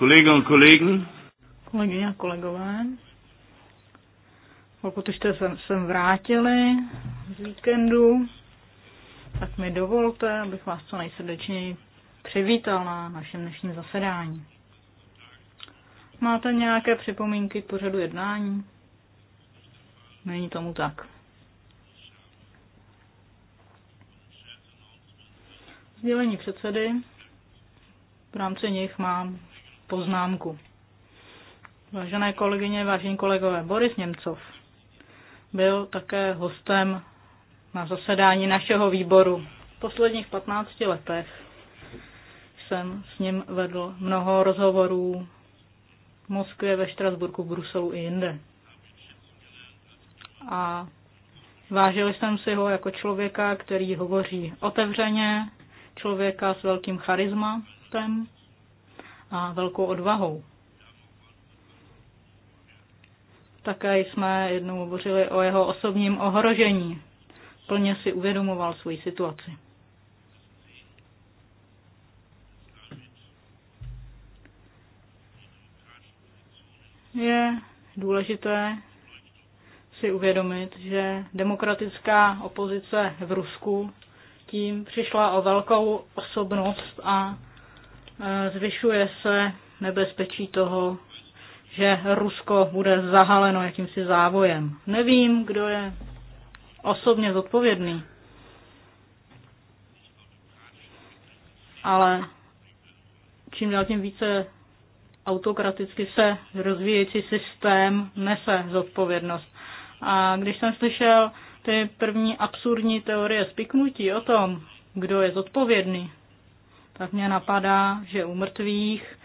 Kolleginnen und Kollegen. Kolegyně a kolegové. Pokud už jste sem, sem vrátili z víkendu, tak mi dovolte, abych vás co nejsrdečněji přivítal na našem dnešním zasedání. Máte nějaké připomínky k pořadu jednání? Není tomu tak. Sdělení předsedy. V rámci nich mám poznámku. Vážené kolegyně, vážení kolegové, Boris Němcov byl také hostem na zasedání našeho výboru. V posledních 15 letech jsem s ním vedl mnoho rozhovorů v Moskvě, ve Štrasburku, v Bruselu i jinde. A vážil jsem si ho jako člověka, který hovoří otevřeně, člověka s velkým charismatem, a velkou odvahou. Také jsme jednou hovořili o jeho osobním ohrožení. Plně si uvědomoval svoji situaci. Je důležité si uvědomit, že demokratická opozice v Rusku tím přišla o velkou osobnost a Eh, zvyšuje se nebezpečí toho, že Rusko bude zahaleno jakýmsi závojem. Nevím, kdo je osobně zodpovědný, ale čím dál tím více autokraticky se rozvíjející systém nese zodpovědnost. A když jsem slyšel ty první absurdní teorie spiknutí o tom, kdo je zodpovědný, tak mě napadá, že u mrtvých,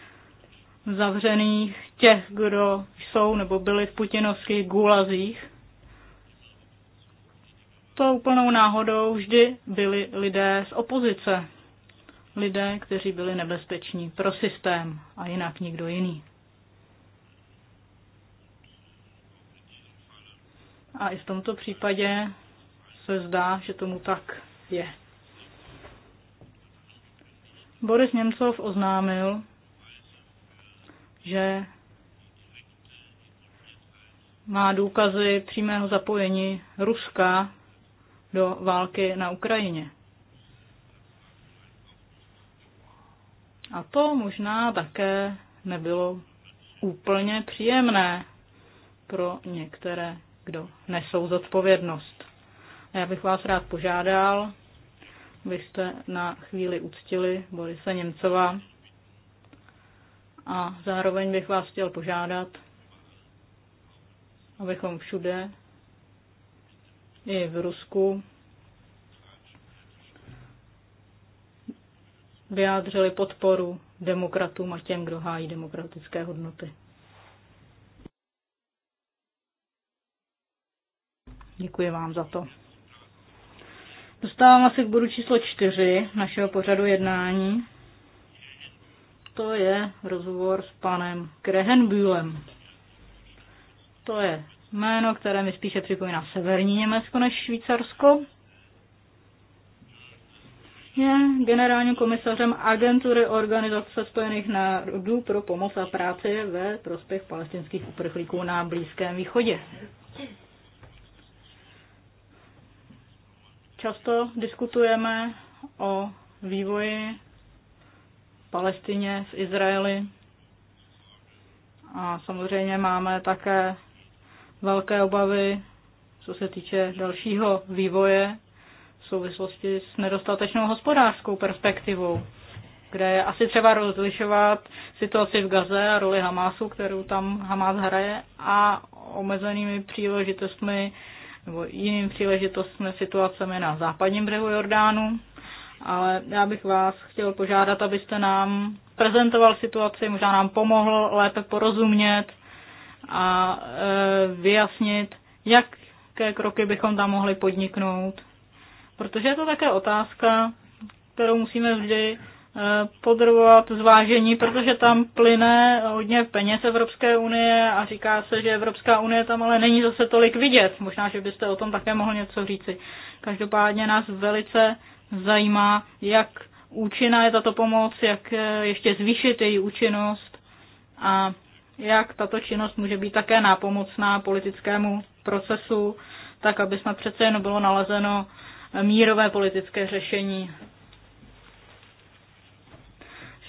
zavřených, těch, kdo jsou nebo byli v putinovských gulazích, to úplnou náhodou vždy byli lidé z opozice. Lidé, kteří byli nebezpeční pro systém a jinak nikdo jiný. A i v tomto případě se zdá, že tomu tak je. Boris Němcov oznámil, že má důkazy přímého zapojení Ruska do války na Ukrajině. A to možná také nebylo úplně příjemné pro některé, kdo nesou zodpovědnost. A já bych vás rád požádal, vy jste na chvíli uctili Borise Němcova a zároveň bych vás chtěl požádat, abychom všude i v Rusku vyjádřili podporu demokratům a těm, kdo hájí demokratické hodnoty. Děkuji vám za to. Dostáváme se k bodu číslo čtyři našeho pořadu jednání. To je rozhovor s panem Krehenbühlem. To je jméno, které mi spíše připomíná severní Německo než Švýcarsko. Je generálním komisařem agentury Organizace spojených národů pro pomoc a práci ve prospěch palestinských uprchlíků na Blízkém východě. Často diskutujeme o vývoji v Palestině, v Izraeli a samozřejmě máme také velké obavy, co se týče dalšího vývoje v souvislosti s nedostatečnou hospodářskou perspektivou, kde je asi třeba rozlišovat situaci v Gaze a roli Hamásu, kterou tam Hamás hraje, a omezenými příležitostmi nebo jiným příležitostmi situacemi na západním břehu Jordánu, ale já bych vás chtěl požádat, abyste nám prezentoval situaci, možná nám pomohl lépe porozumět a e, vyjasnit, jaké kroky bychom tam mohli podniknout. Protože je to také otázka, kterou musíme vždy podrobovat zvážení, protože tam plyne hodně peněz Evropské unie a říká se, že Evropská unie tam ale není zase tolik vidět. Možná, že byste o tom také mohl něco říci. Každopádně nás velice zajímá, jak účinná je tato pomoc, jak eh, ještě zvýšit její účinnost a jak tato činnost může být také nápomocná politickému procesu, tak aby snad přece jen bylo nalezeno mírové politické řešení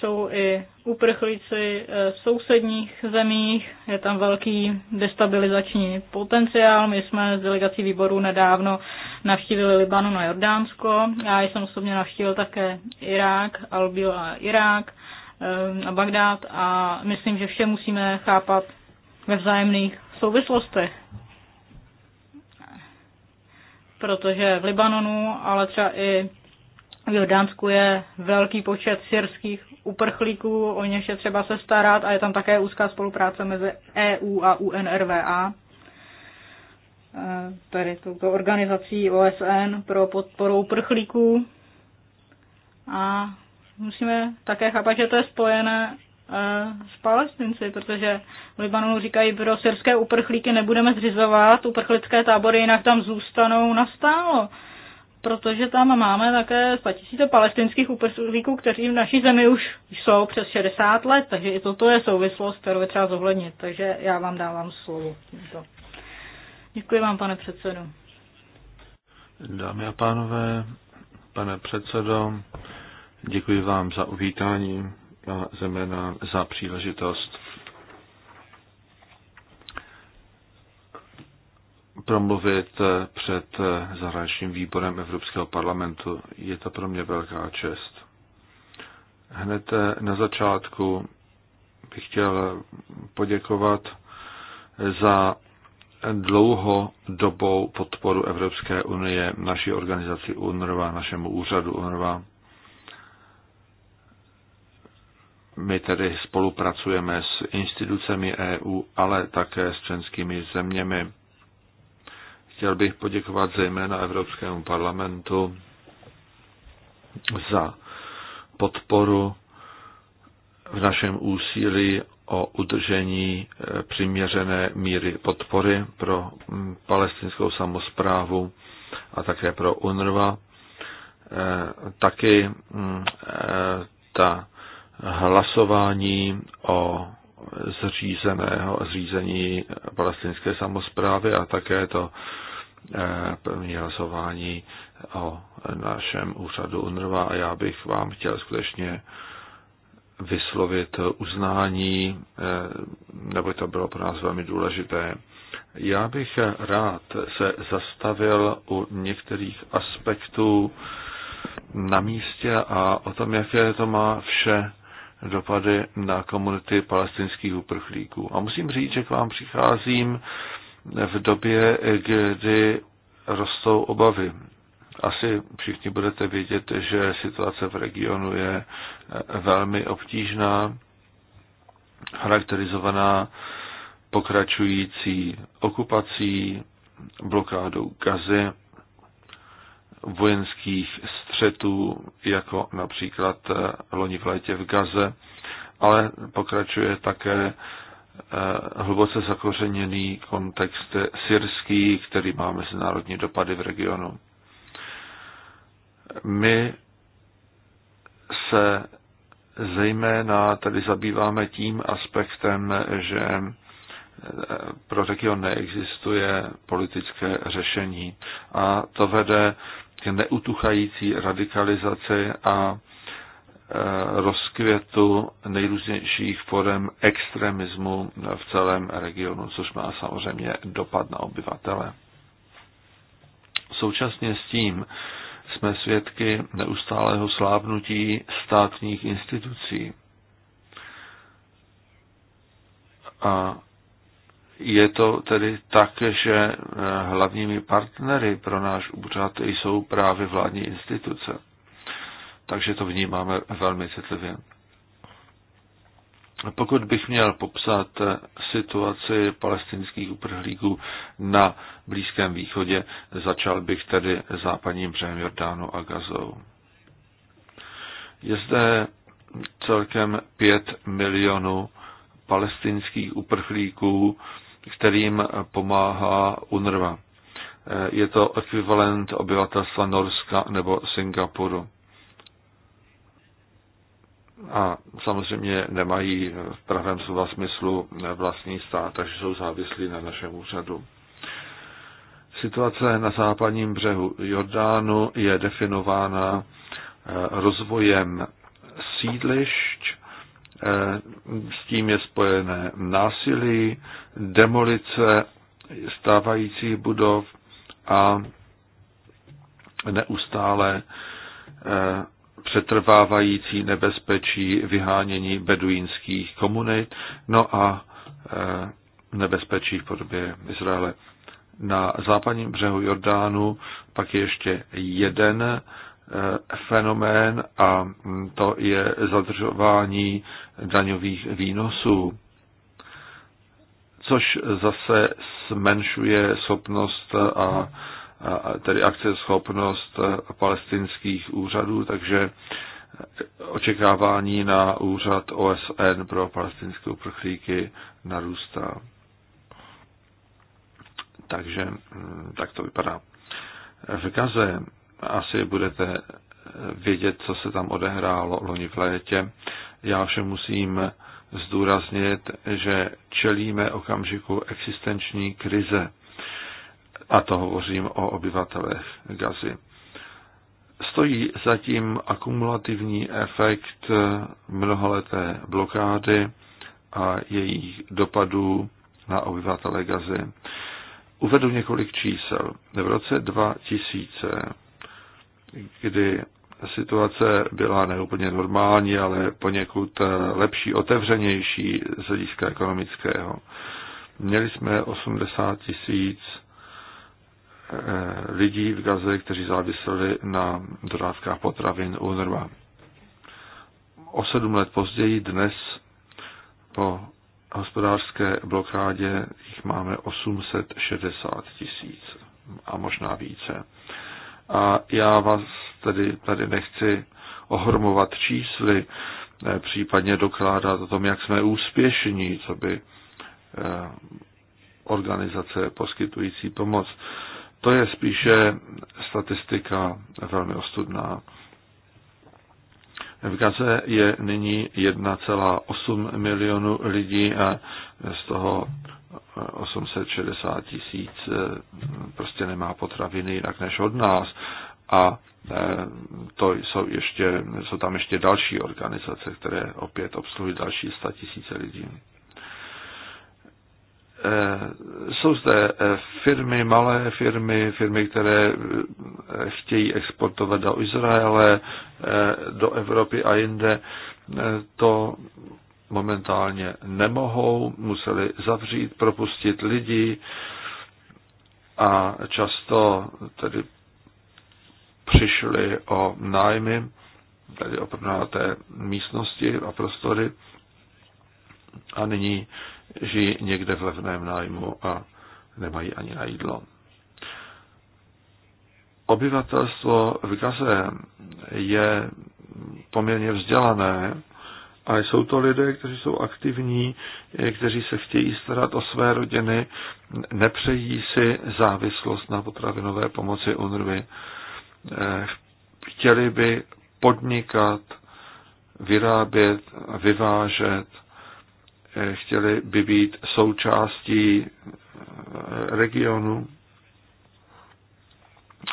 jsou i uprchlíci eh, v sousedních zemích, je tam velký destabilizační potenciál. My jsme s delegací výboru nedávno navštívili Libanon a Jordánsko. Já jsem osobně navštívil také Irák, Albil a Irák eh, a Bagdád a myslím, že vše musíme chápat ve vzájemných souvislostech. Protože v Libanonu, ale třeba i v Jordánsku je velký počet syrských uprchlíků, o něž je třeba se starat a je tam také úzká spolupráce mezi EU a UNRWA, e, tedy touto organizací OSN pro podporu uprchlíků. A musíme také chápat, že to je spojené e, s palestinci, protože v Libanonu říkají, pro syrské uprchlíky nebudeme zřizovat uprchlické tábory, jinak tam zůstanou nastálo. stálo protože tam máme také 2000 palestinských uprchlíků, kteří v naší zemi už jsou přes 60 let, takže i toto je souvislost, kterou je třeba zohlednit. Takže já vám dávám slovo. Děkuji vám, pane předsedo. Dámy a pánové, pane předsedo, děkuji vám za uvítání a zejména za příležitost promluvit eh, před eh, zahraničním výborem Evropského parlamentu. Je to pro mě velká čest. Hned eh, na začátku bych chtěl poděkovat za dlouho dobou podporu Evropské unie naší organizaci UNRWA, našemu úřadu UNRWA. My tedy spolupracujeme s institucemi EU, ale také s členskými zeměmi. Chtěl bych poděkovat zejména Evropskému parlamentu za podporu v našem úsilí o udržení eh, přiměřené míry podpory pro mm, palestinskou samozprávu a také pro UNRWA. Eh, taky mm, eh, ta hlasování o zřízeného, zřízení palestinské samozprávy a také to Eh, první hlasování o našem úřadu UNRWA a já bych vám chtěl skutečně vyslovit uznání, eh, nebo to bylo pro nás velmi důležité. Já bych rád se zastavil u některých aspektů na místě a o tom, jaké to má vše dopady na komunity palestinských uprchlíků. A musím říct, že k vám přicházím v době, kdy rostou obavy. Asi všichni budete vědět, že situace v regionu je velmi obtížná, charakterizovaná pokračující okupací, blokádou gazy, vojenských střetů, jako například loni v létě v Gaze, ale pokračuje také Eh, hluboce zakořeněný kontext syrský, který má mezinárodní dopady v regionu. My se zejména tady zabýváme tím aspektem, že eh, pro region neexistuje politické řešení. A to vede k neutuchající radikalizaci a Eh, rozkvětu nejrůznějších forem extremismu v celém regionu, což má samozřejmě dopad na obyvatele. Současně s tím jsme svědky neustálého slábnutí státních institucí. A je to tedy tak, že eh, hlavními partnery pro náš úřad jsou právě vládní instituce takže to vnímáme velmi citlivě. Pokud bych měl popsat situaci palestinských uprchlíků na Blízkém východě, začal bych tedy západním břehem Jordánu a Gazou. Je zde celkem 5 milionů palestinských uprchlíků, kterým pomáhá UNRWA. Je to ekvivalent obyvatelstva Norska nebo Singapuru a samozřejmě nemají v pravém slova smyslu vlastní stát, takže jsou závislí na našem úřadu. Situace na západním břehu Jordánu je definována eh, rozvojem sídlišť, eh, s tím je spojené násilí, demolice stávajících budov a neustále eh, přetrvávající nebezpečí vyhánění beduínských komunit, no a e, nebezpečí v podobě Izraele. Na západním břehu Jordánu pak je ještě jeden e, fenomén a to je zadržování daňových výnosů, což zase zmenšuje schopnost a tedy akceschopnost eh, palestinských úřadů, takže eh, očekávání na úřad OSN pro palestinské uprchlíky narůstá. Takže hm, tak to vypadá. V Gaze asi budete eh, vědět, co se tam odehrálo loni v létě. Já všem musím zdůraznit, že čelíme okamžiku existenční krize a to hovořím o obyvatelech Gazy. Stojí zatím akumulativní efekt mnohaleté blokády a jejich dopadů na obyvatele Gazy. Uvedu několik čísel. V roce 2000, kdy situace byla neúplně normální, ale poněkud lepší, otevřenější z hlediska ekonomického, měli jsme 80 tisíc Eh, lidí v Gaze, kteří záviseli na dodávkách potravin UNRWA. O sedm let později dnes po hospodářské blokádě jich máme 860 tisíc a možná více. A já vás tedy tady nechci ohromovat čísly, eh, případně dokládat o tom, jak jsme úspěšní, co by eh, organizace poskytující pomoc to je spíše statistika velmi ostudná. V Gaze je nyní 1,8 milionu lidí a z toho 860 tisíc eh, prostě nemá potraviny jinak než od nás. A eh, to jsou, ještě, jsou tam ještě další organizace, které opět obsluhují další 100 tisíce lidí. Eh, jsou zde eh, firmy, malé firmy, firmy, které eh, chtějí exportovat do Izraele, do Evropy a jinde. To momentálně nemohou, museli zavřít, propustit lidi a často tedy přišli o nájmy, tedy o té místnosti a prostory a nyní žijí někde v levném nájmu a nemají ani na jídlo. Obyvatelstvo v Gaze je poměrně vzdělané a jsou to lidé, kteří jsou aktivní, kteří se chtějí starat o své rodiny, nepřejí si závislost na potravinové pomoci UNRVY, chtěli by podnikat, vyrábět, vyvážet chtěli by být součástí eh, regionu.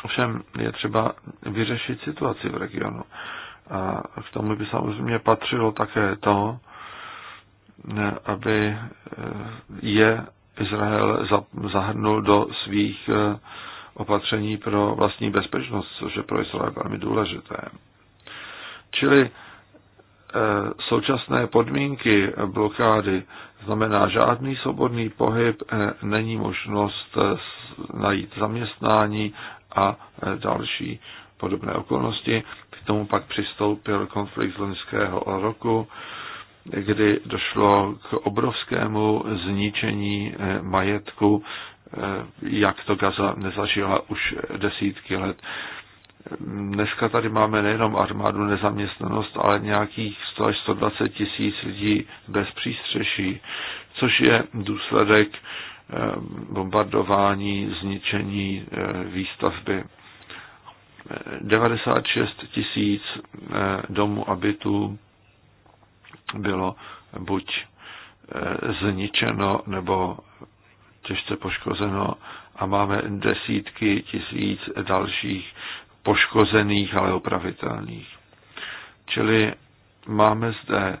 Ovšem je třeba vyřešit situaci v regionu. A k tomu by samozřejmě patřilo také to, aby eh, je Izrael zahrnul do svých eh, opatření pro vlastní bezpečnost, což je pro Izrael velmi důležité. Čili Eh, současné podmínky blokády znamená žádný svobodný pohyb, eh, není možnost eh, najít zaměstnání a další podobné okolnosti. K tomu pak přistoupil konflikt z loňského roku, kdy došlo k obrovskému zničení majetku, jak to Gaza nezažila už desítky let. Dneska tady máme nejenom armádu nezaměstnanost, ale nějakých 100 až 120 tisíc lidí bez přístřeší, což je důsledek eh, bombardování, zničení eh, výstavby. 96 tisíc eh, domů a bytů bylo buď zničeno nebo těžce poškozeno a máme desítky tisíc dalších poškozených, ale opravitelných. Čili máme zde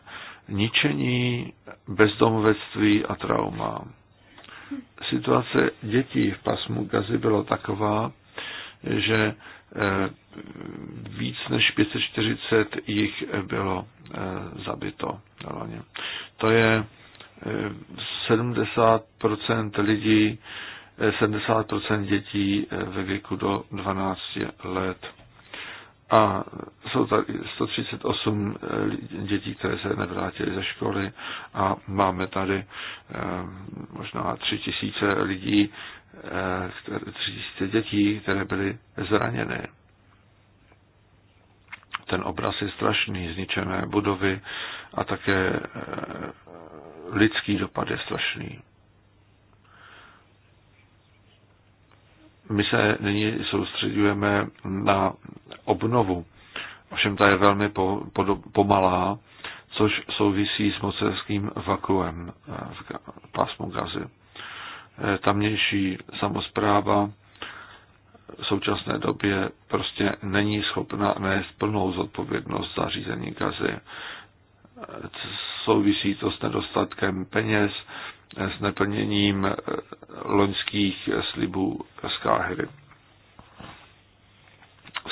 ničení, bezdomovectví a trauma. Situace dětí v pasmu Gazy byla taková, že eh, víc než 540 jich bylo eh, zabito. To je 70% eh, lidí, 70 dětí eh, ve věku do 12 let. A jsou tady 138 eh, dětí, které se nevrátily ze školy a máme tady eh, možná 3000 lidí, 3000 dětí, které byly zraněny. Ten obraz je strašný, zničené budovy a také lidský dopad je strašný. My se nyní soustředujeme na obnovu, ovšem ta je velmi po, po, pomalá, což souvisí s mocenským vakuem eh, v pásmu Gazy. Eh, tamnější samozpráva v současné době prostě není schopna nést plnou zodpovědnost za řízení Gazy. Eh, souvisí to s nedostatkem peněz, s neplněním eh, loňských slibů z Káhyry.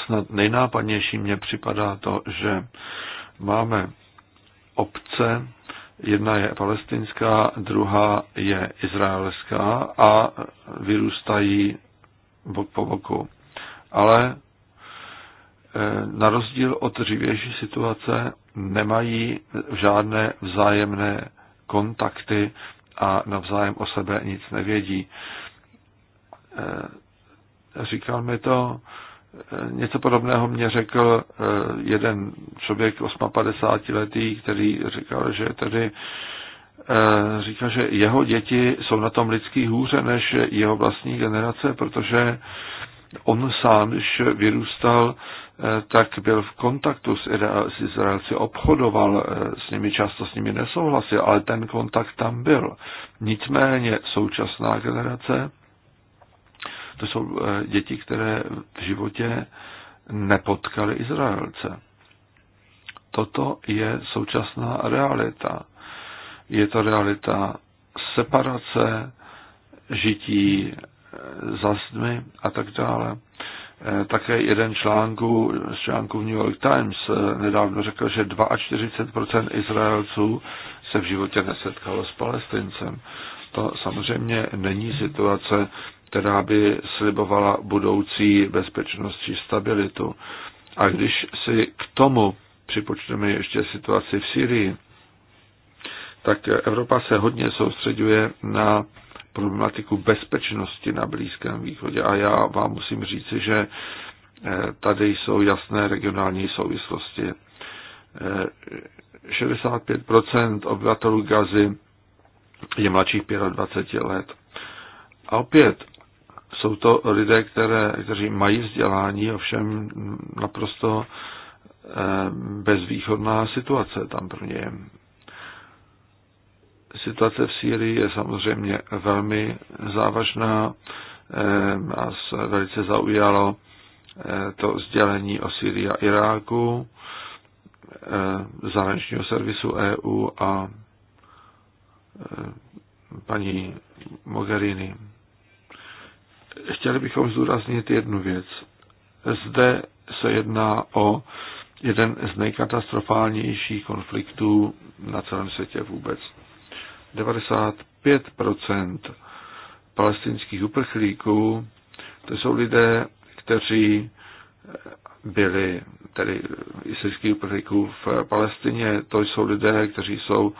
Snad nejnápadnější mně připadá to, že máme obce, jedna je palestinská, druhá je izraelská a vyrůstají bok po boku. Ale eh, na rozdíl od dřívější situace nemají žádné vzájemné kontakty a navzájem o sebe nic nevědí. E, říkal mi to, e, něco podobného mě řekl e, jeden člověk 58 letý, který říkal, že tedy říkal, že jeho děti jsou na tom lidský hůře než jeho vlastní generace, protože on sám, když vyrůstal, eh, tak byl v kontaktu s, Izraelci, obchodoval eh, s nimi, často s nimi nesouhlasil, ale ten kontakt tam byl. Nicméně současná generace, to jsou eh, děti, které v životě nepotkali Izraelce. Toto je současná realita. Je to realita separace, žití Eh, za zdmi a tak dále. Eh, také jeden článku, z článku v New York Times eh, nedávno řekl, že 42% Izraelců se v životě nesetkalo s Palestincem. To samozřejmě není situace, která by slibovala budoucí bezpečnost či stabilitu. A když si k tomu připočteme ještě situaci v Syrii, tak Evropa se hodně soustředuje na problematiku bezpečnosti na Blízkém východě. A já vám musím říci, že eh, tady jsou jasné regionální souvislosti. 65 eh, obyvatelů Gazy je mladších 25 let. A opět jsou to lidé, které, kteří mají vzdělání, ovšem naprosto eh, bezvýchodná situace tam pro ně. Situace v Sýrii je samozřejmě velmi závažná. Eh, nás velice zaujalo eh, to sdělení o Syrii a Iráku, eh, zahraničního servisu EU a paní Mogherini. Chtěli bychom zdůraznit jednu věc. Zde se jedná o jeden z nejkatastrofálnějších konfliktů na celém světě vůbec. 95 palestinských uprchlíků, to jsou lidé, kteří eh, byli, tedy eh, islámských uprchlíků v Palestině, to jsou lidé, kteří jsou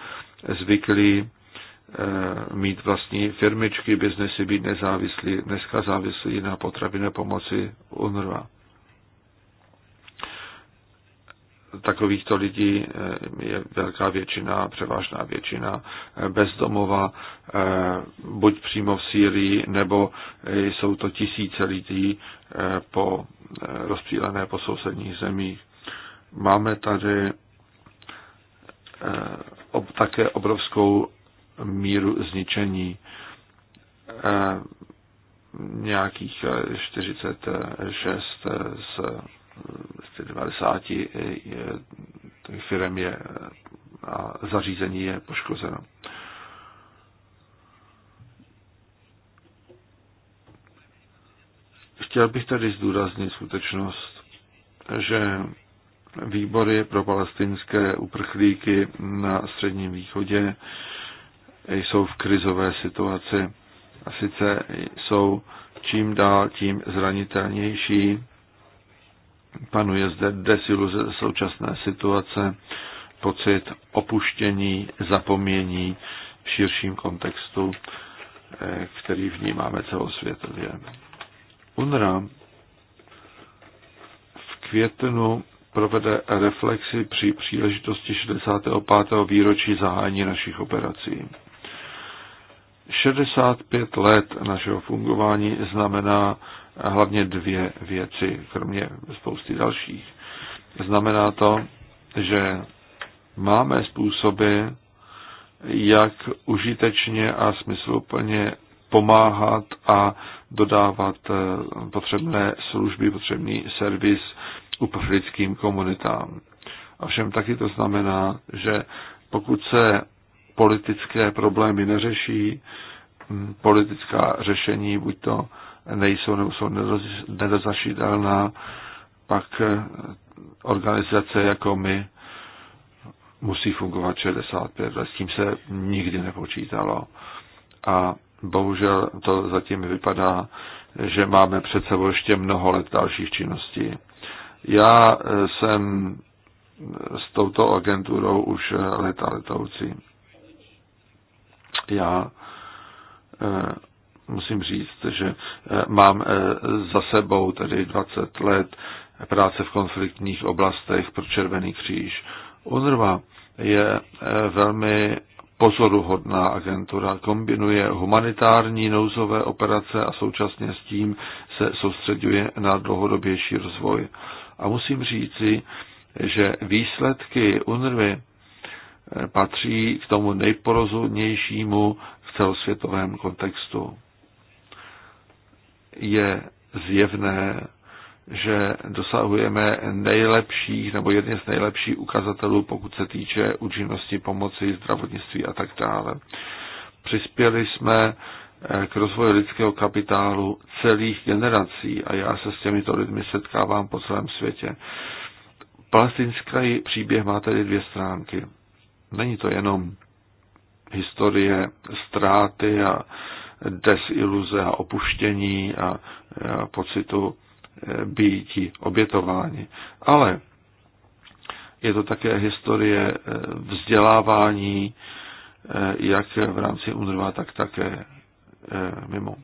zvyklí eh, mít vlastní firmičky, biznesy, být nezávislí, dneska závislí na potravinné pomoci UNRWA. takovýchto lidí eh, je velká většina, převážná většina eh, bezdomova, eh, buď přímo v Sýrii, nebo jsou to tisíce lidí po, rozptýlené po sousedních zemích. Máme tady také obrovskou míru zničení nějakých 46 z 90 eh, firm je a zařízení je poškozeno. Chtěl bych tady zdůraznit skutečnost, že výbory pro palestinské uprchlíky na Středním východě jsou v krizové situaci a sice jsou čím dál tím zranitelnější panuje zde desiluze současné situace, pocit opuštění, zapomnění v širším kontextu, eh, který vnímáme celosvětově. UNRA v květnu provede reflexi při příležitosti 65. výročí zahájení našich operací. 65 let našeho fungování znamená hlavně dvě věci, kromě spousty dalších. Znamená to, že máme způsoby, jak užitečně a smysluplně pomáhat a dodávat eh, potřebné služby, potřebný servis uprchlickým komunitám. Ovšem taky to znamená, že pokud se politické problémy neřeší, politická řešení, buď to nejsou nebo jsou nedozašitelná, pak eh, organizace jako my musí fungovat 65 let. S tím se nikdy nepočítalo. A bohužel to zatím vypadá, že máme před sebou ještě mnoho let dalších činností. Já eh, jsem eh, s touto agenturou už leta letoucí. Já musím říct, že eh, mám eh, za sebou tedy 20 let práce v konfliktních oblastech pro Červený kříž. UNRWA je eh, velmi pozoruhodná agentura, kombinuje humanitární nouzové operace a současně s tím se soustředuje na dlouhodobější rozvoj. A musím říci, že výsledky UNRWA patří k tomu nejporozhodnějšímu v celosvětovém kontextu je zjevné, že dosahujeme nejlepších nebo jedně z nejlepších ukazatelů, pokud se týče účinnosti pomoci, zdravotnictví a tak dále. Přispěli jsme eh, k rozvoji lidského kapitálu celých generací a já se s těmito lidmi setkávám po celém světě. Palestinský příběh má tedy dvě stránky. Není to jenom historie ztráty a desiluze a opuštění a pocitu e, býtí, obětování. Ale je to také historie e, vzdělávání, e, jak v rámci UNRWA, tak také mimo.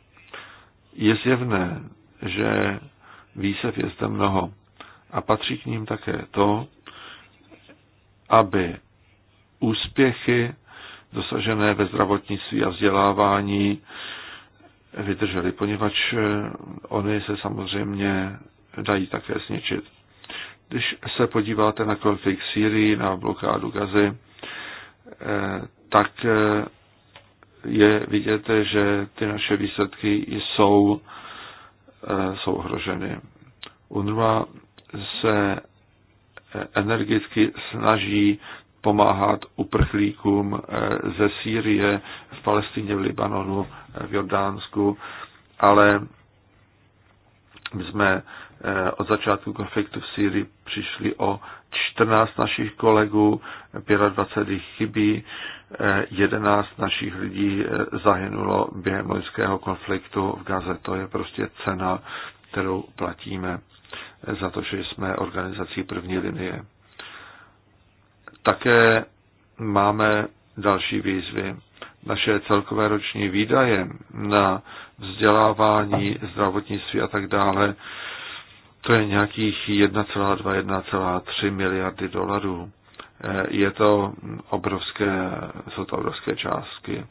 Je zjevné, že výsev je zde mnoho a patří k ním také to, aby úspěchy dosažené ve zdravotnictví a vzdělávání vydržely, poněvadž eh, oni se samozřejmě dají také sničit. Když se podíváte na konflikt Syrii, na blokádu Gazy, eh, tak eh, je vidět, že ty naše výsledky jsou, jsou ohroženy. UNRWA se energicky snaží pomáhat uprchlíkům eh, ze Sýrie, v Palestině, v Libanonu, eh, v Jordánsku, ale my jsme eh, od začátku konfliktu v Sýrii přišli o 14 našich kolegů, 25 jich chybí, 11 našich lidí zahynulo během lidského konfliktu v Gaze. To je prostě cena, kterou platíme za to, že jsme organizací první linie. Také máme další výzvy. Naše celkové roční výdaje na vzdělávání, zdravotnictví a tak dále, to je nějakých 1,2-1,3 miliardy dolarů. Eh, je to obrovské, jsou to obrovské částky.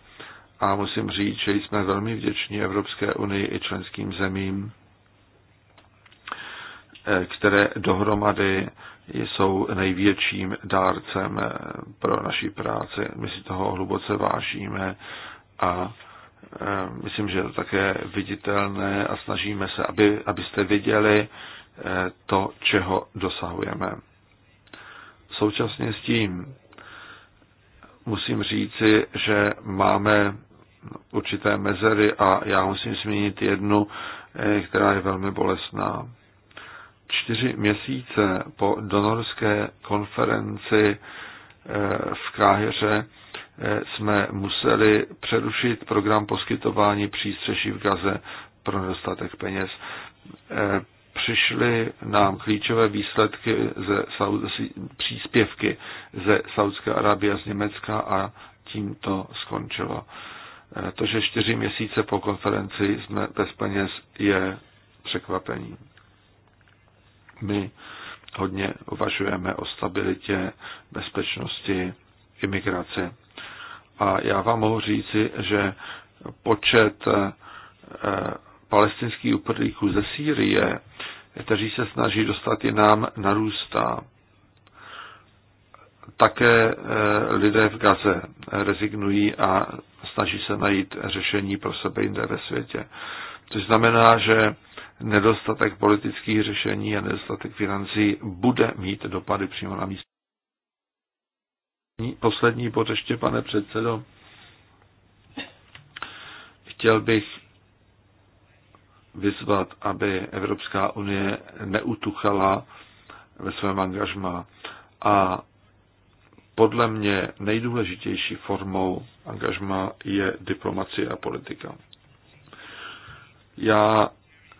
A musím říct, že jsme velmi vděční Evropské unii i členským zemím, eh, které dohromady jsou největším dárcem pro naší práci. My si toho hluboce vážíme a e, myslím, že je to také viditelné a snažíme se, aby, abyste viděli e, to, čeho dosahujeme. Současně s tím musím říci, že máme určité mezery a já musím zmínit jednu, e, která je velmi bolestná čtyři měsíce po donorské konferenci eh, v Káhiře eh, jsme museli přerušit program poskytování přístřeší v Gaze pro nedostatek peněz. Eh, přišly nám klíčové výsledky ze příspěvky ze Saudské Arábie a z Německa a tím to skončilo. To, že čtyři měsíce po konferenci jsme bez peněz, je překvapením my hodně uvažujeme o stabilitě, bezpečnosti, imigraci. A já vám mohu říci, že počet eh, palestinských uprchlíků ze Sýrie, kteří se snaží dostat i nám, narůstá. Také eh, lidé v Gaze rezignují a snaží se najít řešení pro sebe jinde ve světě což znamená, že nedostatek politických řešení a nedostatek financí bude mít dopady přímo na místě. Poslední bod ještě, pane předsedo. Chtěl bych vyzvat, aby Evropská unie neutuchala ve svém angažmá. A podle mě nejdůležitější formou angažma je diplomacie a politika. Já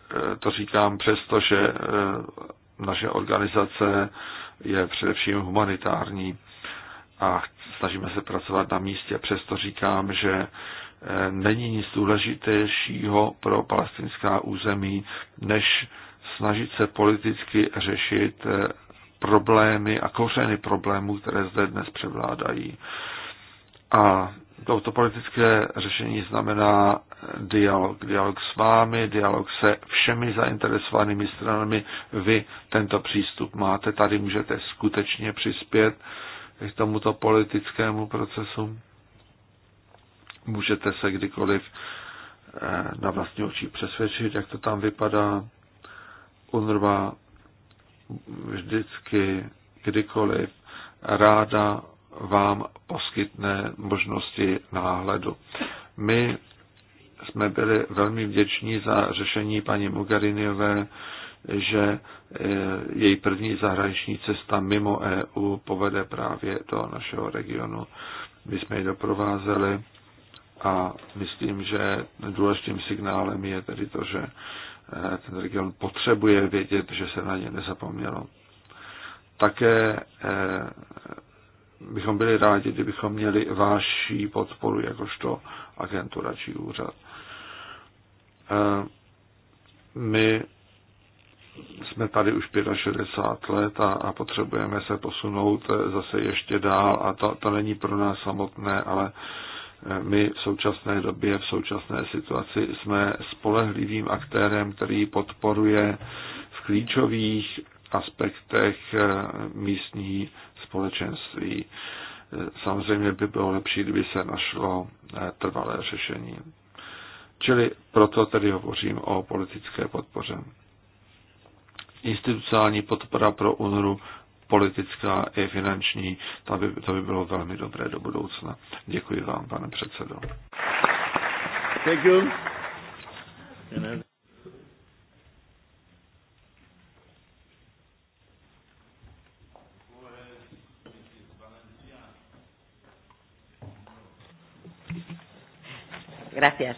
eh, to říkám přesto, že eh, naše organizace je především humanitární a snažíme se pracovat na místě. Přesto říkám, že eh, není nic důležitějšího pro palestinská území, než snažit se politicky řešit problémy a kořeny problémů, které zde dnes převládají. A Toto politické řešení znamená dialog. Dialog s vámi, dialog se všemi zainteresovanými stranami. Vy tento přístup máte, tady můžete skutečně přispět k tomuto politickému procesu. Můžete se kdykoliv eh, na vlastní oči přesvědčit, jak to tam vypadá. UNRWA vždycky, kdykoliv ráda vám poskytne možnosti náhledu. My jsme byli velmi vděční za řešení paní Mugariniové, že e, její první zahraniční cesta mimo EU povede právě do našeho regionu. My jsme ji doprovázeli a myslím, že důležitým signálem je tedy to, že e, ten region potřebuje vědět, že se na ně nezapomnělo. Také e, bychom byli rádi, kdybychom měli vaši podporu jakožto agentura či úřad. Eh, my jsme tady už 65 let a, a potřebujeme se posunout eh, zase ještě dál a to, to není pro nás samotné, ale eh, my v současné době, v současné situaci jsme spolehlivým aktérem, který podporuje v klíčových aspektech místní společenství. E, samozřejmě by bylo lepší, kdyby se našlo e, trvalé řešení. Čili proto tedy hovořím o politické podpoře. Institucionální podpora pro UNRU politická i finanční, to by, to by bylo velmi dobré do budoucna. Děkuji vám, pane předsedo. Thank you. Gracias.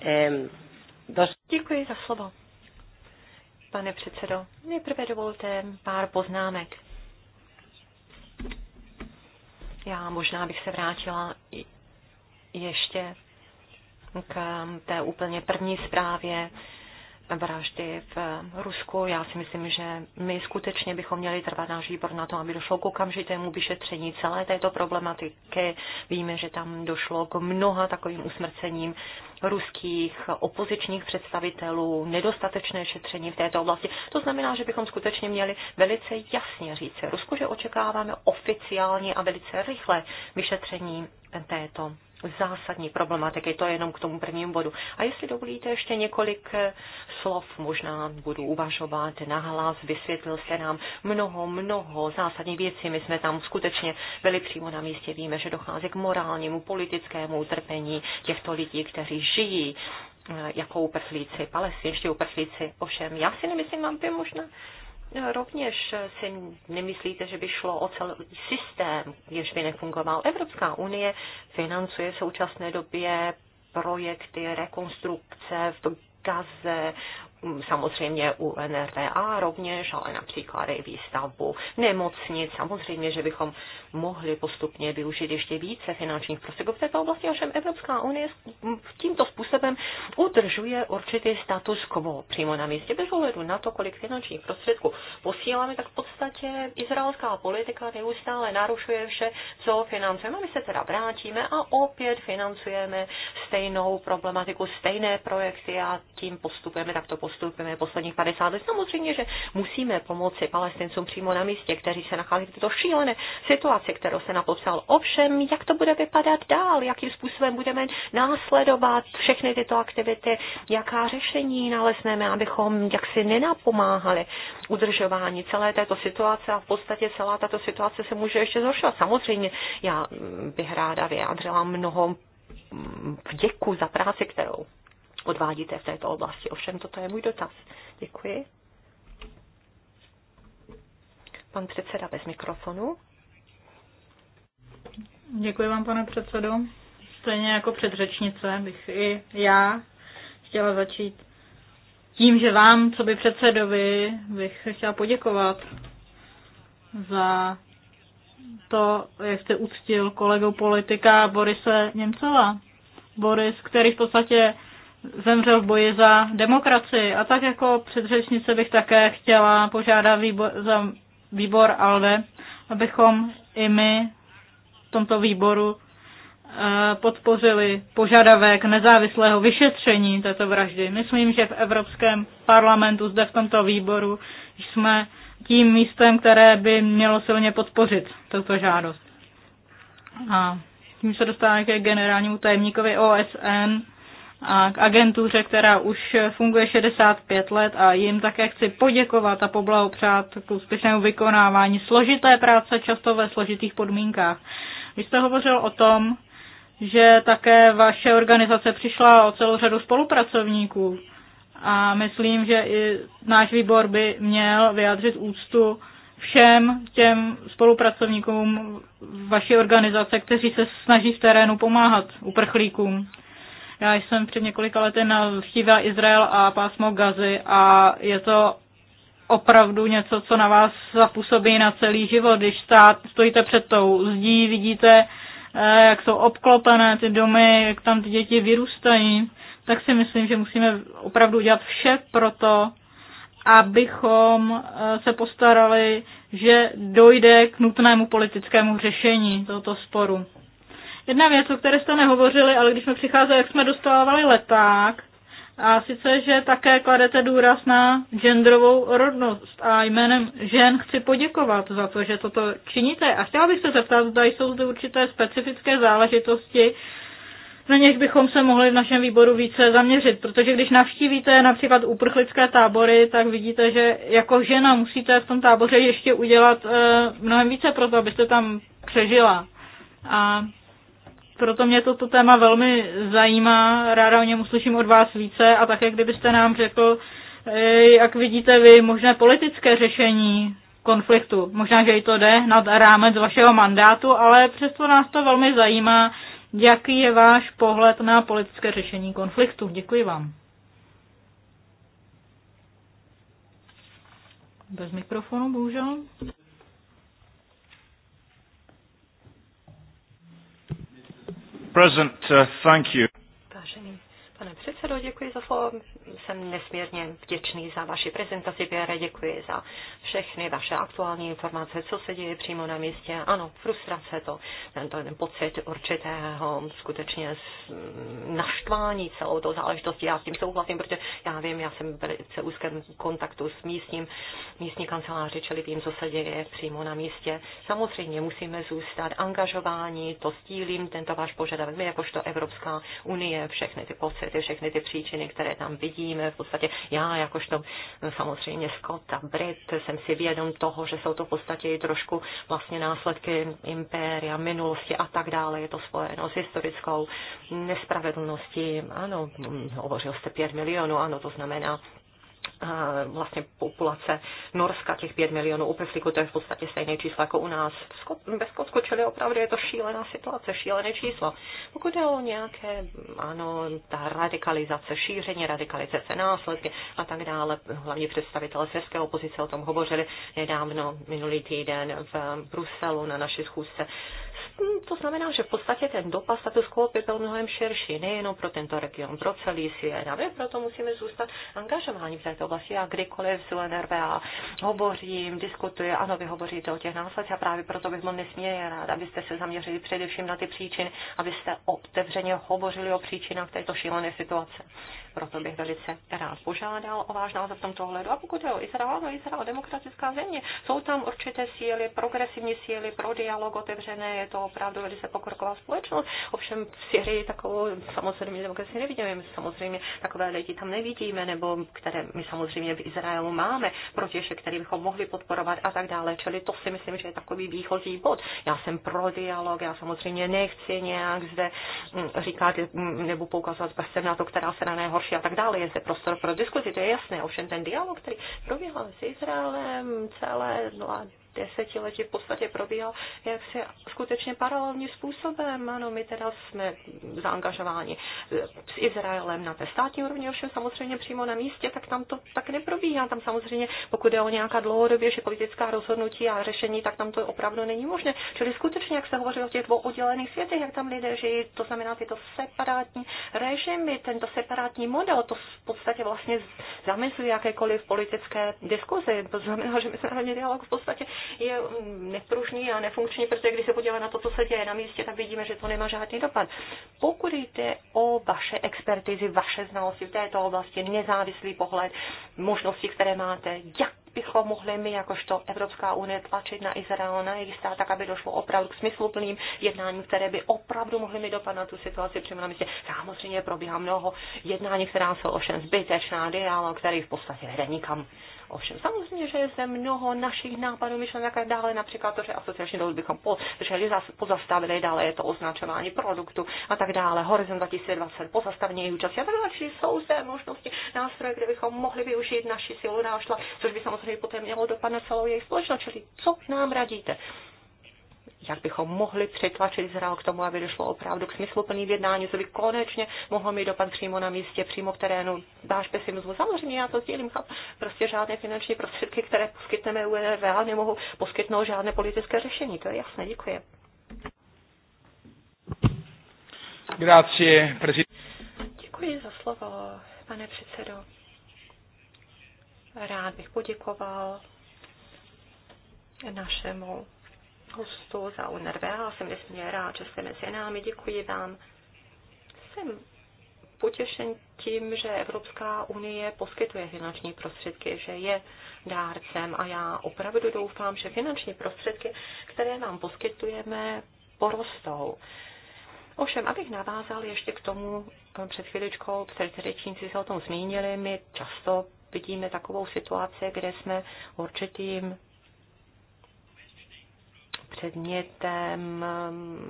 Eh, dos... Děkuji za slovo. Pane předsedo, nejprve dovolte pár poznámek. Já možná bych se vrátila ještě k té úplně první zprávě vraždy v Rusku. Já si myslím, že my skutečně bychom měli trvat náš výbor na to, aby došlo k okamžitému vyšetření celé této problematiky. Víme, že tam došlo k mnoha takovým usmrcením ruských opozičních představitelů, nedostatečné šetření v této oblasti. To znamená, že bychom skutečně měli velice jasně říct Rusku, že očekáváme oficiální a velice rychlé vyšetření této zásadní problematiky. To je jenom k tomu prvnímu bodu. A jestli dovolíte ještě několik eh, slov, možná budu uvažovat nahlas, vysvětlil se nám mnoho, mnoho zásadních věcí. My jsme tam skutečně byli přímo na místě, víme, že dochází k morálnímu, politickému utrpení těchto lidí, kteří žijí eh, jako uprchlíci, palestinští uprchlíci. Ovšem, já si nemyslím, mám by možná rovněž si nemyslíte, že by šlo o celý systém, jež by nefungoval. Evropská unie financuje v současné době projekty rekonstrukce v Gaze, samozřejmě u NRVA rovněž, ale například i výstavbu nemocnic. Samozřejmě, že bychom mohli postupně využít ještě více finančních prostředků v této oblasti, ovšem Evropská unie tímto způsobem udržuje určitý status quo přímo na místě. Bez ohledu na to, kolik finančních prostředků posíláme, tak v podstatě izraelská politika neustále narušuje vše, co financujeme. My se teda vrátíme a opět financujeme stejnou problematiku, stejné projekty a tím postupujeme takto postupujeme postupujeme posledních 50 let. Samozřejmě, že musíme pomoci palestincům přímo na místě, kteří se nachází v této šílené situaci, kterou se napopsal. Ovšem, jak to bude vypadat dál, jakým způsobem budeme následovat všechny tyto aktivity, jaká řešení nalezneme, abychom jaksi nenapomáhali udržování celé této situace a v podstatě celá tato situace se může ještě zhoršovat. Samozřejmě, já bych ráda vyjádřila mnoho vděku za práci, kterou odvádíte v této oblasti. Ovšem, toto je můj dotaz. Děkuji. Pan předseda bez mikrofonu. Děkuji vám, pane předsedo. Stejně jako předřečnice bych i já chtěla začít tím, že vám, co by předsedovi, bych chtěla poděkovat za to, jak jste uctil kolegu politika Borise Němcela. Boris, který v podstatě zemřel v boji za demokracii. A tak jako předřečnice bych také chtěla požádat výbor, za výbor ALDE, abychom i my v tomto výboru eh, podpořili požadavek nezávislého vyšetření této vraždy. Myslím, že v Evropském parlamentu, zde v tomto výboru, jsme tím místem, které by mělo silně podpořit tuto žádost. A tím se dostáváme ke generálnímu tajemníkovi OSN, a k agentuře, která už funguje 65 let a jim také chci poděkovat a poblahopřát k úspěšnému vykonávání složité práce, často ve složitých podmínkách. Vy jste hovořil o tom, že také vaše organizace přišla o celou řadu spolupracovníků a myslím, že i náš výbor by měl vyjádřit úctu všem těm spolupracovníkům vaší organizace, kteří se snaží v terénu pomáhat uprchlíkům. Já jsem před několika lety navštívila Izrael a pásmo Gazy a je to opravdu něco, co na vás zapůsobí na celý život. Když stát, stojíte před tou zdí, vidíte, eh, jak jsou obklopené ty domy, jak tam ty děti vyrůstají, tak si myslím, že musíme opravdu dělat vše pro to, abychom eh, se postarali, že dojde k nutnému politickému řešení tohoto sporu. Jedna věc, o které jste nehovořili, ale když jsme přicházeli, jak jsme dostávali leták, a sice, že také kladete důraz na genderovou rodnost a jménem žen chci poděkovat za to, že toto činíte. A chtěla bych se zeptat, zda jsou zde určité specifické záležitosti, na něž bychom se mohli v našem výboru více zaměřit, protože když navštívíte například uprchlické tábory, tak vidíte, že jako žena musíte v tom táboře ještě udělat eh, mnohem více pro to, abyste tam přežila. A proto mě toto téma velmi zajímá, ráda o něm uslyším od vás více a také kdybyste nám řekl, eh, jak vidíte vy možné politické řešení konfliktu. Možná, že i to jde nad rámec vašeho mandátu, ale přesto nás to velmi zajímá, jaký je váš pohled na politické řešení konfliktu. Děkuji vám. Bez mikrofonu, bohužel. Present, uh, thank you. Vážený pane předsedo, děkuji za slovo jsem nesmírně vděčný za vaši prezentaci, Pierre, děkuji za všechny vaše aktuální informace, co se děje přímo na místě. Ano, frustrace to, tento ten pocit určitého skutečně naštvání celou to záležitostí. Já s tím souhlasím, protože já vím, já jsem v velice úzkém kontaktu s místním, místní kanceláři, čili vím, co se děje přímo na místě. Samozřejmě musíme zůstat angažováni, to stílím, tento váš požadavek. My jakožto Evropská unie, všechny ty pocity, všechny ty příčiny, které tam vidí, vidíme v podstatě já jakožto samozřejmě Scott a Brit jsem si vědom toho, že jsou to v podstatě i trošku vlastně následky impéria, minulosti a tak dále. Je to spojeno s historickou nespravedlností. Ano, hovořil jste pět milionů, ano, to znamená vlastně populace Norska, těch 5 milionů uprchlíků, to je v podstatě stejné číslo jako u nás. Ve Skotsku, čili opravdu je to šílená situace, šílené číslo. Pokud je o nějaké, ano, ta radikalizace, šíření radikalizace, následky a tak dále, hlavně představitelé české opozice o tom hovořili nedávno, minulý týden v Bruselu na naší schůzce Hmm, to znamená, že v podstatě ten dopad status quo by byl mnohem širší, nejenom pro tento region, pro celý svět. A my proto musíme zůstat angažováni v této oblasti. A kdykoliv z UNRWA hovořím, diskutuji, ano, vy hovoříte o těch následcích a právě proto bych byl nesmírně rád, abyste se zaměřili především na ty příčiny, abyste otevřeně hovořili o příčinách této šílené situace. Proto bych velice rád požádal o váš názor v tomto ohledu. A pokud je o Izrael, no Izrael demokratická země, jsou tam určité síly, progresivní síly pro dialog otevřené, je to opravdu velice pokroková společnost. Ovšem v Syrii takovou samozřejmě demokracii nevidíme, my samozřejmě takové lidi tam nevidíme, nebo které my samozřejmě v Izraelu máme, protěže, které bychom mohli podporovat a tak dále. Čili to si myslím, že je takový výchozí bod. Já jsem pro dialog, já samozřejmě nechci nějak zde mm, říkat mm, nebo poukazovat prstem na to, která se na nejhorší a tak dále. Je zde prostor pro diskuzi, to je jasné. Ovšem ten dialog, který probíhal s Izraelem celé no desetiletí v podstatě probíhal se skutečně paralelním způsobem. Ano, my teda jsme zaangažováni s Izraelem na té státní úrovni, ovšem samozřejmě přímo na místě, tak tam to tak neprobíhá. Tam samozřejmě, pokud je o nějaká dlouhodobě, že politická rozhodnutí a řešení, tak tam to opravdu není možné. Čili skutečně, jak se hovoří o těch dvou oddělených světech, jak tam lidé žijí, to znamená tyto separátní režimy, tento separátní model, to v podstatě vlastně zamezuje jakékoliv politické diskuzi. To znamená, že mezinárodní dialog v podstatě je mm, nepružný a nefunkční, protože když se podíváme na to, co se děje na místě, tak vidíme, že to nemá žádný dopad. Pokud jde o vaše expertizy, vaše znalosti v této oblasti, nezávislý pohled, možnosti, které máte, jak bychom mohli my, jakožto Evropská unie, tlačit na Izrael, na jejich stát, tak aby došlo opravdu k smysluplným jednáním, které by opravdu mohly mít dopad na tu situaci přímo na místě. Samozřejmě probíhá mnoho jednání, která jsou ovšem zbytečná, dialog, který v podstatě vede nikam. Ovšem samozřejmě, že je zde mnoho našich nápadů, myšlenek a dále, například to, že asociační dohodu bychom podrželi, pozastavili, dále je to označování produktu a tak dále, Horizon 2020, pozastavení účastí. účasti a tak dále, jsou zde možnosti, nástroje, kde bychom mohli využít naši silu nášla, což by samozřejmě poté mělo dopad na celou jejich společnost, čili co nám radíte? jak bychom mohli přetlačit Izrael k tomu, aby došlo opravdu k smysluplným jednání, co by konečně mohlo mít dopad přímo na místě, přímo v terénu. Váš pesimismus, samozřejmě já to sdílím, prostě žádné finanční prostředky, které poskytneme UNRV, nemohou poskytnout žádné politické řešení, to je jasné, děkuji. Grazie, Děkuji za slovo, pane předsedo. Rád bych poděkoval našemu hostů za UNRV a jsem nesmírně rád, že jste mezi námi. Děkuji vám. Jsem potěšen tím, že Evropská unie poskytuje finanční prostředky, že je dárcem a já opravdu doufám, že finanční prostředky, které nám poskytujeme, porostou. Ovšem, abych navázal ještě k tomu eh, před chvíličkou, předřečníci se o tom zmínili, my často vidíme takovou situaci, kde jsme určitým předmětem,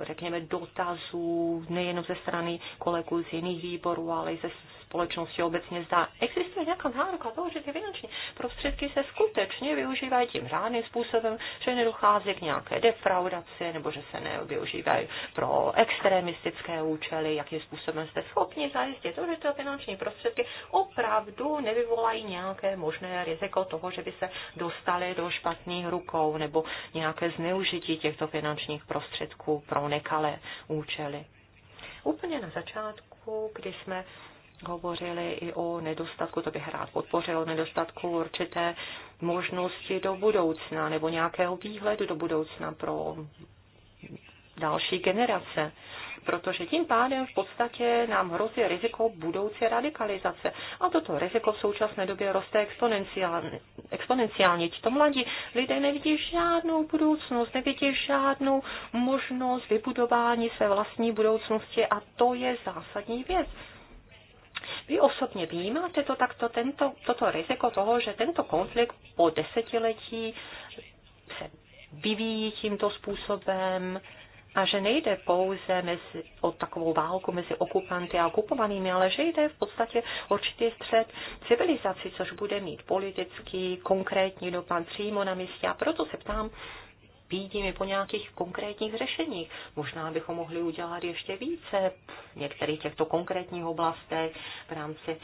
řekněme, dotazů nejenom ze strany kolegů z jiných výborů, ale i ze společnosti obecně zdá. Existuje nějaká záruka toho, že ty finanční prostředky se skutečně využívají tím řádným způsobem, že nedochází k nějaké defraudaci nebo že se nevyužívají pro extremistické účely, jakým způsobem jste schopni zajistit to, že ty finanční prostředky opravdu nevyvolají nějaké možné riziko toho, že by se dostali do špatných rukou nebo nějaké zneužití těchto finančních prostředků pro nekalé účely. Úplně na začátku, kdy jsme hovořili i o nedostatku, to bych rád podpořil, o nedostatku určité možnosti do budoucna nebo nějakého výhledu do budoucna pro další generace. Protože tím pádem v podstatě nám hrozí riziko budoucí radikalizace. A toto riziko v současné době roste exponenciálně. exponenciálně. Tito mladí lidé nevidí žádnou budoucnost, nevidí žádnou možnost vybudování své vlastní budoucnosti a to je zásadní věc vy osobně vnímáte to takto, tento, toto riziko toho, že tento konflikt po desetiletí se vyvíjí tímto způsobem a že nejde pouze mezi, o takovou válku mezi okupanty a okupovanými, ale že jde v podstatě určitý střed civilizaci, což bude mít politický, konkrétní dopad přímo na místě. A proto se ptám, bídím i po nějakých konkrétních řešeních. Možná bychom mohli udělat ještě více v některých těchto konkrétních oblastech v rámci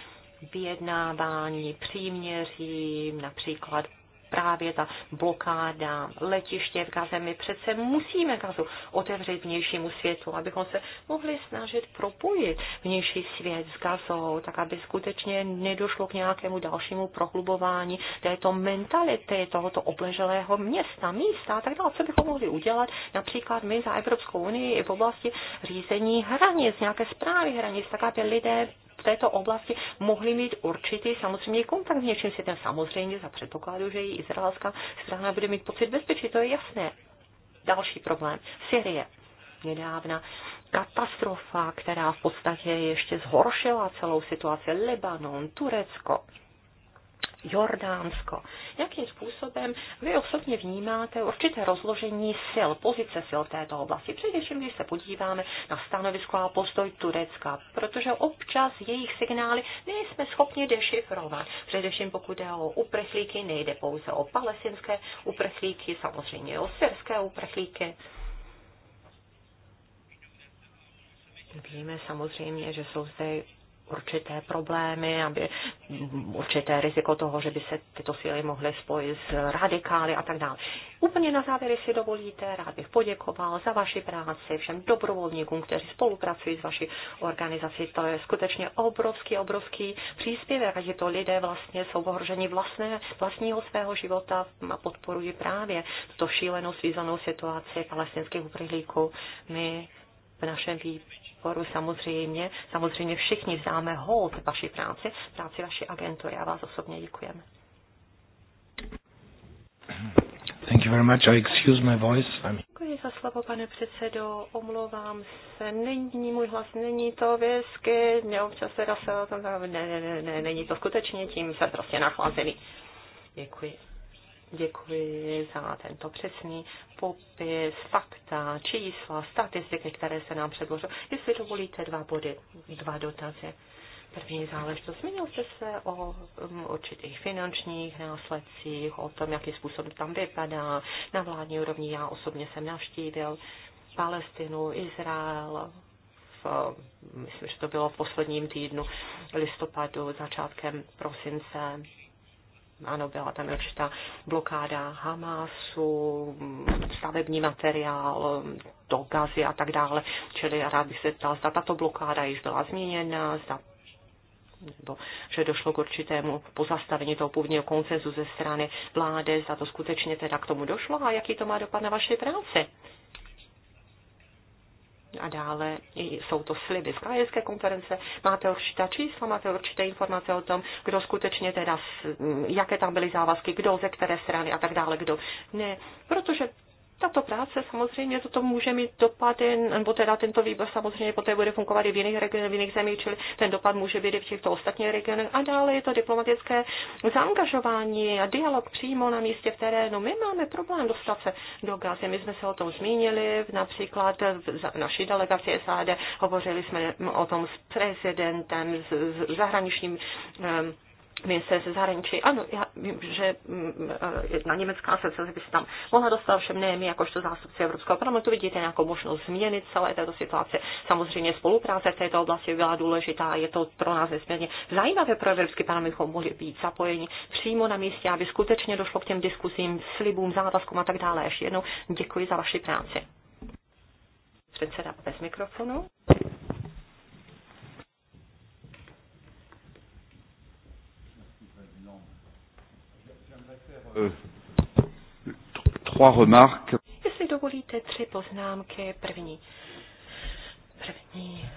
vyjednávání, příměří, například právě ta blokáda letiště v Gaze. My přece musíme Gazu otevřít vnějšímu světu, abychom se mohli snažit propojit vnější svět s Gazou, tak aby skutečně nedošlo k nějakému dalšímu prohlubování této mentality, tohoto obleželého města, místa a tak dále. Co bychom mohli udělat například my za Evropskou unii v oblasti řízení hranic, nějaké zprávy hranic, tak aby lidé v této oblasti mohli mít určitý samozřejmě kontakt s něčím světem. Samozřejmě za předpokladu, že i izraelská strana bude mít pocit bezpečí, to je jasné. Další problém. Syrie. Nedávna katastrofa, která v podstatě ještě zhoršila celou situaci. Libanon, Turecko. Jordánsko. Jakým způsobem vy osobně vnímáte určité rozložení sil, pozice sil této oblasti, především když se podíváme na stanovisko a postoj Turecka, protože občas jejich signály nejsme schopni dešifrovat. Především pokud jde o uprchlíky, nejde pouze o palestinské uprchlíky, samozřejmě o syrské uprchlíky. Víme samozřejmě, že jsou zde určité problémy, aby určité riziko toho, že by se tyto síly mohly spojit s radikály a tak dále. Úplně na závěr, si dovolíte, rád bych poděkoval za vaši práci všem dobrovolníkům, kteří spolupracují s vaší organizací. To je skutečně obrovský, obrovský příspěvek, a že to lidé vlastně jsou ohroženi vlastné, vlastního svého života a podporují právě tuto šílenou svízanou situaci palestinských uprchlíků. My v našem výběru podporu samozřejmě, samozřejmě všichni vzdáme hold vaší práci, práci vaší agentury. a vás osobně děkujeme. Thank you very much. I excuse my voice. I'm... Děkuji za slovo, pane předsedo. Omlouvám se. Není můj hlas, není to věsky. Mě občas teda se o tom... Ne, ne, ne, ne, není to skutečně tím, jsem prostě nachlazený. Děkuji. Děkuji za tento přesný popis, fakta, čísla, statistiky, které se nám předložily. Jestli dovolíte dva body, dva dotazy. První záležitost. Zmínil jste se o um, určitých finančních následcích, o tom, jaký způsob tam vypadá. Na vládní úrovni já osobně jsem navštívil Palestinu, Izrael, v, myslím, že to bylo v posledním týdnu listopadu, začátkem prosince ano, byla tam určitá blokáda Hamasu, stavební materiál do gazy a tak dále. Čili rád bych se ptal, zda tato blokáda již byla změněna, zda nebo že došlo k určitému pozastavení toho původního koncenzu ze strany vlády, za to skutečně teda k tomu došlo a jaký to má dopad na vaše práce a dále jsou to sliby z krajské konference. Máte určitá čísla, máte určité informace o tom, kdo skutečně teda, jaké tam byly závazky, kdo ze které strany a tak dále, kdo ne. Protože tato práce samozřejmě toto může mít dopad. nebo teda tento výbor samozřejmě poté bude fungovat i v jiných regionech, v jiných zemích, čili ten dopad může být i v těchto ostatních regionech. A dále je to diplomatické zaangažování a dialog přímo na místě v terénu. My máme problém dostat se do Gazy. My jsme se o tom zmínili, například v naší delegaci SAD hovořili jsme o tom s prezidentem, s zahraničním um, ministerství zahraničí. Ano, já vím, že mm, eh, jedna německá asociace by se tam mohla dostat, všem ne my, jakožto zástupci Evropského parlamentu, vidíte nějakou možnost změnit celé této situace. Samozřejmě spolupráce v této oblasti byla důležitá, je to pro nás nesmírně zajímavé pro Evropský parlament, bychom mohli být zapojeni přímo na místě, aby skutečně došlo k těm diskusím, slibům, závazkům a tak dále. Ještě jednou děkuji za vaši práci. Předseda bez mikrofonu. trois remarques. Jestli dovolíte tři poznámky, první. První,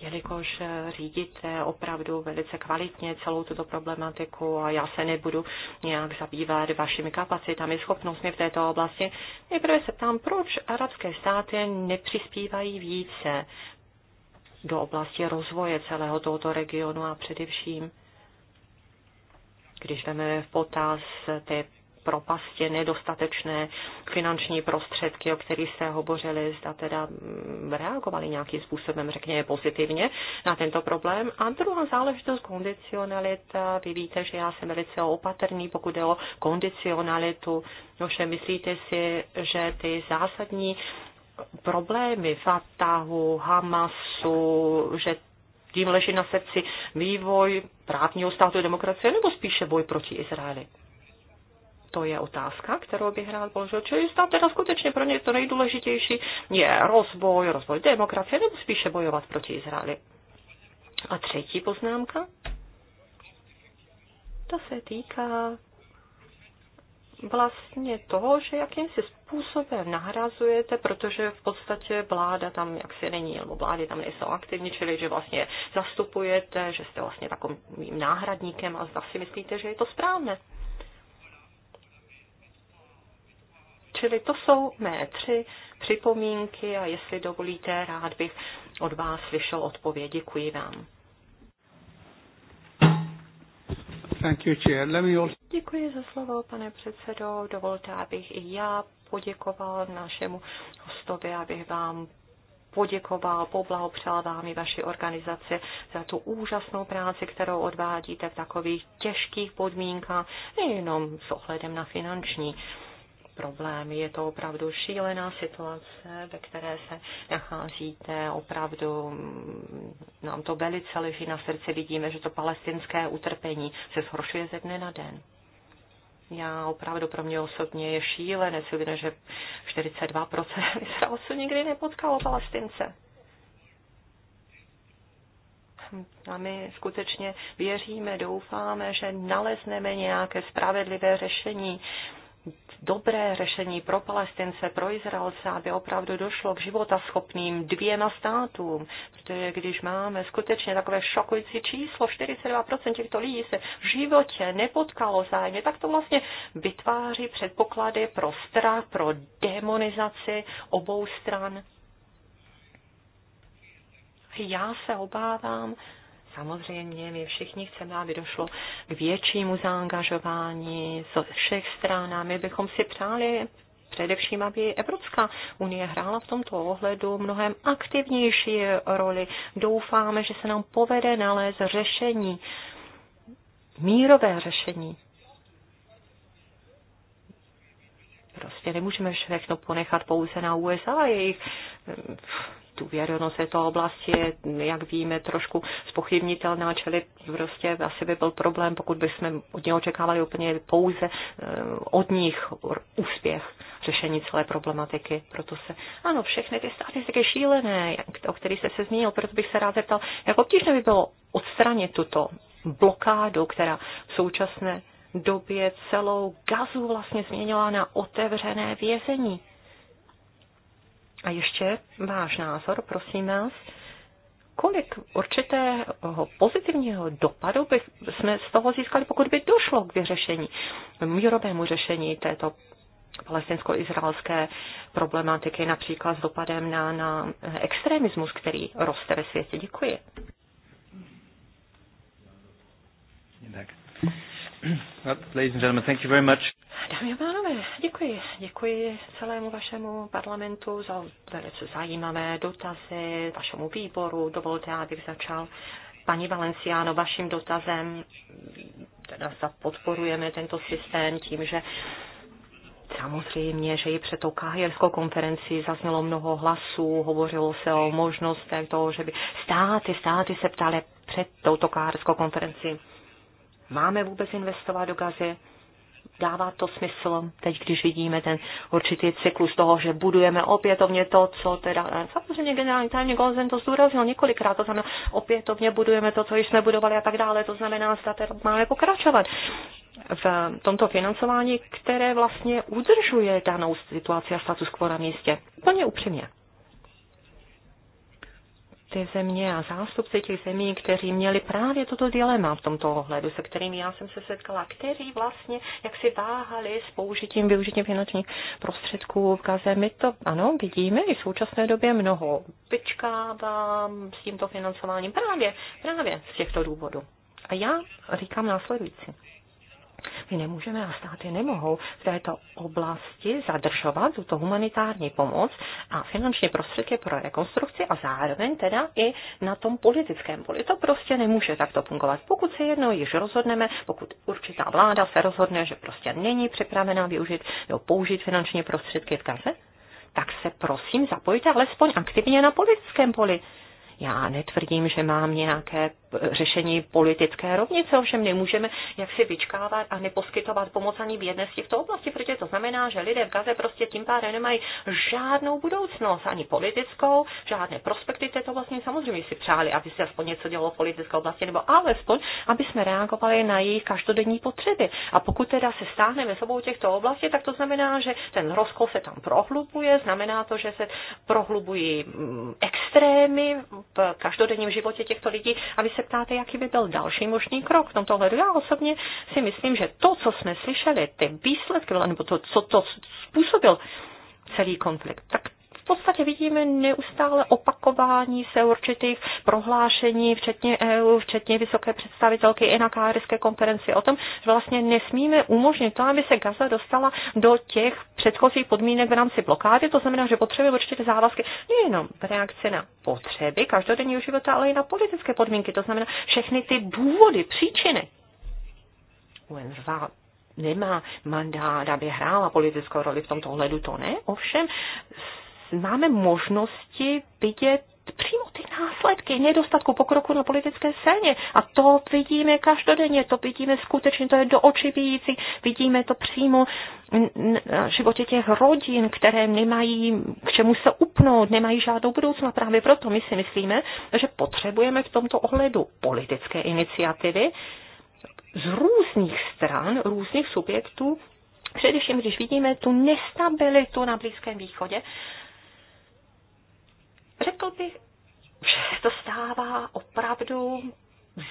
jelikož řídíte opravdu velice kvalitně celou tuto problematiku a já se nebudu nějak zabývat vašimi kapacitami, schopnostmi v této oblasti, nejprve se ptám, proč arabské státy nepřispívají více do oblasti rozvoje celého tohoto regionu a především když jdeme v potaz ty propastě, nedostatečné finanční prostředky, o kterých jste hovořili, zda teda mm, reagovali nějakým způsobem, řekněme, pozitivně na tento problém. A druhá záležitost, kondicionalita. Vy víte, že já jsem velice opatrný, pokud je o kondicionalitu. Nože myslíte si, že ty zásadní problémy Fatahu, Hamasu, že jim leží na srdci vývoj právního státu demokracie nebo spíše boj proti Izraeli? To je otázka, kterou bych rád položil. Čili stát teda skutečně pro ně to nejdůležitější je rozvoj, rozvoj demokracie nebo spíše bojovat proti Izraeli. A třetí poznámka, ta se týká vlastně toho, že jakýmsi způsobem nahrazujete, protože v podstatě vláda tam jaksi není, nebo vlády tam nejsou aktivní, čili že vlastně zastupujete, že jste vlastně takovým náhradníkem a zda si myslíte, že je to správné. Čili to jsou mé tři připomínky a jestli dovolíte, rád bych od vás slyšel odpověď. Děkuji vám. Thank you, chair. Let me also... Děkuji za slovo, pane předsedo. Dovolte, abych i já poděkoval našemu hostovi, abych vám poděkoval, poblahopřál vám i vaši organizaci za tu úžasnou práci, kterou odvádíte v takových těžkých podmínkách, nejenom s ohledem na finanční problém. Je to opravdu šílená situace, ve které se nacházíte. Opravdu mm, nám to velice leží na srdci. Vidíme, že to palestinské utrpení se zhoršuje ze dne na den. Já opravdu pro mě osobně je šílené, si že 42% Izraelců nikdy nepotkalo palestince. A my skutečně věříme, doufáme, že nalezneme nějaké spravedlivé řešení dobré řešení pro Palestince, pro Izraelce, aby opravdu došlo k schopným dvěma státům. Protože když máme skutečně takové šokující číslo, 42% těchto lidí se v životě nepotkalo zájemně, tak to vlastně vytváří předpoklady pro strach, pro demonizaci obou stran. Já se obávám, Samozřejmě, my všichni chceme, aby došlo k většímu zaangažování ze všech stran a my bychom si přáli především, aby Evropská unie hrála v tomto ohledu mnohem aktivnější roli. Doufáme, že se nám povede nalézt řešení, mírové řešení. Prostě nemůžeme všechno ponechat pouze na USA jejich eh, věrnost této oblasti je, jak víme, trošku spochybnitelná, čili prostě asi by byl problém, pokud bychom od něj očekávali úplně pouze eh, od nich úspěch řešení celé problematiky. Proto se, ano, všechny ty statistiky šílené, o kterých jste se zmínil, proto bych se rád zeptal, jak obtížné by bylo odstranit tuto blokádu, která v současné době celou gazu vlastně změnila na otevřené vězení. A ještě váš názor, prosím vás, kolik určitého pozitivního dopadu by jsme z toho získali, pokud by došlo k vyřešení, mírovému řešení této palestinsko-izraelské problematiky, například s dopadem na, na extremismus, který roste ve světě. Děkuji. Tak. Ladies and gentlemen, thank you very much. Dámy a pánové, děkuji. Děkuji celému vašemu parlamentu za velice zajímavé dotazy, vašemu výboru. Dovolte, abych začal paní Valenciáno vaším dotazem. Teda podporujeme tento systém tím, že Samozřejmě, že i před tou kahirskou konferenci zaznělo mnoho hlasů, hovořilo se o možnostech toho, že by státy, státy se ptaly před touto kahirskou konferenci Máme vůbec investovat do gazy? Dává to smysl, teď když vidíme ten určitý cyklus toho, že budujeme opětovně to, co teda, eh, samozřejmě generální tajemník Golzen to zdůraznil několikrát, to znamená, opětovně budujeme to, co již jsme budovali a tak dále, to znamená, zda teda máme pokračovat v tomto financování, které vlastně udržuje danou situaci a status quo na místě. Plně upřímně ty země a zástupci těch zemí, kteří měli právě toto dilema v tomto ohledu, se kterými já jsem se setkala, kteří vlastně jak si váhali s použitím, využitím finančních prostředků v Gaze. My to, ano, vidíme i v současné době mnoho vyčkává s tímto financováním právě, právě z těchto důvodů. A já říkám následující. My nemůžeme a státy nemohou v této oblasti zadržovat tuto humanitární pomoc a finanční prostředky pro rekonstrukci a zároveň teda i na tom politickém poli. To prostě nemůže takto fungovat. Pokud se jednou již rozhodneme, pokud určitá vláda se rozhodne, že prostě není připravená využít nebo použít finanční prostředky v Gaze, tak se prosím zapojte alespoň aktivně na politickém poli. Já netvrdím, že mám nějaké řešení politické rovnice. Ovšem nemůžeme jak si vyčkávat a neposkytovat pomoc ani v jedné z těchto oblastí, protože to znamená, že lidé v Gaze prostě tím pádem nemají žádnou budoucnost, ani politickou, žádné prospekty této oblasti. Samozřejmě si přáli, aby se aspoň něco dělo v politické oblasti, nebo alespoň, aby jsme reagovali na jejich každodenní potřeby. A pokud teda se stáhneme sobou těchto oblastí, tak to znamená, že ten rozkol se tam prohlubuje, znamená to, že se prohlubují mm, extrémy v každodenním životě těchto lidí, aby se se ptáte, jaký by byl další možný krok v tomto hledu. Já osobně si myslím, že to, co jsme slyšeli, ty výsledky, nebo to, co to způsobil celý konflikt, tak podstatě vidíme neustále opakování se určitých prohlášení, včetně EU, včetně vysoké představitelky i na kárijské konferenci o tom, že vlastně nesmíme umožnit to, aby se Gaza dostala do těch předchozích podmínek v rámci blokády. To znamená, že potřebujeme určité závazky nejenom v reakci na potřeby každodenního života, ale i na politické podmínky. To znamená všechny ty důvody, příčiny. UNRWA nemá mandát, aby hrála politickou roli v tomto ohledu, to ne. Ovšem máme možnosti vidět přímo ty následky nedostatku pokroku na politické scéně. A to vidíme každodenně, to vidíme skutečně, to je do očí vidící, vidíme to přímo na životě těch rodin, které nemají k čemu se upnout, nemají žádnou budoucnost. Právě proto my si myslíme, že potřebujeme v tomto ohledu politické iniciativy z různých stran, různých subjektů, především když vidíme tu nestabilitu na Blízkém východě, Řekl bych, že to stává opravdu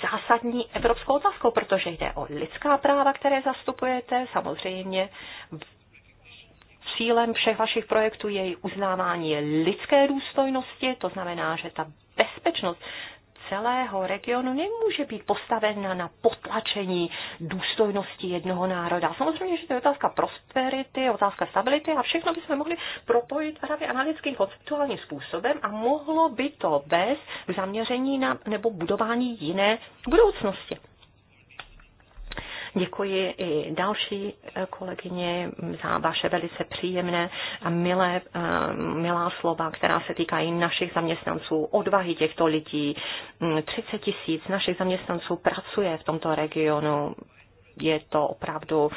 zásadní evropskou otázkou, protože jde o lidská práva, které zastupujete. Samozřejmě cílem všech vašich projektů je uznávání lidské důstojnosti, to znamená, že ta bezpečnost celého regionu nemůže být postavena na potlačení důstojnosti jednoho národa. Samozřejmě, že to je otázka prosperity, otázka stability a všechno bychom mohli propojit právě analytickým konceptuálním způsobem a mohlo by to bez zaměření na, nebo budování jiné budoucnosti. Děkuji i další eh, kolegyně za vaše velice příjemné a milé, eh, milá slova, která se týkají našich zaměstnanců, odvahy těchto lidí. 30 mm, tisíc našich zaměstnanců pracuje v tomto regionu. Je to opravdu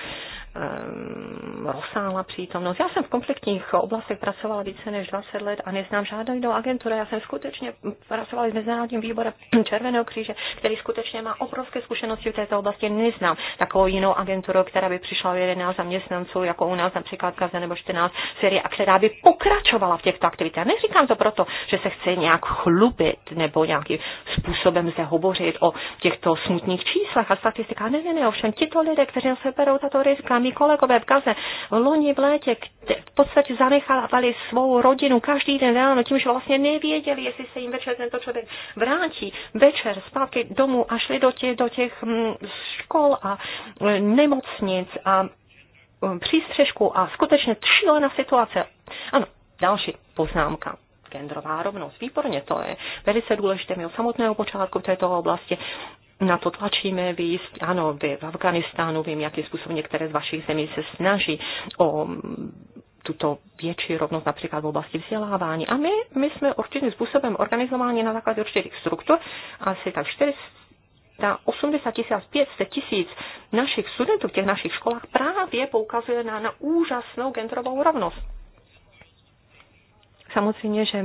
Ehm, rozsáhla přítomnost. Já jsem v konfliktních oblastech pracovala více než 20 let a neznám žádnou jinou agenturu. Já jsem skutečně pracovala v Mezinárodním výborem Červeného kříže, který skutečně má obrovské zkušenosti v této oblasti. Neznám takovou jinou agenturu, která by přišla v 11 zaměstnanců, jako u nás například Kaze nebo 14 série, a která by pokračovala v těchto aktivitách. Neříkám to proto, že se chce nějak chlubit nebo nějakým způsobem se hovořit o těchto smutných číslech a statistikách. Ne, ne, ne, ovšem tito lidé, kteří se berou tato rizika, mý kolegové v Gaze loni v létě v podstatě zanechávali svou rodinu každý den ráno tím, že vlastně nevěděli, jestli se jim večer tento člověk vrátí večer zpátky domů a šli do těch, do těch hm, škol a hm, nemocnic a hm, přístřežku a skutečně šílená situace. Ano, další poznámka genderová rovnost. Výborně, to je velice důležité. My samotného počátku v této oblasti na to tlačíme, vy ano, vy v Afganistánu, vím, jakým způsobem některé z vašich zemí se snaží o mm, tuto větší rovnost například v oblasti vzdělávání. A my, my jsme určitým způsobem organizováni na základě určitých struktur, asi tak 480 tisíc až 500 tisíc našich studentů v těch našich školách právě poukazuje na, na úžasnou genderovou rovnost. Samozřejmě, že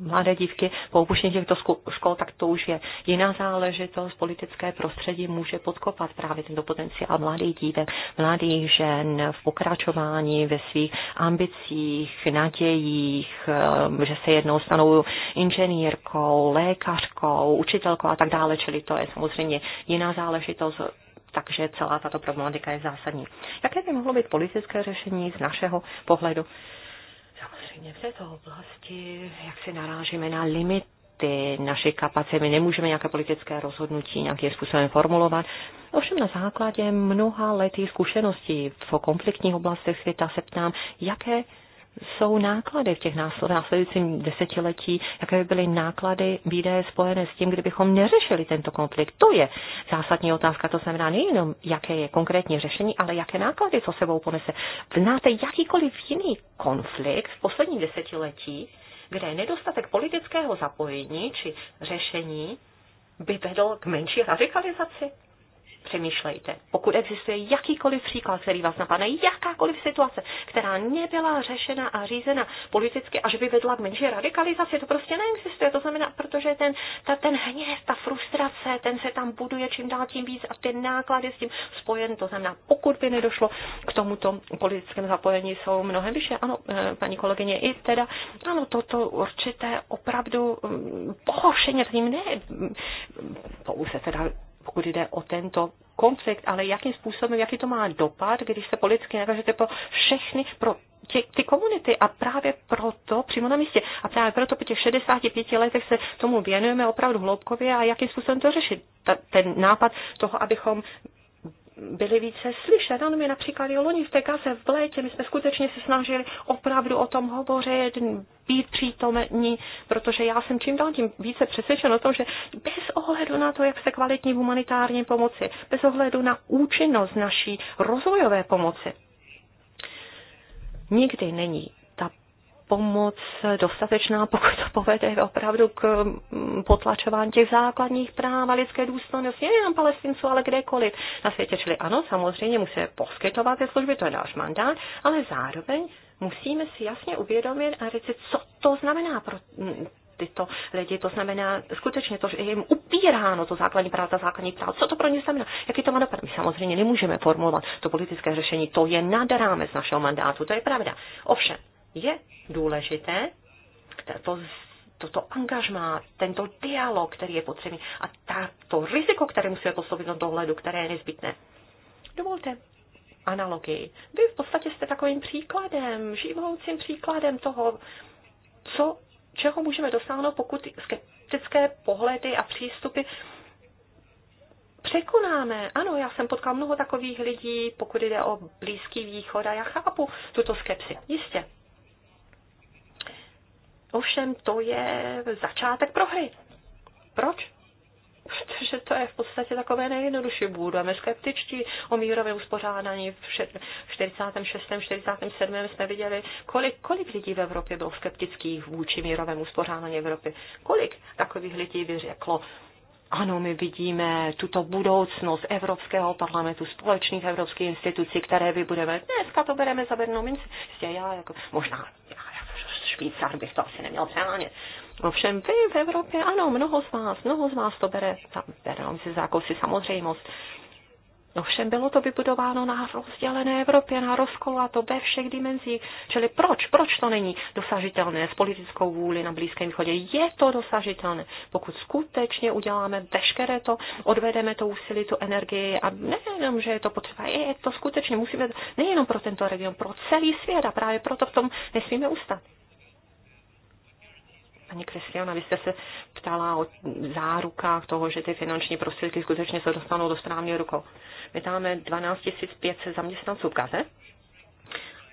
mladé dívky po opuštění těchto škol, tak to už je jiná záležitost. Politické prostředí může podkopat právě tento potenciál mladých dívek, mladých žen v pokračování ve svých ambicích, nadějích, že se jednou stanou inženýrkou, lékařkou, učitelkou a tak dále. Čili to je samozřejmě jiná záležitost takže celá tato problematika je zásadní. Jaké by mohlo být politické řešení z našeho pohledu? Samozřejmě v této oblasti, jak si narážíme na limity našich kapacit, my nemůžeme nějaké politické rozhodnutí nějakým způsobem formulovat. Ovšem na základě mnoha letých zkušeností v konfliktních oblastech světa se ptám, jaké jsou náklady v těch následujícím desetiletí, jaké by byly náklady výdaje spojené s tím, kdybychom neřešili tento konflikt. To je zásadní otázka, to znamená nejenom, jaké je konkrétní řešení, ale jaké náklady to sebou ponese. Znáte jakýkoliv jiný konflikt v posledním desetiletí, kde nedostatek politického zapojení či řešení by vedl k menší radikalizaci? přemýšlejte. Pokud existuje jakýkoliv příklad, který vás napadne, jakákoliv situace, která nebyla řešena a řízena politicky a že by vedla k menší radikalizaci, to prostě neexistuje. To znamená, protože ten, ta, ten hněv, ta frustrace, ten se tam buduje čím dál tím víc a ty náklady s tím spojen. To znamená, pokud by nedošlo k tomuto politickému zapojení, jsou mnohem vyšší. Ano, eh, paní kolegyně, i teda, ano, toto určité opravdu mm, pohoršeně, tím ne pouze teda pokud jde o tento konflikt, ale jakým způsobem, jaký to má dopad, když se politicky nakažete pro všechny, pro tě, ty komunity a právě proto přímo na místě. A právě proto po těch 65 letech se tomu věnujeme opravdu hloubkově a jakým způsobem to řešit. Ta, ten nápad toho, abychom byly více slyšet. Ano, my například i loni v té Gaze v létě, my jsme skutečně se snažili opravdu o tom hovořit, být přítomní, protože já jsem čím dál tím více přesvědčen o tom, že bez ohledu na to, jak se kvalitní humanitární pomoci, bez ohledu na účinnost naší rozvojové pomoci, nikdy není pomoc dostatečná, pokud to povede opravdu k mm, potlačování těch základních práv a lidské důstojnosti, nejen palestinců, ale kdekoliv na světě. Čili ano, samozřejmě musíme poskytovat ty služby, to je náš mandát, ale zároveň musíme si jasně uvědomit a říct, co to znamená pro mm, tyto lidi. To znamená skutečně to, že jim upíráno to základní právo, ta základní právo. Co to pro ně znamená? Jaký to má dopad? My samozřejmě nemůžeme formulovat to politické řešení. To je nad rámec našeho mandátu, to je pravda. Ovšem, je důležité to, toto angažmá, tento dialog, který je potřebný a ta, to riziko, které musíme postavit na dohledu, které je nezbytné. Dovolte analogii. Vy v podstatě jste takovým příkladem, živoucím příkladem toho, co, čeho můžeme dosáhnout, pokud skeptické pohledy a přístupy překonáme. Ano, já jsem potkal mnoho takových lidí, pokud jde o Blízký východ a já chápu tuto skepsi. Jistě, Ovšem to je začátek prohry. Proč? Protože to je v podstatě takové nejjednodušší. Budeme skeptičtí o mírovém uspořádání. V 46. 47. jsme viděli, kolik, kolik lidí v Evropě bylo skeptických vůči mírovému uspořádání Evropy. Kolik takových lidí by řeklo, ano, my vidíme tuto budoucnost Evropského parlamentu, společných evropských institucí, které vybudeme. Dneska to bereme za bernou minci. Prostě já jako, možná já Švýcar bych to asi neměl přehánět. Ovšem vy v Evropě, ano, mnoho z vás, mnoho z vás to bere, tam berou si za jakousi samozřejmost. Ovšem bylo to vybudováno na rozdělené Evropě, na rozkolu a to ve všech dimenzích. Čili proč? Proč to není dosažitelné s politickou vůli na Blízkém východě? Je to dosažitelné, pokud skutečně uděláme veškeré to, odvedeme to úsilí, tu energii a nejenom, že je to potřeba, je to skutečně, musíme nejenom pro tento region, pro celý svět a právě proto v tom nesmíme ustat. Pani Kristiana, vy jste se ptala o zárukách toho, že ty finanční prostředky skutečně se dostanou do správně rukou. My tam máme 12 500 zaměstnanců v Gaze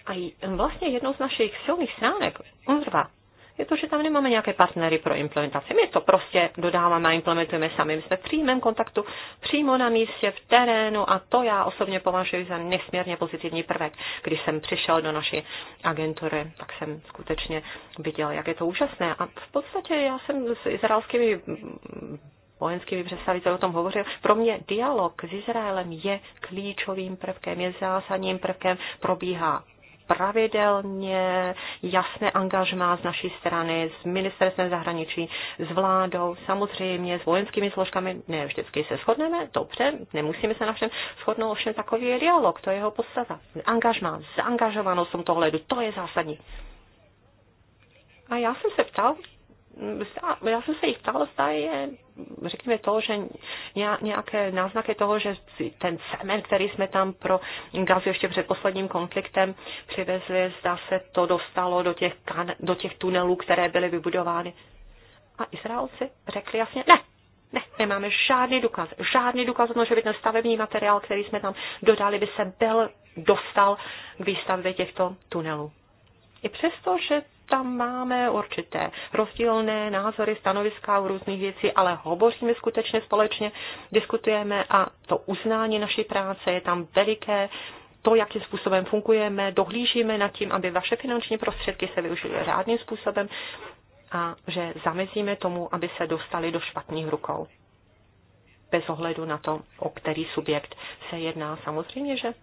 a vlastně jednou z našich silných stránek, UNRWA, je to, že tam nemáme nějaké partnery pro implementaci. My to prostě dodáváme a implementujeme sami. My jsme v přímém kontaktu, přímo na místě, v terénu a to já osobně považuji za nesmírně pozitivní prvek. Když jsem přišel do naší agentury, tak jsem skutečně viděl, jak je to úžasné. A v podstatě já jsem s izraelskými vojenskými představiteli o tom hovořil. Pro mě dialog s Izraelem je klíčovým prvkem, je zásadním prvkem, probíhá pravidelně jasné angažmá z naší strany, s ministerstvem zahraničí, s vládou, samozřejmě s vojenskými složkami. Ne vždycky se shodneme, dobře, nemusíme se na všem shodnout, ovšem takový je dialog, to je jeho podstata. Angažmá, zaangažovanost v tomto ohledu, to je zásadní. A já jsem se ptal, já jsem se jich ptal, zda je řekněme to, že nějaké náznaky toho, že ten semen, který jsme tam pro Gazu ještě před posledním konfliktem přivezli, zdá se to dostalo do těch, kan, do těch tunelů, které byly vybudovány. A Izraelci řekli jasně, ne, ne, nemáme žádný důkaz, žádný důkaz o že by ten stavební materiál, který jsme tam dodali, by se byl dostal k výstavbě těchto tunelů. I přesto, že tam máme určité rozdílné názory, stanoviska u různých věcí, ale hovoříme skutečně společně, diskutujeme a to uznání naší práce je tam veliké. To, jakým způsobem fungujeme, dohlížíme nad tím, aby vaše finanční prostředky se využily řádným způsobem a že zamezíme tomu, aby se dostali do špatných rukou. Bez ohledu na to, o který subjekt se jedná. Samozřejmě, že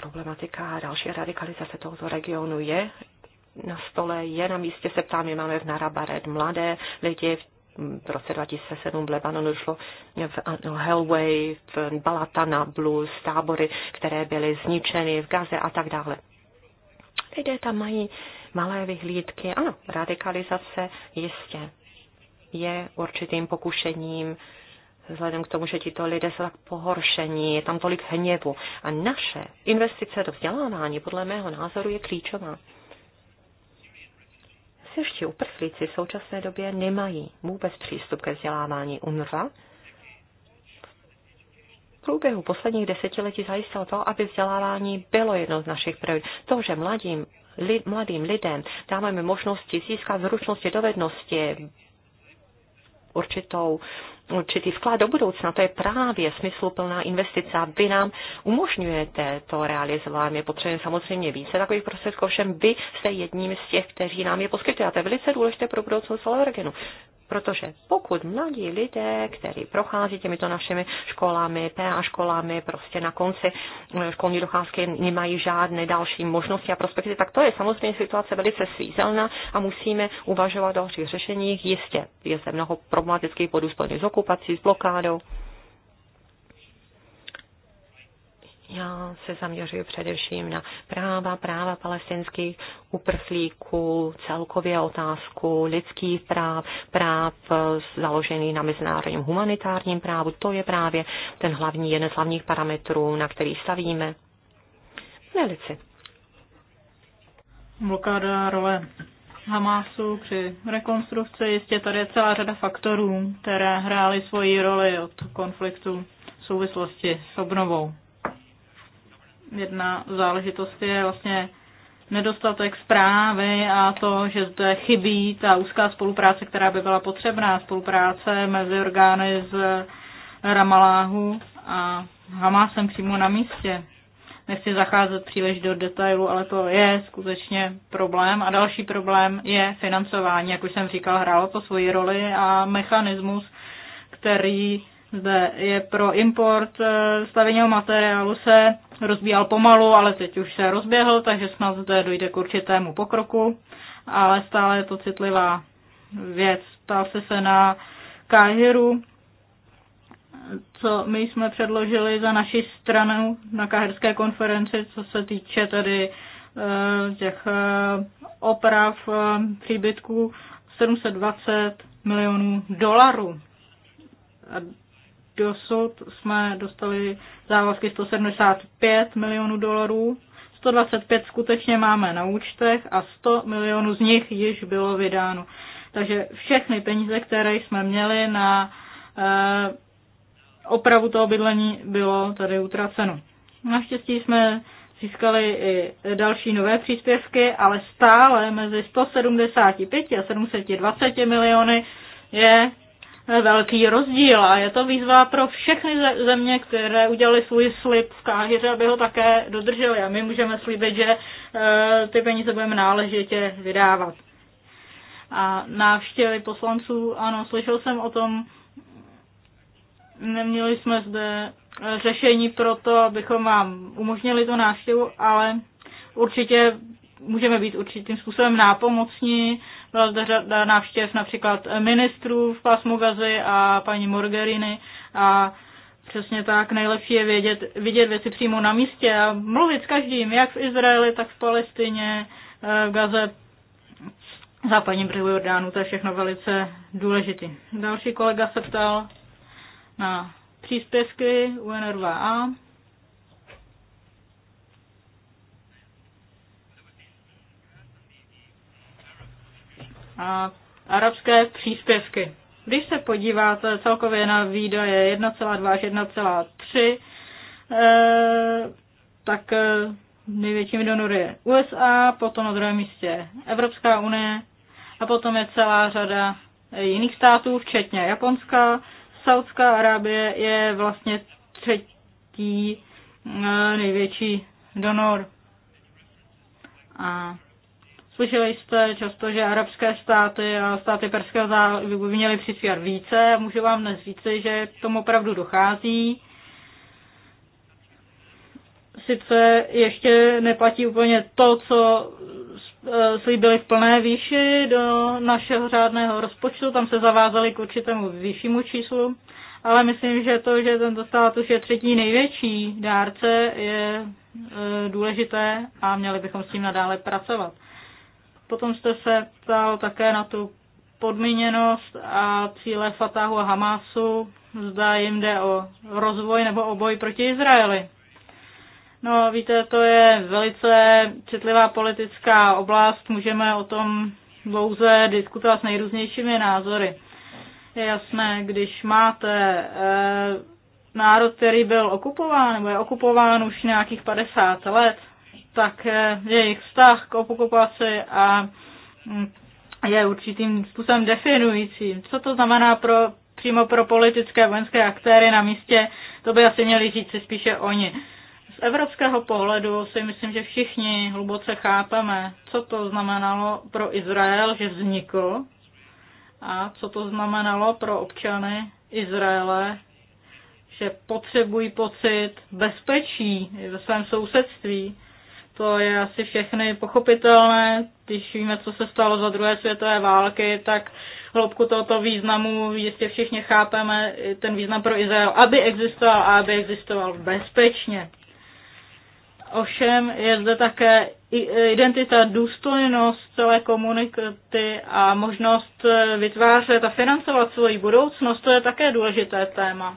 problematika a další radikalizace tohoto regionu je na stole, je na místě, se ptáme, máme v Narabaret mladé lidi, v roce 2007 v Lebanonu šlo v no, Hellway, v Balatana, Blues, tábory, které byly zničeny v Gaze a tak dále. Lidé tam mají malé vyhlídky. Ano, radikalizace jistě je určitým pokušením vzhledem k tomu, že tito lidé jsou tak pohoršení, je tam tolik hněvu. A naše investice do vzdělávání, podle mého názoru, je klíčová. Syrští uprchlíci v současné době nemají vůbec přístup ke vzdělávání UNRWA. V průběhu posledních desetiletí zajistil to, aby vzdělávání bylo jedno z našich priorit. To, že mladým, li, mladým lidem dáváme možnosti získat zručnosti, dovednosti, určitou určitý vklad do budoucna. To je právě smysluplná investice a vy nám umožňujete to realizovat. My potřebujeme samozřejmě více takových prostředků, ovšem vy jste jedním z těch, kteří nám je poskytujete. To je velice důležité pro budoucnost Allergenu. Protože pokud mladí lidé, kteří prochází těmito našimi školami, PA školami, prostě na konci eh, školní docházky nemají žádné další možnosti a prospekty, tak to je samozřejmě situace velice svízelná a musíme uvažovat o dalších řešeních. Jistě je zde mnoho problematických bodů spojených s okupací, s blokádou. Já se zaměřuji především na práva, práva palestinských uprchlíků, celkově otázku lidských práv, práv založených na mezinárodním humanitárním právu. To je právě ten hlavní, jeden z hlavních parametrů, na který stavíme. Velice. Blokáda role Hamásu při rekonstrukci. Jistě tady je celá řada faktorů, které hrály svoji roli od konfliktu v souvislosti s obnovou. Jedna záležitost je vlastně nedostatek zprávy a to, že zde chybí ta úzká spolupráce, která by byla potřebná, spolupráce mezi orgány z Ramaláhu a Hamásem přímo na místě. Nechci zacházet příliš do detailu, ale to je skutečně problém. A další problém je financování. Jak už jsem říkal, hrálo to svoji roli a mechanismus, který zde je pro import eh, stavěního materiálu, se rozbíhal pomalu, ale teď už se rozběhl, takže snad zde dojde k určitému pokroku, ale stále je to citlivá věc. Ptal se se na Káhiru, co my jsme předložili za naši stranu na Káherské konferenci, co se týče tedy eh, těch eh, oprav eh, příbytků 720 milionů dolarů dosud jsme dostali závazky 175 milionů dolarů, 125 skutečně máme na účtech a 100 milionů z nich již bylo vydáno. Takže všechny peníze, které jsme měli na eh, opravu toho bydlení, bylo tady utraceno. Naštěstí jsme získali i další nové příspěvky, ale stále mezi 175 a 720 miliony je velký rozdíl a je to výzva pro všechny země, které udělali svůj slib v Káhiře, aby ho také dodrželi a my můžeme slíbit, že eh, ty peníze budeme náležitě vydávat. A návštěvy poslanců, ano, slyšel jsem o tom, neměli jsme zde eh, řešení pro to, abychom vám umožnili tu návštěvu, ale určitě můžeme být určitým způsobem nápomocní, byla zde řada návštěv například ministrů v pásmu Gazy a paní Morgeriny a Přesně tak, nejlepší je vědět, vidět věci přímo na místě a mluvit s každým, jak v Izraeli, tak v Palestině, eh, v Gaze, západním břehu Jordánu, to je všechno velice důležité. Další kolega se ptal na příspěvky UNRWA. arabské příspěvky. Když se podíváte celkově na výdaje 1,2 až 1,3, eh, tak eh, největším donory je USA, potom na druhém místě Evropská unie a potom je celá řada jiných států, včetně Japonska. Saudská Arábie je vlastně třetí eh, největší donor. A Slyšeli jste často, že arabské státy a státy Perského zálivu by měly přispívat více. Můžu vám dnes říci, že k tomu opravdu dochází. Sice ještě neplatí úplně to, co eh, slíbili v plné výši do našeho řádného rozpočtu, tam se zavázali k určitému vyššímu číslu, ale myslím, že to, že tento stát už je třetí největší dárce, je eh, důležité a měli bychom s tím nadále pracovat. Potom jste se ptal také na tu podmíněnost a cíle Fatahu a Hamásu, zda jim jde o rozvoj nebo o boj proti Izraeli. No víte, to je velice citlivá politická oblast, můžeme o tom dlouze diskutovat s nejrůznějšími názory. Je jasné, když máte e, národ, který byl okupován, nebo je okupován už nějakých 50 let, také eh, jejich vztah k okupaci a mm, je určitým způsobem definující. Co to znamená pro, přímo pro politické vojenské aktéry na místě, to by asi měli říct si spíše oni. Z evropského pohledu si myslím, že všichni hluboce chápeme, co to znamenalo pro Izrael, že vznikl a co to znamenalo pro občany Izraele, že potřebují pocit bezpečí ve svém sousedství, to je asi všechny pochopitelné. Když víme, co se stalo za druhé světové války, tak hloubku tohoto významu jistě všichni chápeme, ten význam pro Izrael, aby existoval a aby existoval bezpečně. Ovšem je zde také identita, důstojnost celé komunity a možnost vytvářet a financovat svoji budoucnost, to je také důležité téma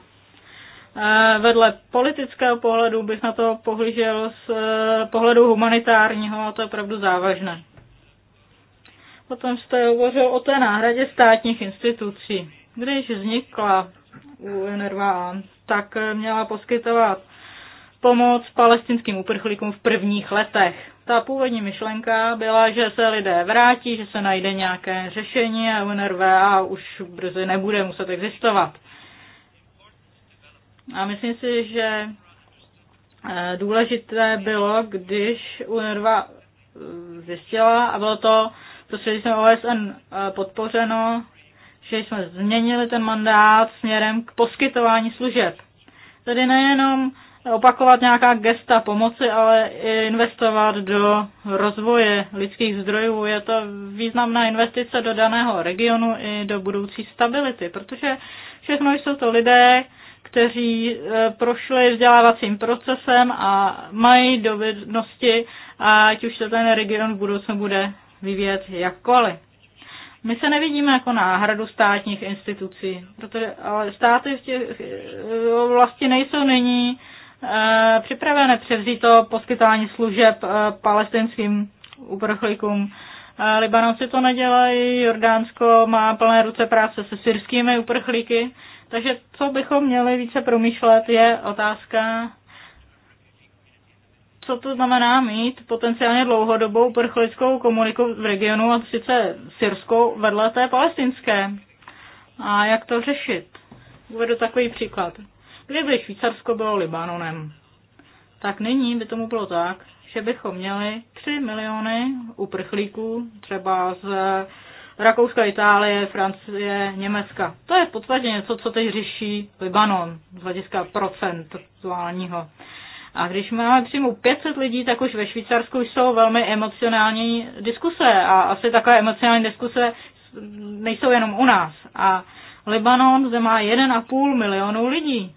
vedle politického pohledu bych na to pohlížel z eh, pohledu humanitárního a to je opravdu závažné. Potom jste hovořil o té náhradě státních institucí. Když vznikla UNRWA, tak eh, měla poskytovat pomoc palestinským uprchlíkům v prvních letech. Ta původní myšlenka byla, že se lidé vrátí, že se najde nějaké řešení a UNRWA už brzy nebude muset existovat. A myslím si, že eh, důležité bylo, když UNRWA eh, zjistila, a bylo to prostřednictvím OSN eh, podpořeno, že jsme změnili ten mandát směrem k poskytování služeb. Tedy nejenom opakovat nějaká gesta pomoci, ale i investovat do rozvoje lidských zdrojů. Je to významná investice do daného regionu i do budoucí stability, protože všechno jsou to lidé, kteří eh, prošli vzdělávacím procesem a mají dovednosti, ať už se ten region v budoucnu bude vyvíjet jakkoliv. My se nevidíme jako náhradu státních institucí, protože ale státy v těch vlastně nejsou nyní e, připravené převzít to poskytování služeb e, palestinským uprchlíkům. E, Libanon si to nedělají, Jordánsko má plné ruce práce se syrskými uprchlíky takže co bychom měli více promýšlet, je otázka, co to znamená mít potenciálně dlouhodobou prchlickou komuniku v regionu, a sice syrskou vedle té palestinské. A jak to řešit? Uvedu takový příklad. Kdyby Švýcarsko bylo Libanonem, tak nyní by tomu bylo tak, že bychom měli 3 miliony uprchlíků třeba z Rakouska, Itálie, Francie, Německa. To je v podstatě něco, co teď řeší Libanon z hlediska procentuálního. A když máme přímo 500 lidí, tak už ve Švýcarsku jsou velmi emocionální diskuse a asi takové emocionální diskuse nejsou jenom u nás. A Libanon zde má 1,5 milionu lidí.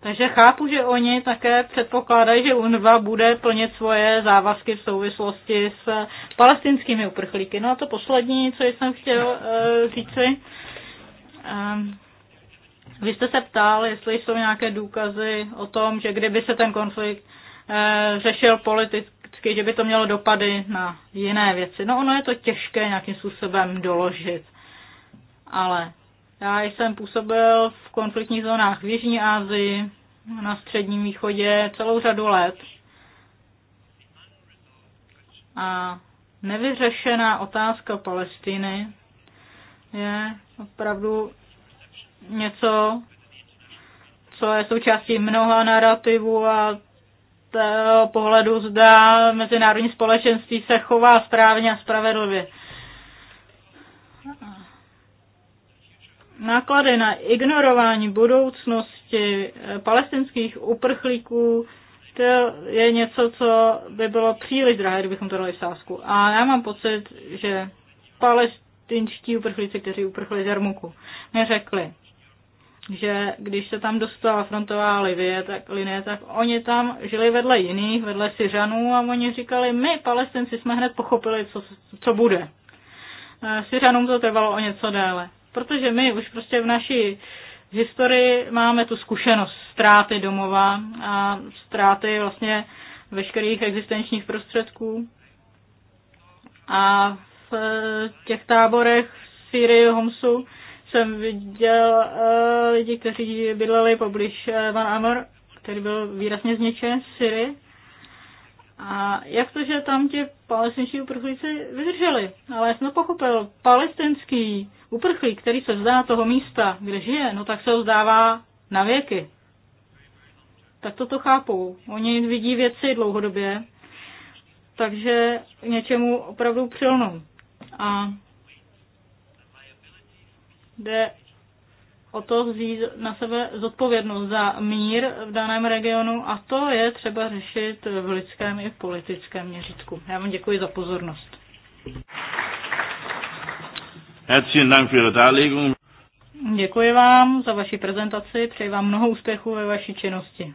Takže chápu, že oni také předpokládají, že UNVA bude plnit svoje závazky v souvislosti s palestinskými uprchlíky. No a to poslední, co jsem chtěl uh, říci. Um, vy jste se ptal, jestli jsou nějaké důkazy o tom, že kdyby se ten konflikt uh, řešil politicky, že by to mělo dopady na jiné věci. No ono je to těžké nějakým způsobem doložit. Ale já jsem působil v konfliktních zónách v Jižní Asii, na Středním východě celou řadu let. A nevyřešená otázka Palestiny je opravdu něco, co je součástí mnoha narrativů a pohledu zda mezinárodní společenství se chová správně a spravedlivě. náklady na ignorování budoucnosti eh, palestinských uprchlíků, to je něco, co by bylo příliš drahé, kdybychom to dali v sásku. A já mám pocit, že palestinští uprchlíci, kteří uprchli z Jarmuku, mi řekli, že když se tam dostala frontová Livie, tak, linie, tak oni tam žili vedle jiných, vedle Syřanů a oni říkali, my palestinci jsme hned pochopili, co, co bude. Eh, Syřanům to trvalo o něco déle protože my už prostě v naší historii máme tu zkušenost ztráty domova a ztráty vlastně veškerých existenčních prostředků. A v eh, těch táborech v Syrii, Homsu jsem viděl eh, lidi, kteří bydleli poblíž eh, Van Amr, který byl výrazně zničen v Syrii. A jak to, že tam ti palestinští uprchlíci vydrželi? Ale já jsem to pochopil. Palestinský uprchlík, který se vzdá toho místa, kde žije, no tak se ho vzdává na věky. Tak to to chápou. Oni vidí věci dlouhodobě, takže něčemu opravdu přilnou. A jde o to vzít na sebe zodpovědnost za mír v daném regionu a to je třeba řešit v lidském i v politickém měřítku. Já vám děkuji za pozornost. Děkuji vám za vaši prezentaci, přeji vám mnoho úspěchů ve vaší činnosti.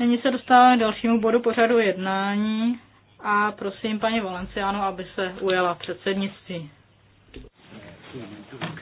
Nyní se dostáváme k dalšímu bodu pořadu jednání a prosím paní Valenciano, aby se ujela předsednictví. Thank you.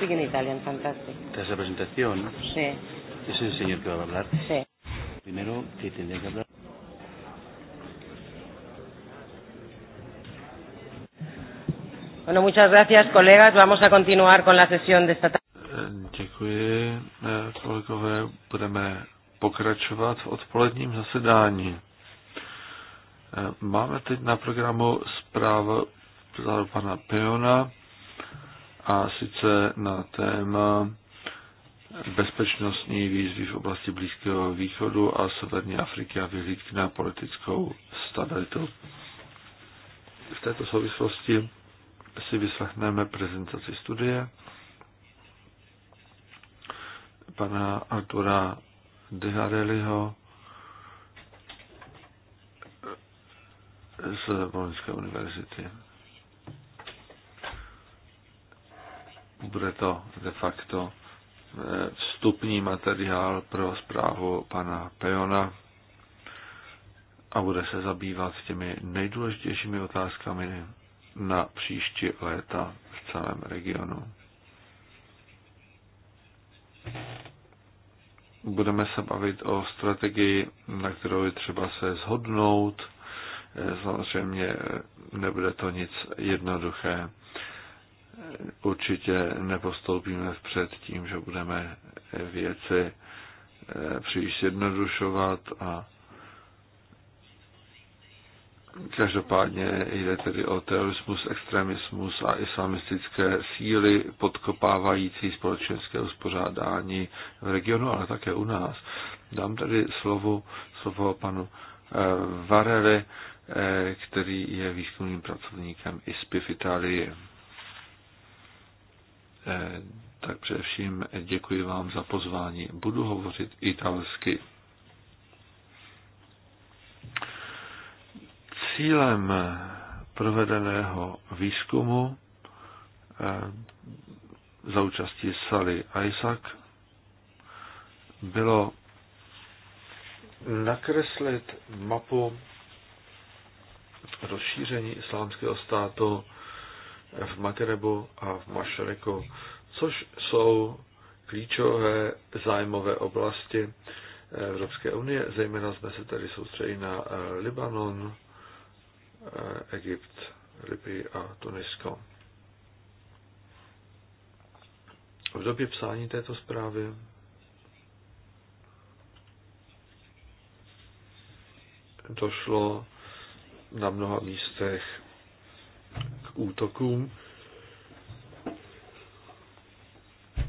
Speak in Italian, fantastic. Tras la presentación, sí. es el señor que va a hablar. Sí. Primero, que tendría que hablar. Bueno, muchas gracias, colegas. Vamos a continuar con la sesión de esta tarde. Děkuji, eh, kolegové. Budeme pokračovat v odpoledním zasedání. Eh, máme teď na programu zprávu pana Peona a sice na téma bezpečnostní výzvy v oblasti Blízkého východu a Severní Afriky a vyhlídky na politickou stabilitu. V této souvislosti si vyslechneme prezentaci studie pana Artura Dehareliho z Volinské univerzity. Bude to de facto eh, vstupní materiál pro zprávu pana Peona a bude se zabývat těmi nejdůležitějšími otázkami na příští léta v celém regionu. Budeme se bavit o strategii, na kterou je třeba se zhodnout. Eh, samozřejmě eh, nebude to nic jednoduché určitě nepostoupíme vpřed tím, že budeme věci eh, příliš jednodušovat a Každopádně jde tedy o terorismus, extremismus a islamistické síly podkopávající společenské uspořádání v regionu, ale také u nás. Dám tedy slovo, slovo panu eh, Varele, eh, který je výzkumným pracovníkem ISPI v Itálii. Eh, tak především děkuji vám za pozvání. Budu hovořit italsky. Cílem provedeného výzkumu eh, za účastí Sally Isaac bylo nakreslit mapu rozšíření islámského státu v Magrebu a v Mašreku, což jsou klíčové zájmové oblasti Evropské unie. Zejména jsme se tady soustředili na eh, Libanon, eh, Egypt, Libii a Tunisko. V době psání této zprávy došlo na mnoha místech útokům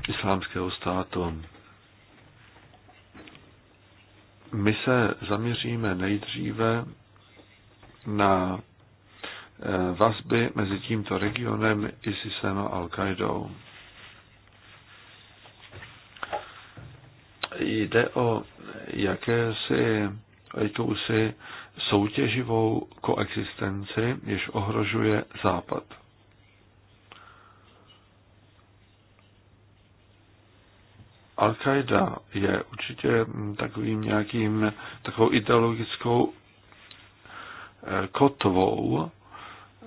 islámského státu. My se zaměříme nejdříve na eh, vazby mezi tímto regionem, ISISem a Al-Qaidou. Jde o jakési jakousi soutěživou koexistenci, jež ohrožuje Západ. Al-Qaida je určitě takovým nějakým, takovou ideologickou eh, kotvou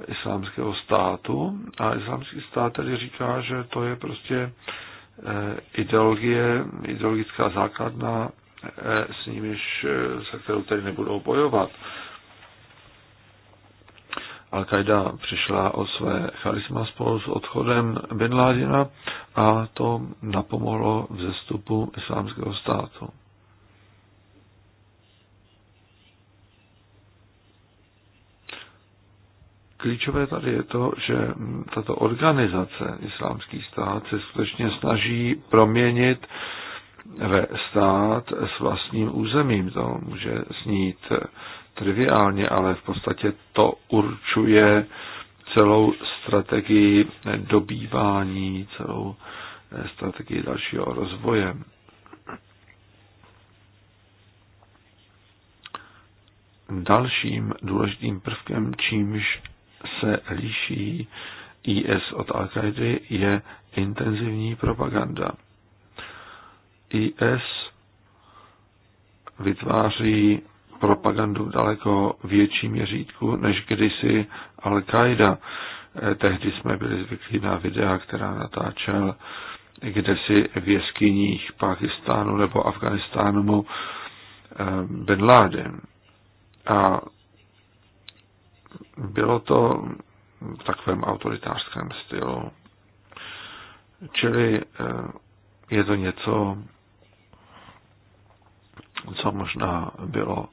islámského státu a islámský stát tedy říká, že to je prostě eh, ideologie, ideologická základna s nimiž, se kterou tady nebudou bojovat. Al-Qaida přišla o své charisma spolu s odchodem Bin Ládina a to napomohlo zestupu islámského státu. Klíčové tady je to, že tato organizace Islámský stát se skutečně snaží proměnit ve stát s vlastním územím. To může snít triviálně, ale v podstatě to určuje celou strategii dobývání, celou eh, strategii dalšího rozvoje. Dalším důležitým prvkem, čímž se liší IS od al je intenzivní propaganda. IS vytváří propagandu daleko větší měřítku než kdysi Al-Qaida. Eh, tehdy jsme byli zvyklí na videa, která natáčel kde si v jeskyních Pakistánu nebo Afganistánu mu eh, Bin Laden. A bylo to v takovém autoritářském stylu. Čili eh, je to něco, co možná bylo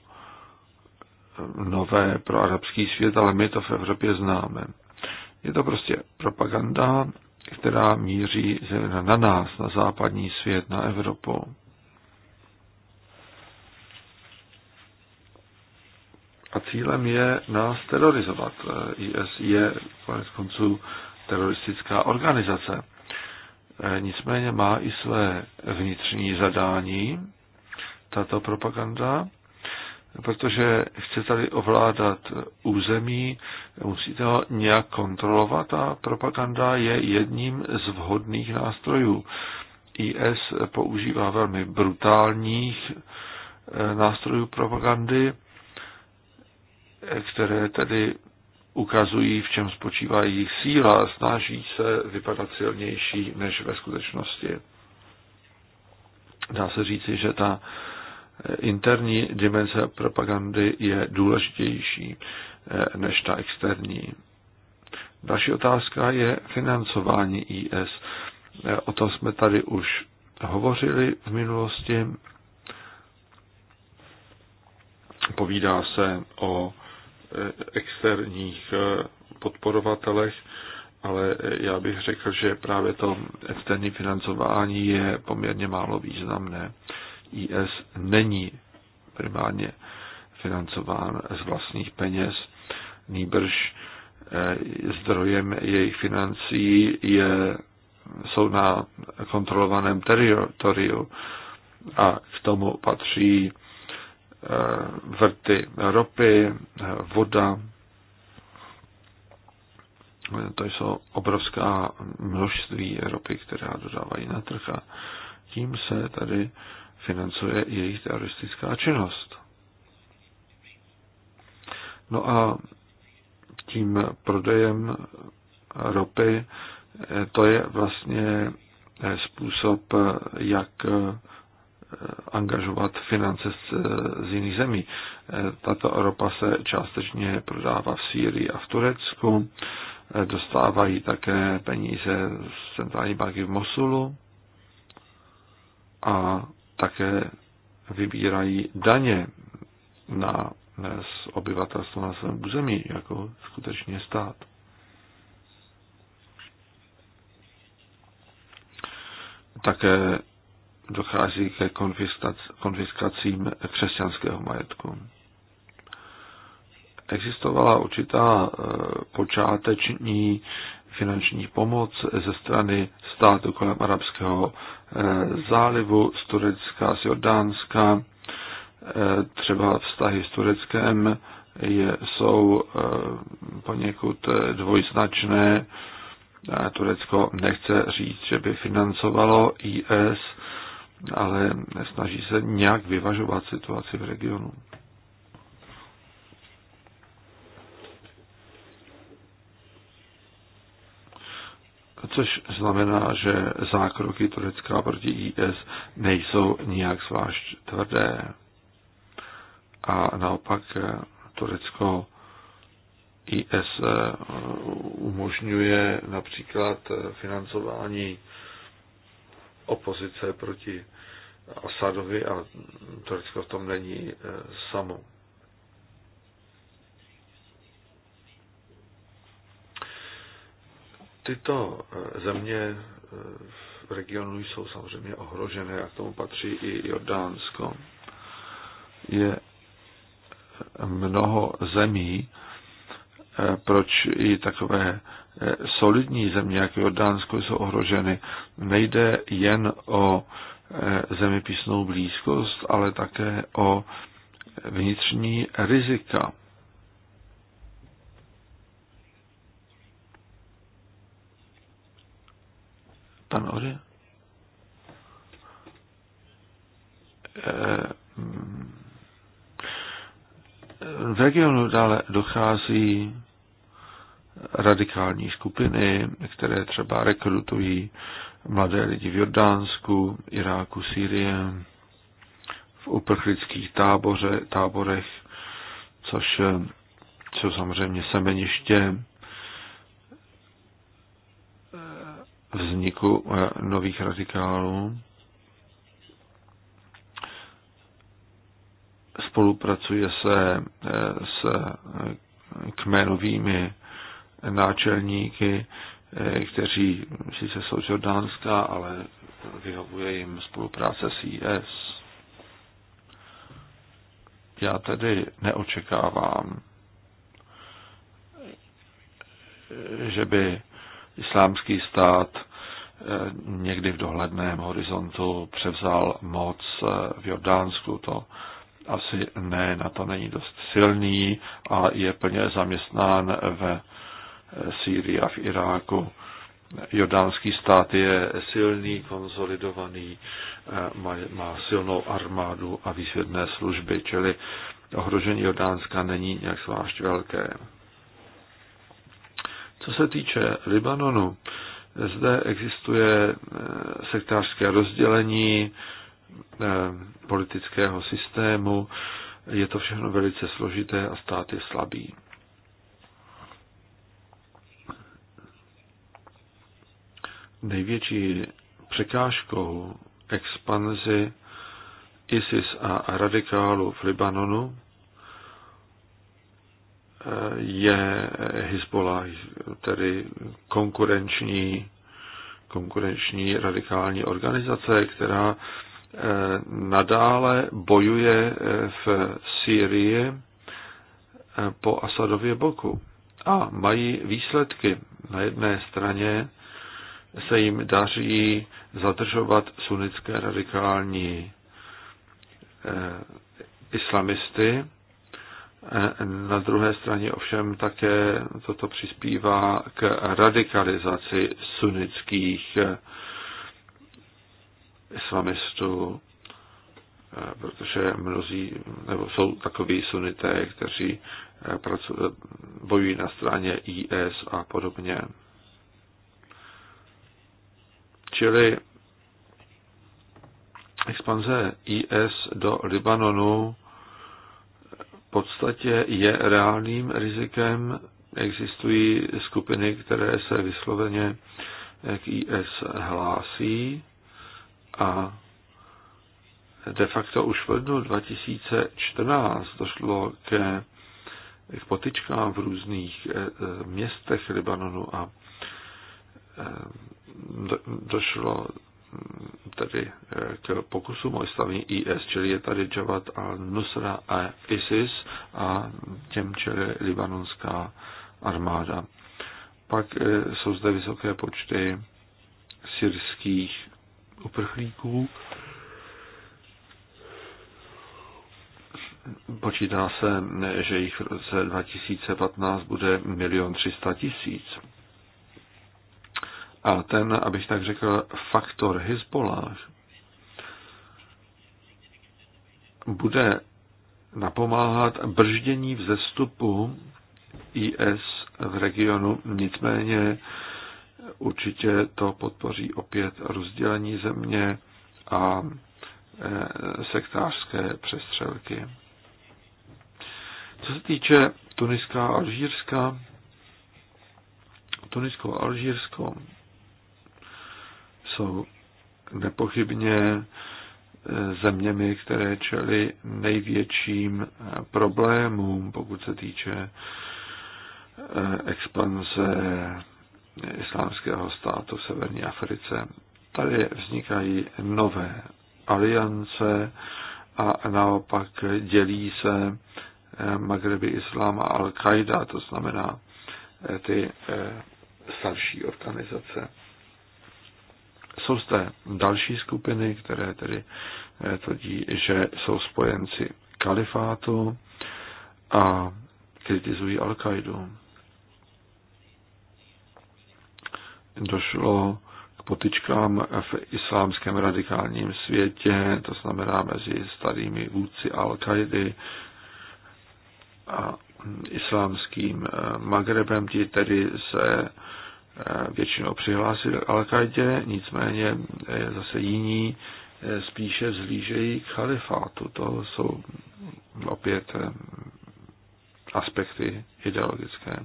nové pro arabský svět, ale my to v Evropě známe. Je to prostě propaganda, která míří na nás, na západní svět, na Evropu. A cílem je nás terorizovat. IS je konec konců teroristická organizace. E, nicméně má i své vnitřní zadání, tato propaganda, protože chce tady ovládat území, musíte ho nějak kontrolovat a propaganda je jedním z vhodných nástrojů. IS používá velmi brutálních eh, nástrojů propagandy, které tedy ukazují, v čem spočívá jejich síla a snaží se vypadat silnější než ve skutečnosti. Dá se říci, že ta interní dimenze propagandy je důležitější eh, než ta externí. Další otázka je financování IS. Eh, o tom jsme tady už hovořili v minulosti. Povídá se o eh, externích podporovatelech, ale já bych řekl, že právě to externí financování je poměrně málo významné. IS není primárně financován z vlastních peněz, nýbrž eh, zdrojem jejich financí je, jsou na kontrolovaném teritoriu a k tomu patří eh, vrty ropy, voda. To jsou obrovská množství ropy, která dodávají na trh a tím se tady financuje jejich teroristická činnost. No a tím prodejem ropy eh, to je vlastně eh, způsob, eh, jak angažovat finance z, z jiných zemí. Tato ropa se částečně prodává v Sýrii a v Turecku. Dostávají také peníze z centrální banky v Mosulu a také vybírají daně na z obyvatelstva na svém území, jako skutečně stát. Také dochází ke konfiskacím křesťanského majetku. Existovala určitá e, počáteční finanční pomoc ze strany státu kolem arabského Eh, zálivu, z Turecka, z Jordánska, eh, třeba vztahy s Tureckem je, jsou eh, poněkud dvojznačné. Turecko nechce říct, že by financovalo IS, ale snaží se nějak vyvažovat situaci v regionu. což znamená, že zákroky Turecka proti IS nejsou nijak zvlášť tvrdé. A naopak eh, Turecko IS eh, umožňuje například eh, financování opozice proti Asadovi a Turecko v tom není samo. Tyto eh, země eh, v regionu jsou samozřejmě ohrožené a k tomu patří i Jordánsko. Je eh, mnoho zemí, proč i takové solidní země, jako Jordánsko, jsou ohroženy. Nejde jen o zeměpisnou blízkost, ale také o vnitřní rizika. Pan Ori? Eh, v regionu dále dochází radikální skupiny, které třeba rekrutují mladé lidi v Jordánsku, Iráku, Sýrie, v uprchlických táboře, táborech, což jsou eh, samozřejmě semeniště vzniku eh, nových radikálů. Spolupracuje se eh, s eh, kmenovými náčelníky, kteří sice jsou Jordánská, ale vyhovuje jim spolupráce s IS. Já tedy neočekávám, že by islámský stát eh, někdy v dohledném horizontu převzal moc eh, v Jordánsku. To asi ne, na to není dost silný a je plně zaměstnán ve eh, Sýrii a v Iráku. Jordánský stát je silný, konsolidovaný, má, má silnou armádu a výsvědné služby, čili ohrožení Jordánska není nějak zvlášť velké. Co se týče Libanonu, zde existuje eh, sektářské rozdělení eh, politického systému, je to všechno velice složité a stát je slabý. Největší překážkou expanzi ISIS a radikálu v Libanonu je Hezbollah, tedy konkurenční, konkurenční radikální organizace, která eh, nadále bojuje eh, v Sýrii eh, po Asadově boku. A mají výsledky. Na jedné straně se jim daří zadržovat sunnické radikální islamisty na druhé straně ovšem také toto přispívá k radikalizaci sunnických eh, islamistů, eh, protože mnozí, nebo jsou takoví sunité, kteří eh, bojují na straně IS a podobně. Čili expanze IS do Libanonu podstatě je reálným rizikem. Existují skupiny, které se vysloveně k IS hlásí a de facto už v lednu 2014 došlo ke k potičkám v různých eh, městech Libanonu a eh, došlo tedy eh, k pokusům o islamní IS, čili je tady Jabhat al-Nusra a ISIS a těm čili libanonská armáda. Pak eh, jsou zde vysoké počty syrských uprchlíků. Počítá se, eh, že jich v roce 2015 bude milion 300 tisíc a ten, abych tak řekl, faktor Hezbollah bude napomáhat brždění vzestupu IS v regionu, nicméně určitě to podpoří opět rozdělení země a e, sektářské přestřelky. Co se týče Tuniska a Alžírska, Tunisko a Alžírsko jsou nepochybně eh, zeměmi, které čely největším problémům, pokud se týče eh, expanze islámského státu v severní Africe. Tady vznikají nové aliance a naopak dělí se eh, Magreby Islám a Al-Qaida, to znamená ty starší organizace. Jsou zde další skupiny, které tedy eh, tvrdí, že jsou spojenci kalifátu a kritizují Al-Qaidu. Došlo k potičkám v islámském radikálním světě, to znamená mezi starými vůdci al a islámským eh, Magrebem, ti tedy se Eh, většinou přihlásili k al -Qaidě, nicméně eh, zase jiní eh, spíše zlížejí k chalifátu. To jsou opět aspekty ideologické.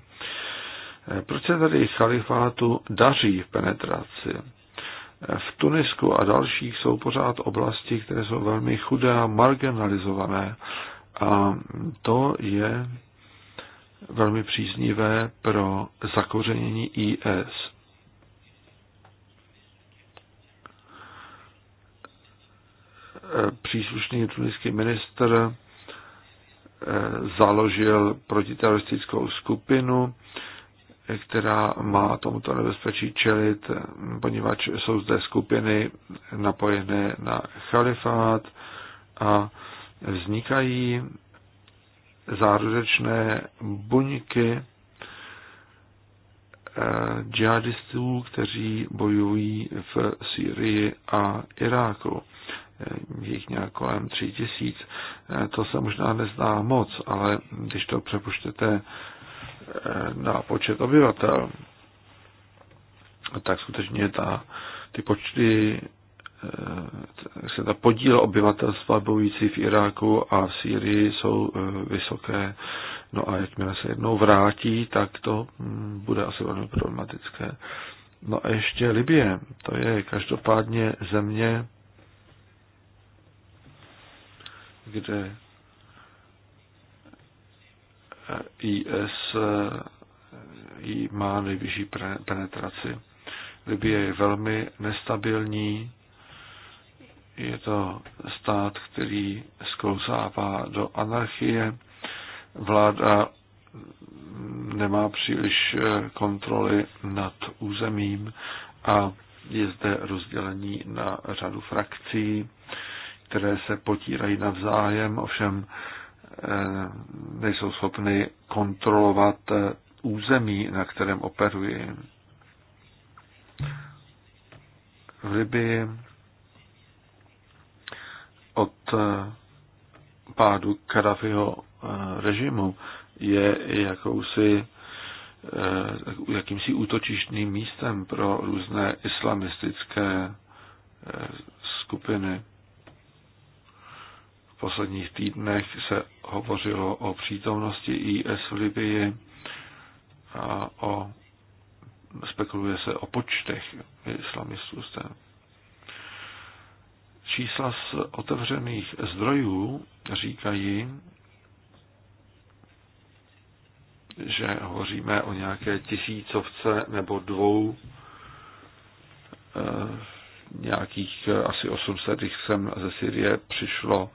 Proč se tady chalifátu daří v penetraci? V Tunisku a dalších jsou pořád oblasti, které jsou velmi chudé a marginalizované. A to je velmi příznivé pro zakořenění IS. Příslušný tuniský minister eh, založil protiteroristickou skupinu, která má tomuto nebezpečí čelit, poněvadž jsou zde skupiny napojené na chalifát a vznikají zárodečné buňky eh, džihadistů, kteří bojují v Syrii a Iráku. Eh, je jich nějak kolem tři tisíc. Eh, to se možná nezdá moc, ale když to přepuštěte na počet obyvatel, tak skutečně ta, ty počty Eh, se ta podíl obyvatelstva bojující v Iráku a v Sýrii jsou eh, vysoké. No a jakmile se jednou vrátí, tak to hm, bude asi velmi problematické. No a ještě Libie, to je každopádně země, kde eh, IS má nejvyšší penetraci. Libie je velmi nestabilní, je to stát, který sklouzává do anarchie. Vláda nemá příliš eh, kontroly nad územím a je zde rozdělení na řadu frakcí, které se potírají navzájem, ovšem eh, nejsou schopny kontrolovat eh, území, na kterém operují. V Libii od eh, pádu Kadafiho eh, režimu je jakousi eh, jakýmsi útočištným místem pro různé islamistické skupiny. V posledních týdnech se hovořilo o přítomnosti IS v Libii a o, spekuluje se o počtech islamistů Stále. Čísla z otevřených zdrojů říkají, že hovoříme o nějaké tisícovce nebo dvou eh, nějakých eh, asi 800, když jsem ze Syrie přišlo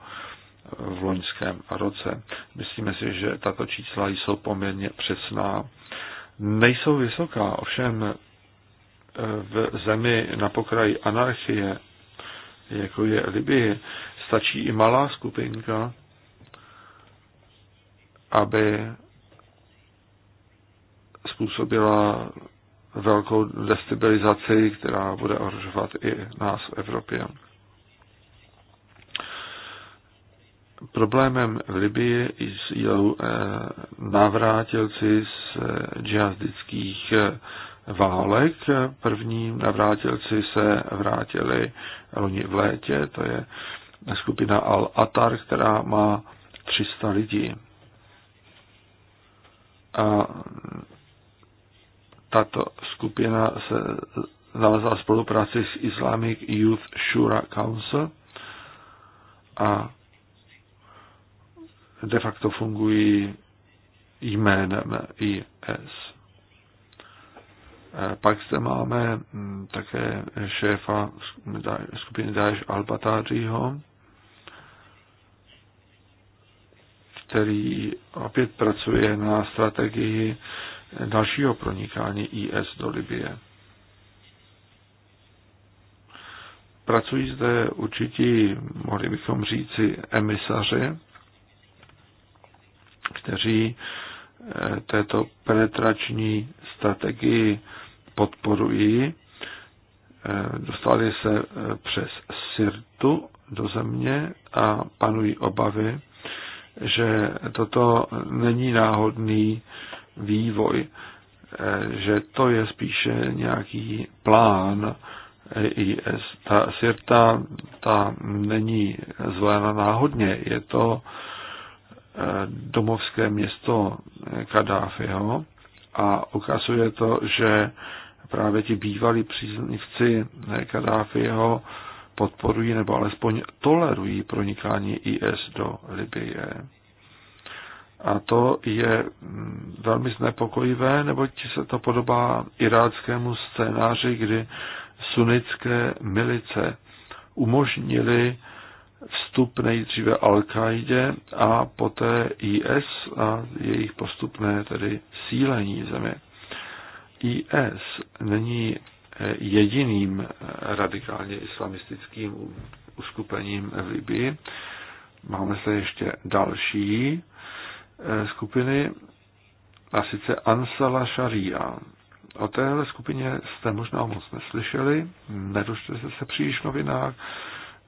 v loňském roce. Myslíme si, že tato čísla jsou poměrně přesná. Nejsou vysoká, ovšem eh, v zemi na pokraji anarchie jako je Libie, stačí i malá skupinka, aby způsobila velkou destabilizaci, která bude ohrožovat i nás v Evropě. Problémem v Libii jsou eh, návrátilci z eh, džihadistických eh, válek. První navrátilci se vrátili loni v létě, to je skupina Al-Atar, která má 300 lidí. A tato skupina se navazala spolupráci s Islamic Youth Shura Council a de facto fungují jménem IS. Eh, pak zde máme mm, také šéfa skupiny Daesh Albatářího, který opět pracuje na strategii dalšího pronikání IS do Libie. Pracují zde určití, mohli bychom říci, emisaři, kteří eh, této penetrační strategii podporují. Eh, dostali se eh, přes Sirtu do země a panují obavy, že toto není náhodný vývoj, eh, že to je spíše nějaký plán IS. Ta Sirta ta není zvolena náhodně, je to domovské město Kadáfiho a ukazuje to, že právě ti bývalí příznivci Kadáfiho podporují nebo alespoň tolerují pronikání IS do Libie. A to je mm, velmi znepokojivé, neboť se to podobá iráckému scénáři, kdy sunnické milice umožnili vstup nejdříve al kaidě a poté IS a jejich postupné tedy sílení země. IS není eh, jediným eh, radikálně islamistickým uskupením v Libii. Máme se ještě další eh, skupiny, a sice Ansala Sharia. O téhle skupině jste možná moc neslyšeli, nedošli jste se příliš novinách.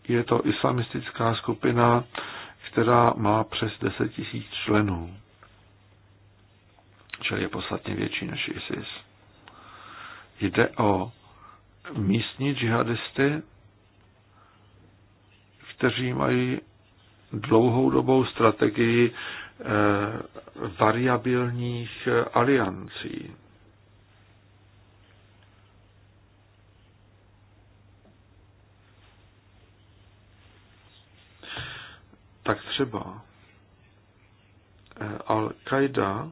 Je to islamistická skupina, která má přes 10 tisíc členů, čili je podstatně větší než ISIS. Jde o místní džihadisty, kteří mají dlouhou dobou strategii eh, variabilních eh, aliancí. Tak třeba eh, Al-Qaida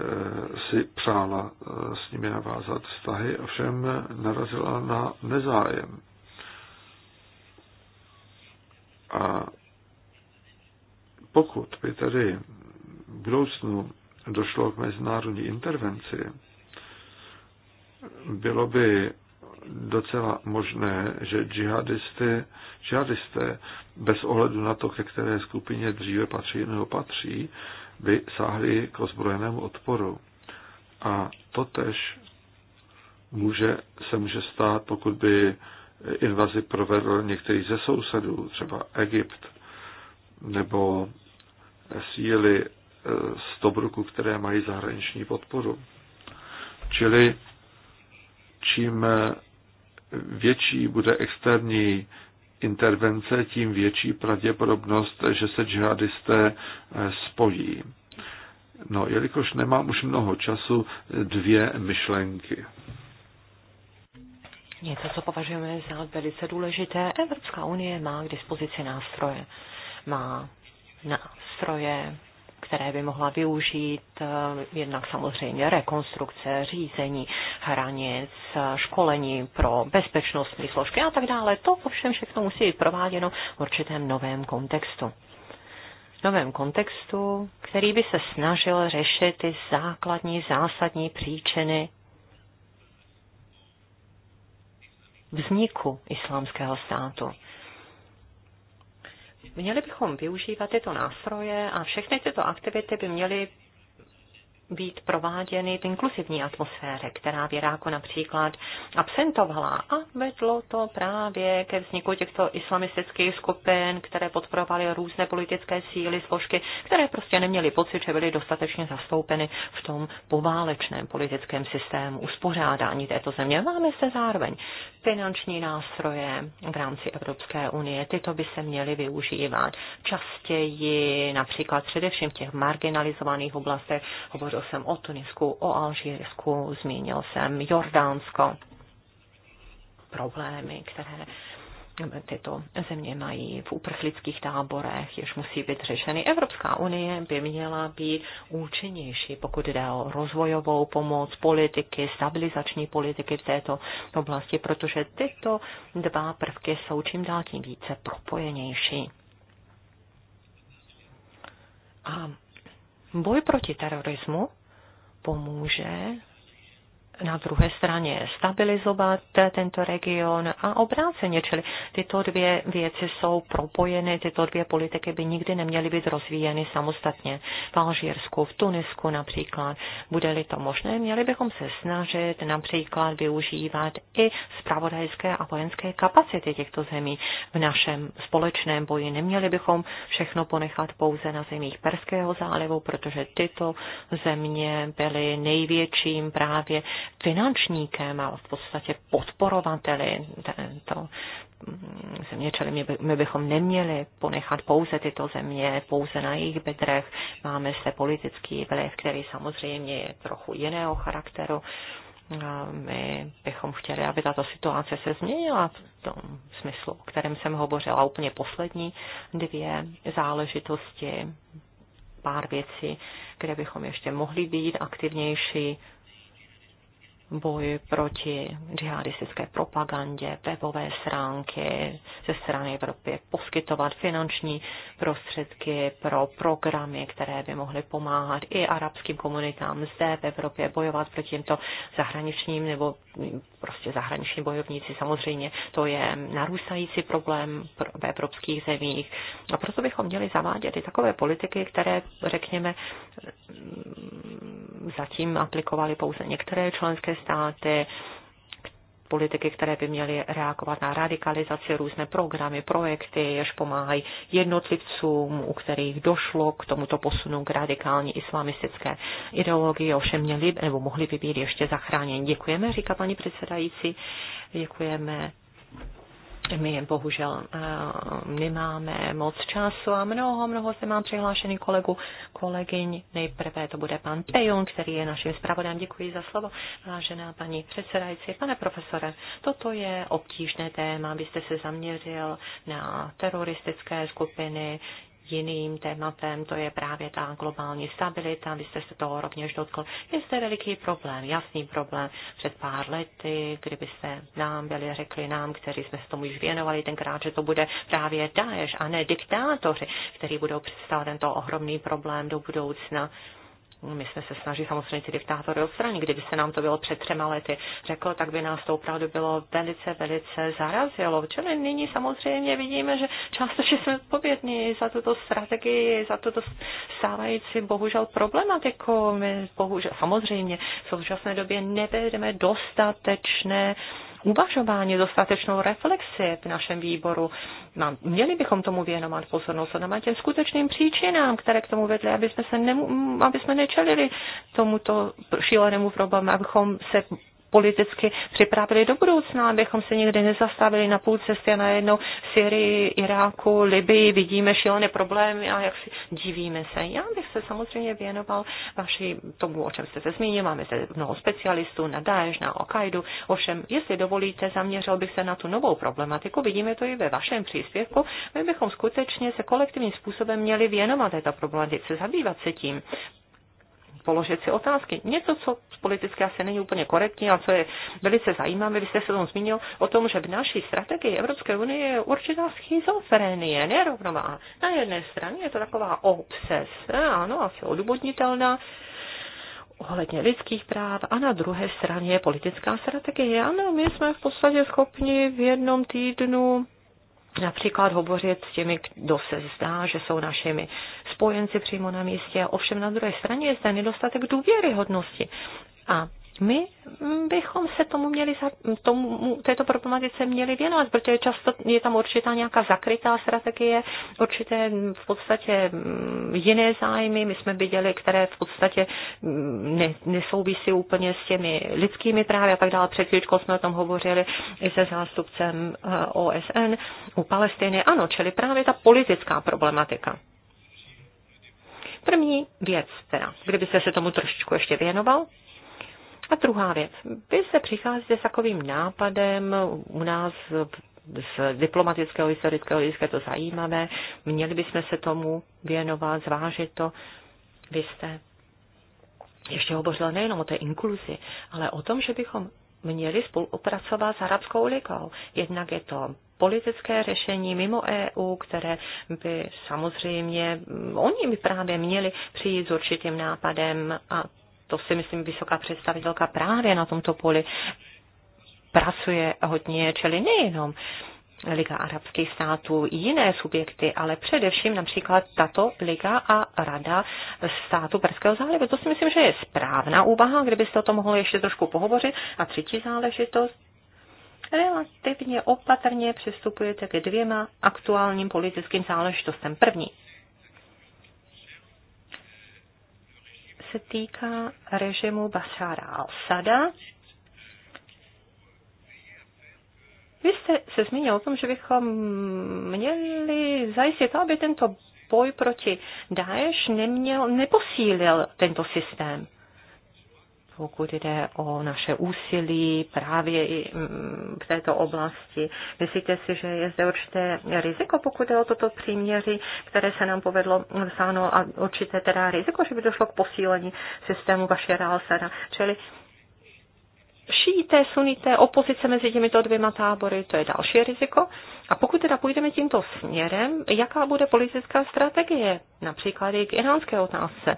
Eh, si přála eh, s nimi navázat vztahy, ovšem narazila na nezájem. A pokud by tedy v budoucnu došlo k mezinárodní intervenci, bylo by docela možné, že džihadisty, džihadisté bez ohledu na to, ke které skupině dříve patří nebo patří, by sáhly k ozbrojenému odporu. A totež může, se může stát, pokud by invazi provedl některý ze sousedů, třeba Egypt nebo síly z eh, Tobruku, které mají zahraniční podporu. Čili čím eh, větší bude externí intervence, tím větší pravděpodobnost, že se džihadisté eh, spojí. No, jelikož nemám už mnoho času, dvě myšlenky. Něco, co považujeme za velice důležité, Evropská unie má k dispozici nástroje. Má nástroje které by mohla využít eh, jednak samozřejmě rekonstrukce, řízení hranic, školení pro bezpečnostní složky a tak dále. To ovšem všechno musí být prováděno v určitém novém kontextu novém kontextu, který by se snažil řešit ty základní, zásadní příčiny vzniku islámského státu. Měli bychom využívat tyto nástroje a všechny tyto aktivity by měly být prováděny v inkluzivní atmosféře, která v Iráku například absentovala a vedlo to právě ke vzniku těchto islamistických skupin, které podporovaly různé politické síly, složky, které prostě neměly pocit, že byly dostatečně zastoupeny v tom poválečném politickém systému uspořádání této země. Máme se zároveň finanční nástroje v rámci Evropské unie, tyto by se měly využívat častěji, například především v těch marginalizovaných oblastech, hovořil Hovořil jsem o Tunisku, o Alžírsku, zmínil jsem Jordánsko. Problémy, které tyto země mají v uprchlických táborech, jež musí být řešeny. Evropská unie by měla být účinnější, pokud jde o rozvojovou pomoc, politiky, stabilizační politiky v této oblasti, protože tyto dva prvky jsou čím dál tím více propojenější. A Boj proti terorismu pomůže na druhé straně stabilizovat tento region a obráceně, čili tyto dvě věci jsou propojeny, tyto dvě politiky by nikdy neměly být rozvíjeny samostatně. V Alžírsku, v Tunisku například, bude-li to možné, měli bychom se snažit například využívat i spravodajské a vojenské kapacity těchto zemí v našem společném boji. Neměli bychom všechno ponechat pouze na zemích Perského zálivu, protože tyto země byly největším právě finančníkem, a v podstatě podporovateli to mm, země, čili my, my bychom neměli ponechat pouze tyto země, pouze na jejich bedrech. Máme se politický vliv, který samozřejmě je trochu jiného charakteru. A my bychom chtěli, aby tato situace se změnila v tom smyslu, o kterém jsem hovořila. Úplně poslední dvě záležitosti, pár věcí, kde bychom ještě mohli být aktivnější, boj proti džihadistické propagandě, webové stránky ze strany Evropy, poskytovat finanční prostředky pro programy, které by mohly pomáhat i arabským komunitám zde v Evropě, bojovat proti těmto zahraničním nebo prostě zahraniční bojovníci. Samozřejmě to je narůstající problém v evropských zemích. A proto bychom měli zavádět i takové politiky, které, řekněme, zatím aplikovaly pouze některé členské státy, politiky, které by měly reagovat na radikalizaci, různé programy, projekty, jež pomáhají jednotlivcům, u kterých došlo k tomuto posunu k radikální islamistické ideologii, ovšem měli nebo mohli by být ještě zachráněni. Děkujeme, říká paní předsedající. Děkujeme my bohužel nemáme eh, moc času a mnoho, mnoho se mám přihlášený kolegu, kolegyň. Nejprve to bude pan Pejon, který je naším zpravodem. Děkuji za slovo, vážená paní předsedající. Pane profesore, toto je obtížné téma. abyste se zaměřil na teroristické skupiny, jiným tématem, to je právě ta globální stabilita, vy jste se toho rovněž dotkl. Je zde veliký problém, jasný problém. Před pár lety, kdybyste nám byli řekli nám, kteří jsme se tomu již věnovali tenkrát, že to bude právě Daesh a ne diktátoři, kteří budou představovat tento ohromný problém do budoucna my jsme se snažili samozřejmě ty diktátory odstranit. Kdyby se nám to bylo před třema lety řeklo, tak by nás to opravdu bylo velice, velice zarazilo. Čili nyní samozřejmě vidíme, že že jsme odpovědní za tuto strategii, za tuto stávající bohužel problematiku. My bohužel samozřejmě v současné době nevedeme dostatečné uh, uvažování, dostatečnou reflexi v našem výboru. Měli bychom tomu věnovat pozornost a těm skutečným příčinám, které k tomu vedly, aby jsme, se nemu, aby jsme nečelili tomuto šílenému problému, abychom se politicky připravili do budoucna, abychom se nikdy nezastavili na půl cesty a najednou Syrii, Iráku, Libii vidíme šílené problémy a jak si divíme se. Já bych se samozřejmě věnoval vaší tomu, o čem jste se zmínil, máme zde mnoho specialistů na Daesh, na Okaidu, ovšem, jestli dovolíte, zaměřil bych se na tu novou problematiku, vidíme to i ve vašem příspěvku, my bychom skutečně se kolektivním způsobem měli věnovat této problematice, zabývat se tím položit si otázky. Něco, co politicky asi není úplně korektní a co je velice zajímavé, vy jste se tom zmínil o tom, že v naší strategii Evropské unie je určitá schizofrenie, nerovnováha. Na jedné straně je to taková obsese, ano, asi odůvodnitelná, ohledně lidských práv a na druhé straně politická strategie. Ano, my jsme v podstatě schopni v jednom týdnu například hovořit s těmi, kdo se zdá, že jsou našimi spojenci přímo na místě. Ovšem na druhé straně je zde nedostatek důvěryhodnosti. A my bychom se tomu měli, tomu, této problematice měli věnovat, protože často je tam určitá nějaká zakrytá strategie, určité v podstatě mm, jiné zájmy. My jsme viděli, které v podstatě mm, ne, nesouvisí úplně s těmi lidskými právy a tak dále. Před chvíličkou jsme o tom hovořili i se zástupcem eh, OSN u Palestiny. Ano, čili právě ta politická problematika. První věc, teda, kdybyste se tomu trošičku ještě věnoval, a druhá věc. Vy se přicházíte s takovým nápadem u nás z diplomatického, historického hlediska je to zajímavé. Měli bychom se tomu věnovat, zvážit to. Vy jste ještě hovořil nejenom o té inkluzi, ale o tom, že bychom měli spolupracovat s Arabskou ligou. Jednak je to politické řešení mimo EU, které by samozřejmě, mm, oni by právě měli přijít s určitým nápadem a to si myslím, vysoká představitelka právě na tomto poli pracuje hodně, čili nejenom Liga arabských států, jiné subjekty, ale především například tato Liga a Rada států Perského zálivu. To si myslím, že je správná úvaha, kdybyste o tom mohli ještě trošku pohovořit. A třetí záležitost, relativně opatrně přistupujete ke dvěma aktuálním politickým záležitostem. První, se týká režimu Bašára al-Sada, vy jste se zmínil o tom, že bychom měli zajistit to, aby tento boj proti Daesh neměl, neposílil tento systém pokud jde o naše úsilí právě i mm, v této oblasti. Myslíte si, že je zde určité riziko, pokud jde o toto příměří, které se nám povedlo dosáhnout a určité teda riziko, že by došlo k posílení systému vaše al Čili šíité, sunité, opozice mezi těmito dvěma tábory, to je další riziko. A pokud teda půjdeme tímto směrem, jaká bude politická strategie, například i k iránské otázce?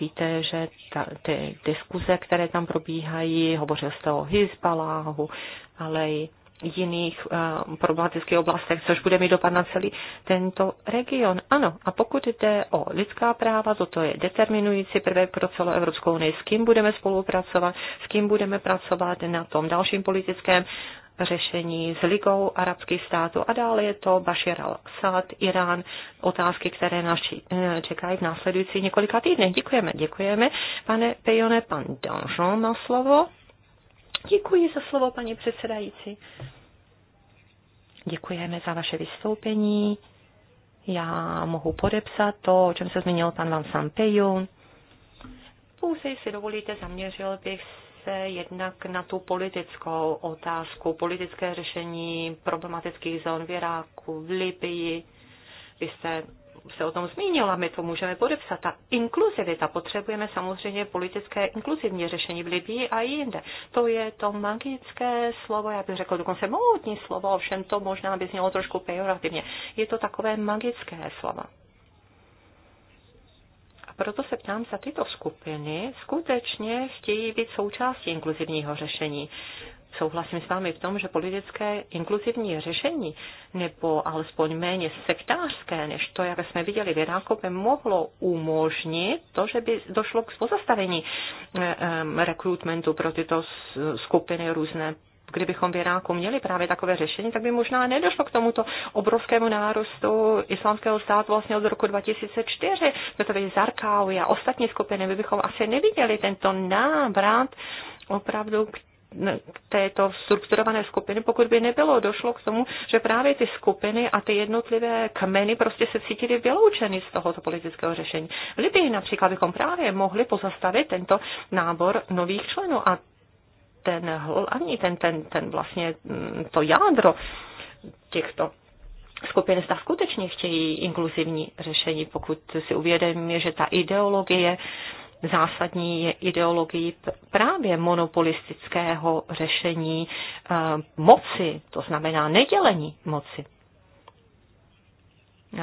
víte, že ta, ty diskuze, které tam probíhají, hovořil jste o Hezbaláhu, ale i jiných uh, problematických oblastech, což bude mít dopad na celý tento region. Ano, a pokud jde o lidská práva, toto je determinující prvek pro celou Evropskou unii, s kým budeme spolupracovat, s kým budeme pracovat na tom dalším politickém řešení s Ligou arabských států a dále je to Bashir al-Assad, Irán, otázky, které nás eh, čekají v následující několika týdnech. Děkujeme, děkujeme. Pane Pejone, pan Danjon má slovo. Děkuji za slovo, paní předsedající. Děkujeme za vaše vystoupení. Já mohu podepsat to, o čem se zmínil pan Van Sampejun. Pouze, si dovolíte, zaměřil bych se jednak na tu politickou otázku, politické řešení problematických zón v Iráku, v Libii. Vy jste se o tom zmínila, my to můžeme podepsat. Ta inkluzivita, potřebujeme samozřejmě politické inkluzivní řešení v Libii a jinde. To je to magické slovo, já bych řekl dokonce módní slovo, ovšem to možná by znělo trošku pejorativně. Je to takové magické slovo proto se ptám, za tyto skupiny skutečně chtějí být součástí inkluzivního řešení. Souhlasím s vámi v tom, že politické inkluzivní řešení, nebo alespoň méně sektářské, než to, jak jsme viděli v Iráku, by mohlo umožnit to, že by došlo k pozastavení eh, eh, rekrutmentu pro tyto skupiny různé kdybychom v Iráku měli právě takové řešení, tak by možná nedošlo k tomuto obrovskému nárůstu islámského státu vlastně od roku 2004. protože to Zarkáuj a ostatní skupiny, my bychom asi neviděli tento návrat opravdu k této strukturované skupiny, pokud by nebylo, došlo k tomu, že právě ty skupiny a ty jednotlivé kmeny prostě se cítily vyloučeny z tohoto politického řešení. Libii například bychom právě mohli pozastavit tento nábor nových členů a ten hlavní, ten, ten, ten vlastně mm, to jádro těchto skupin zda skutečně chtějí inkluzivní řešení, pokud si uvědomí, že ta ideologie zásadní je ideologií právě monopolistického řešení eh, moci, to znamená nedělení moci.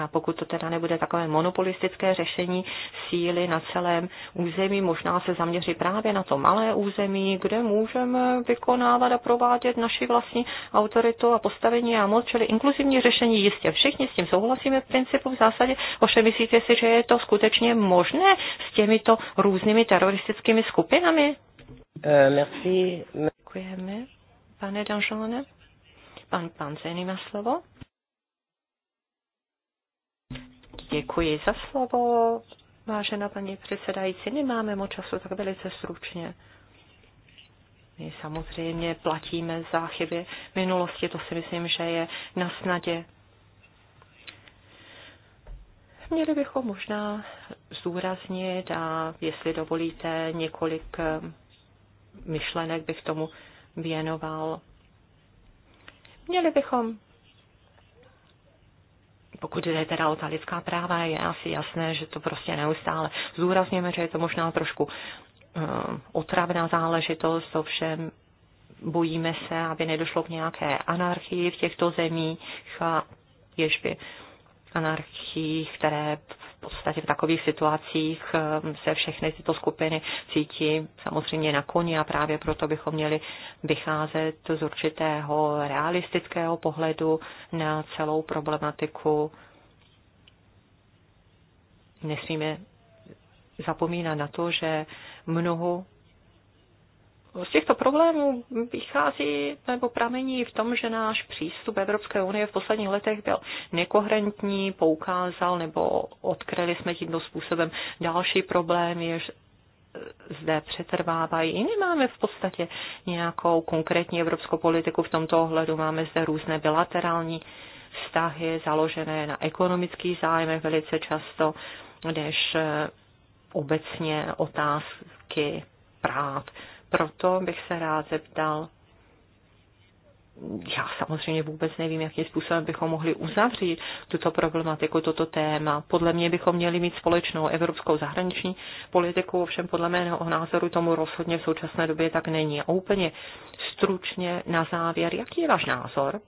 A pokud to teda nebude takové monopolistické řešení síly na celém území, možná se zaměří právě na to malé území, kde můžeme vykonávat a provádět naši vlastní autoritu a postavení a moc, čili inkluzivní řešení jistě. Všichni s tím souhlasíme v principu v zásadě, ovšem myslíte si, že je to skutečně možné s těmito různými teroristickými skupinami? Eh, merci. Děkujeme, pane Danžone. Pan Panzeni má slovo. Děkuji za slovo, vážená paní předsedající. Nemáme moc času, tak velice stručně. My samozřejmě platíme za chyby minulosti, to si myslím, že je na snadě. Měli bychom možná zúraznit a jestli dovolíte několik eh, myšlenek bych tomu věnoval. Měli bychom pokud jde teda o ta lidská práva, je asi jasné, že to prostě neustále zúrazněme, že je to možná trošku eh, otravná záležitost, ovšem bojíme se, aby nedošlo k nějaké anarchii v těchto zemích, jež by anarchii, které podstatě v takových situacích eh, se všechny tyto skupiny cítí samozřejmě na koni a právě proto bychom měli vycházet z určitého realistického pohledu na celou problematiku. Nesmíme zapomínat na to, že mnoho z těchto problémů vychází nebo pramení v tom, že náš přístup Evropské unie v posledních letech byl nekoherentní, poukázal nebo odkryli jsme tímto způsobem další problémy, jež zde přetrvávají. Nemáme v podstatě nějakou konkrétní evropskou politiku v tomto ohledu. Máme zde různé bilaterální vztahy založené na ekonomických zájmech velice často, než obecně otázky práv proto bych se rád zeptal, já samozřejmě vůbec nevím, jakým způsobem bychom mohli uzavřít tuto problematiku, toto téma. Podle mě bychom měli mít společnou evropskou zahraniční politiku, ovšem podle mého názoru tomu rozhodně v současné době tak není. A úplně stručně na závěr, jaký je váš názor?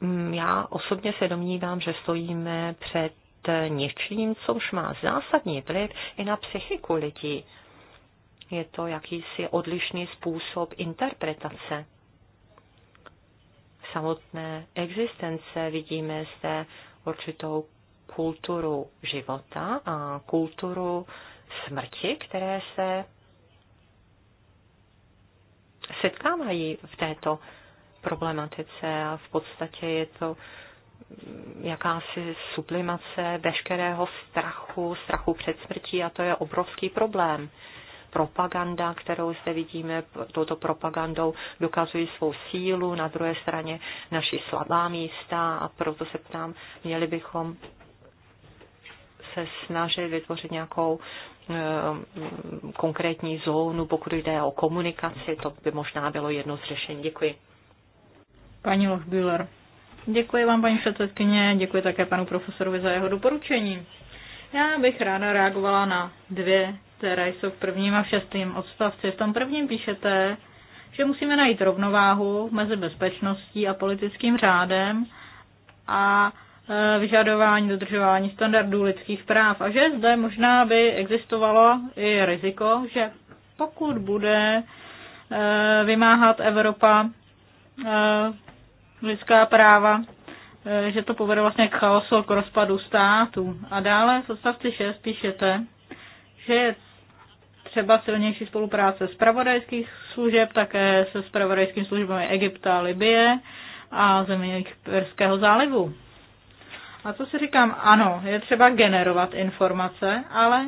Mm, já osobně se domnívám, že stojíme před Eh, něčím, už má zásadní vliv i na psychiku lidí. Je to jakýsi odlišný způsob interpretace samotné existence. Vidíme zde určitou kulturu života a kulturu smrti, které se setkávají v této problematice a v podstatě je to jakási sublimace veškerého strachu, strachu před smrtí a to je obrovský problém. Propaganda, kterou zde vidíme, touto propagandou dokazují svou sílu, na druhé straně naši slabá místa a proto se ptám, měli bychom se snažit vytvořit nějakou eh, konkrétní zónu, pokud jde o komunikaci, to by možná bylo jedno z řešení. Děkuji. Pani Lochbühler. Děkuji vám, paní předsedkyně, děkuji také panu profesorovi za jeho doporučení. Já bych ráda reagovala na dvě, které jsou v prvním a v šestém odstavci. V tom prvním píšete, že musíme najít rovnováhu mezi bezpečností a politickým řádem a e, vyžadování dodržování standardů lidských práv a že zde možná by existovalo i riziko, že pokud bude e, vymáhat Evropa e, lidská práva, eh, že to povede vlastně k chaosu a k rozpadu státu. A dále v odstavci 6 píšete, že je třeba silnější spolupráce s pravodajských služeb, také se spravodajskými službami Egypta, Libie a zemí Perského zálivu. A co si říkám, ano, je třeba generovat informace, ale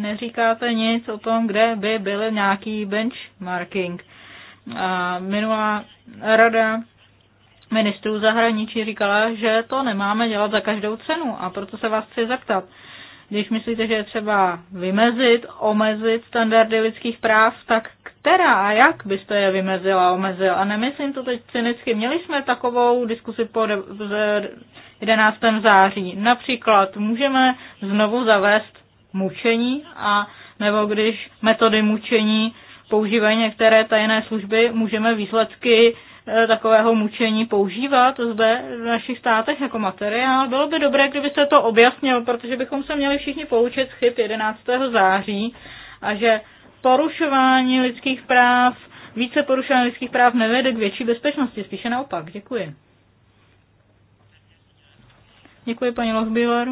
neříkáte nic o tom, kde by byl nějaký benchmarking. A minulá rada ministrů zahraničí říkala, že to nemáme dělat za každou cenu a proto se vás chci zeptat. Když myslíte, že je třeba vymezit, omezit standardy lidských práv, tak která a jak byste je vymezila, omezil? A nemyslím to teď cynicky. Měli jsme takovou diskusi po 11. září. Například můžeme znovu zavést mučení a nebo když metody mučení používají některé tajné služby, můžeme výsledky Eh, takového mučení používat zde v našich státech jako materiál. Bylo by dobré, kdybyste to objasnil, protože bychom se měli všichni poučit z chyb 11. září a že porušování lidských práv, více porušování lidských práv nevede k větší bezpečnosti, spíše naopak. Děkuji. Děkuji paní Lochbiller,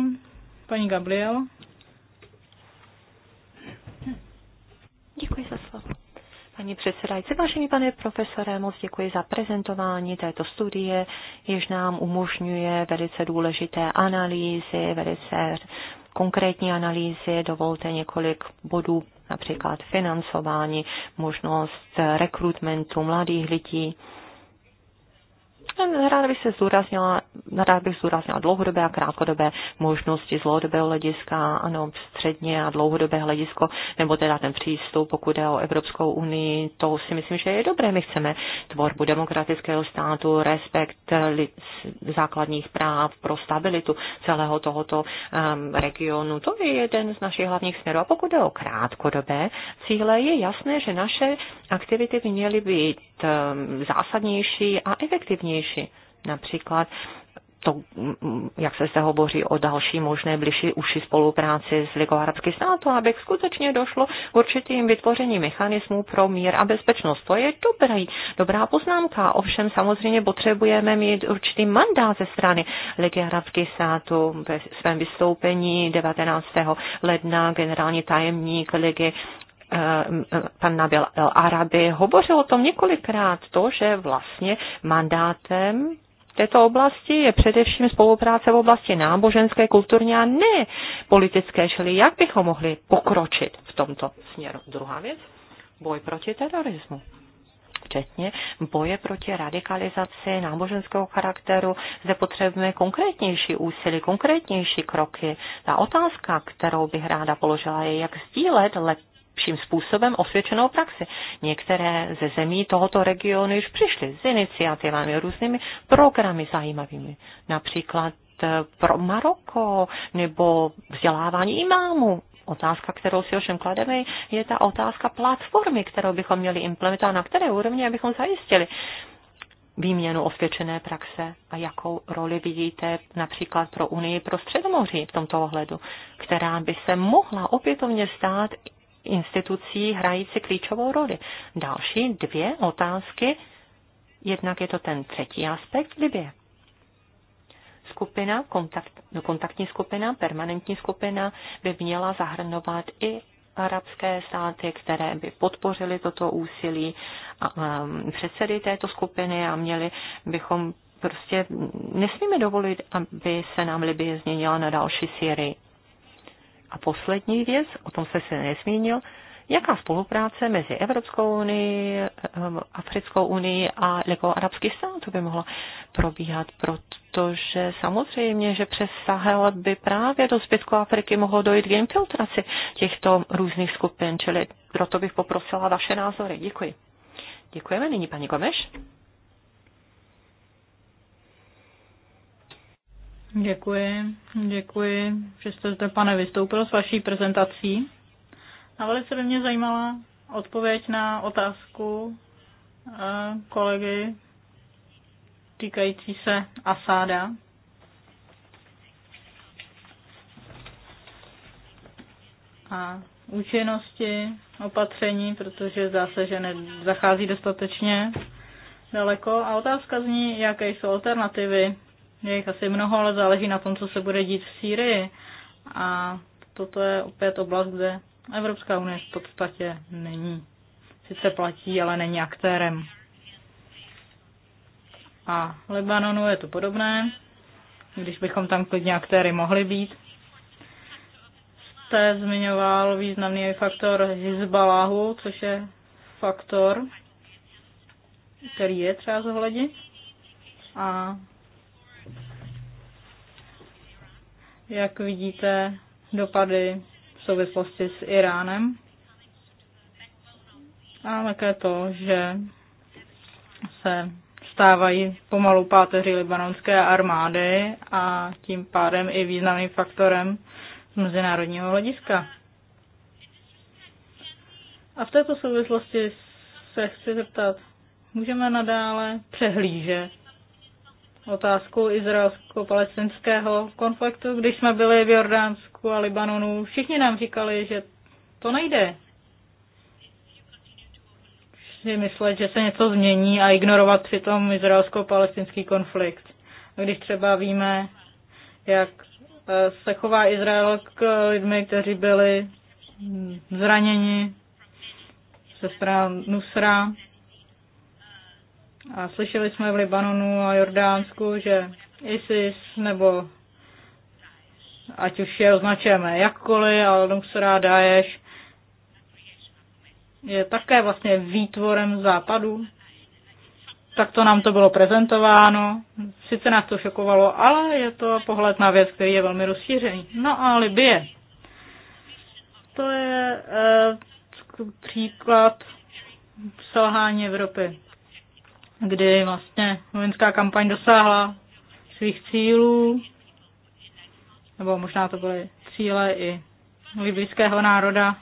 paní Gabriel. Děkuji za slovo paní předsedající. Vážený pane profesore, moc děkuji za prezentování této studie, jež nám umožňuje velice důležité analýzy, velice konkrétní analýzy. Dovolte několik bodů, například financování, možnost rekrutmentu mladých lidí Ráda bych se zúraznila, rád bych zúraznila dlouhodobé a krátkodobé možnosti z dlouhodobého hlediska, ano, středně a dlouhodobé hledisko, nebo teda ten přístup, pokud je o Evropskou unii, to si myslím, že je dobré. My chceme tvorbu demokratického státu, respekt základních práv pro stabilitu celého tohoto um, regionu. To je jeden z našich hlavních směrů. A pokud je o krátkodobé cíle, je jasné, že naše aktivity by měly být um, zásadnější a efektivnější nejrůznější. Například to, jak se zde hovoří o další možné bližší uši spolupráci s Ligou arabských států, aby skutečně došlo k určitým vytvoření mechanismů pro mír a bezpečnost. To je dobrý, dobrá poznámka. Ovšem samozřejmě potřebujeme mít určitý mandát ze strany Ligy arabských států. Ve svém vystoupení 19. ledna generální tajemník Ligy pan Nabil El Arabi hovořil o tom několikrát, to, že vlastně mandátem této oblasti je především spolupráce v oblasti náboženské, kulturní a ne politické, čili jak bychom mohli pokročit v tomto směru. Druhá věc, boj proti terorismu včetně boje proti radikalizaci náboženského charakteru. Zde potřebujeme konkrétnější úsilí, konkrétnější kroky. Ta otázka, kterou bych ráda položila, je, jak sdílet lep nejlepším způsobem osvědčenou praxi. Některé ze zemí tohoto regionu již přišly s iniciativami, různými programy zajímavými. Například eh, pro Maroko nebo vzdělávání imámu. Otázka, kterou si ovšem klademe, je ta otázka platformy, kterou bychom měli implementovat, na které úrovni, abychom zajistili výměnu osvědčené praxe a jakou roli vidíte například pro Unii pro Středomoří v tomto ohledu, která by se mohla opětovně stát institucí hrající klíčovou roli. Další dvě otázky, jednak je to ten třetí aspekt Libie. Skupina, kontakt, kontaktní skupina, permanentní skupina by měla zahrnovat i arabské státy, které by podpořily toto úsilí a, a, předsedy této skupiny a měli bychom prostě nesmíme dovolit, aby se nám Libie změnila na další Syrii. A poslední věc, o tom se se nezmínil, jaká spolupráce mezi Evropskou unii, eh, Africkou unii a jako arabský arabských to by mohla probíhat, protože samozřejmě, že přes Sahel by právě do zbytku Afriky mohlo dojít k infiltraci těchto různých skupin, čili proto bych poprosila vaše názory. Děkuji. Děkujeme nyní, paní Gomeš. Děkuji, děkuji, že jste zde, pane, vystoupil s vaší prezentací. A velice by mě zajímala odpověď na otázku eh, kolegy týkající se Asáda. A účinnosti opatření, protože zdá se, že nezachází dostatečně daleko. A otázka zní, jaké jsou alternativy je jich asi mnoho, ale záleží na tom, co se bude dít v Sýrii. A toto je opět oblast, kde Evropská unie v podstatě není. Sice platí, ale není aktérem. A Libanonu je to podobné, když bychom tam klidně aktéry mohli být. Jste zmiňoval významný faktor Hezbalahu, což je faktor, který je třeba zohledit, A jak vidíte, dopady v souvislosti s Iránem a také to, že se stávají pomalu páteři libanonské armády a tím pádem i významným faktorem z mezinárodního hlediska. A v této souvislosti se chci zeptat, můžeme nadále přehlížet otázku izraelsko-palestinského konfliktu. Když jsme byli v Jordánsku a Libanonu, všichni nám říkali, že to nejde. Si myslet, že se něco změní a ignorovat přitom izraelsko-palestinský konflikt. A když třeba víme, jak eh, se chová Izrael k lidmi, kteří byli zraněni ze stran Nusra, a slyšeli jsme v Libanonu a Jordánsku, že ISIS nebo ať už je označujeme jakkoliv, ale Nusra Daesh je také vlastně výtvorem západu. Tak to nám to bylo prezentováno. Sice nás to šokovalo, ale je to pohled na věc, který je velmi rozšířený. No a Libie. To je eh, příklad selhání Evropy kdy vlastně vojenská kampaň dosáhla svých cílů, nebo možná to byly cíle i libyjského národa,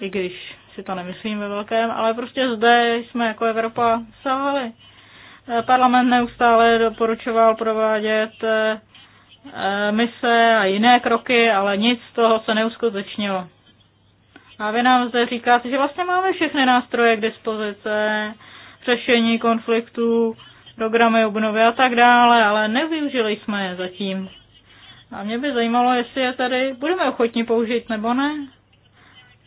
i když si to nemyslím ve velkém, ale prostě zde jsme jako Evropa sahali. Parlament neustále doporučoval provádět eh, eh, mise a jiné kroky, ale nic z toho se neuskutečnilo. A vy nám zde říkáte, že vlastně máme všechny nástroje k dispozici, řešení konfliktů, programy obnovy a tak dále, ale nevyužili jsme je zatím. A mě by zajímalo, jestli je tady budeme ochotní použít nebo ne.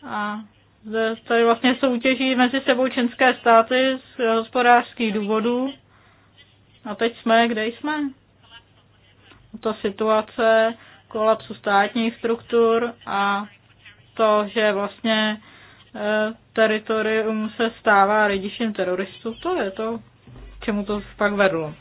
A zde tady vlastně soutěží mezi sebou čínské státy z hospodářských důvodů. A teď jsme, kde jsme. Ta situace kolapsu státních struktur a to, že vlastně eh, teritorium se stává rodišem teroristů, to je to, čemu to pak vedlo.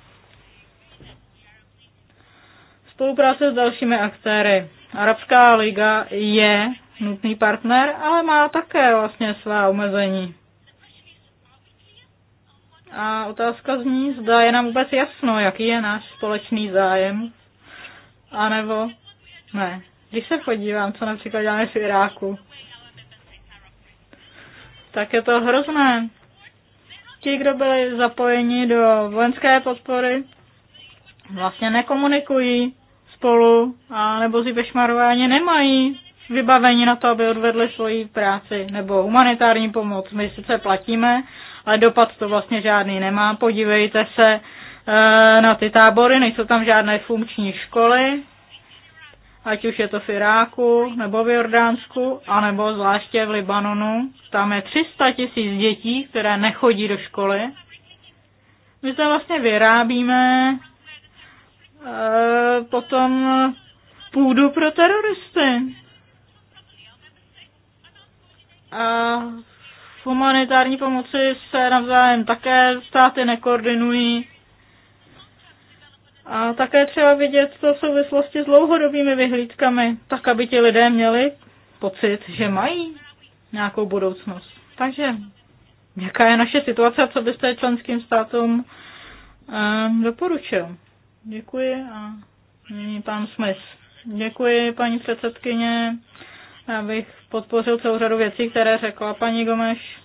Spolupráce s dalšími aktéry. Arabská liga je nutný partner, ale má také vlastně svá omezení. A otázka zní, zda je nám vůbec jasno, jaký je náš společný zájem, anebo ne. Když se podívám, co například děláme v Iráku, tak je to hrozné. Ti, kdo byli zapojeni do vojenské podpory, vlastně nekomunikují spolu, a nebo si bešmarové ani nemají vybavení na to, aby odvedli svoji práci, nebo humanitární pomoc. My sice platíme, ale dopad to vlastně žádný nemá. Podívejte se eh, na ty tábory, nejsou tam žádné funkční školy, ať už je to v Iráku, nebo v Jordánsku, anebo zvláště v Libanonu. Tam je 300 tisíc dětí, které nechodí do školy. My se vlastně vyrábíme e, potom půdu pro teroristy. A v humanitární pomoci se navzájem také státy nekoordinují. A také třeba vidět to v souvislosti s dlouhodobými vyhlídkami, tak aby ti lidé měli pocit, že mají nějakou budoucnost. Takže jaká je naše situace a co byste členským státům um, doporučil? Děkuji a nyní pan Smith. Děkuji, paní předsedkyně. Já bych podpořil celou řadu věcí, které řekla paní Gomeš.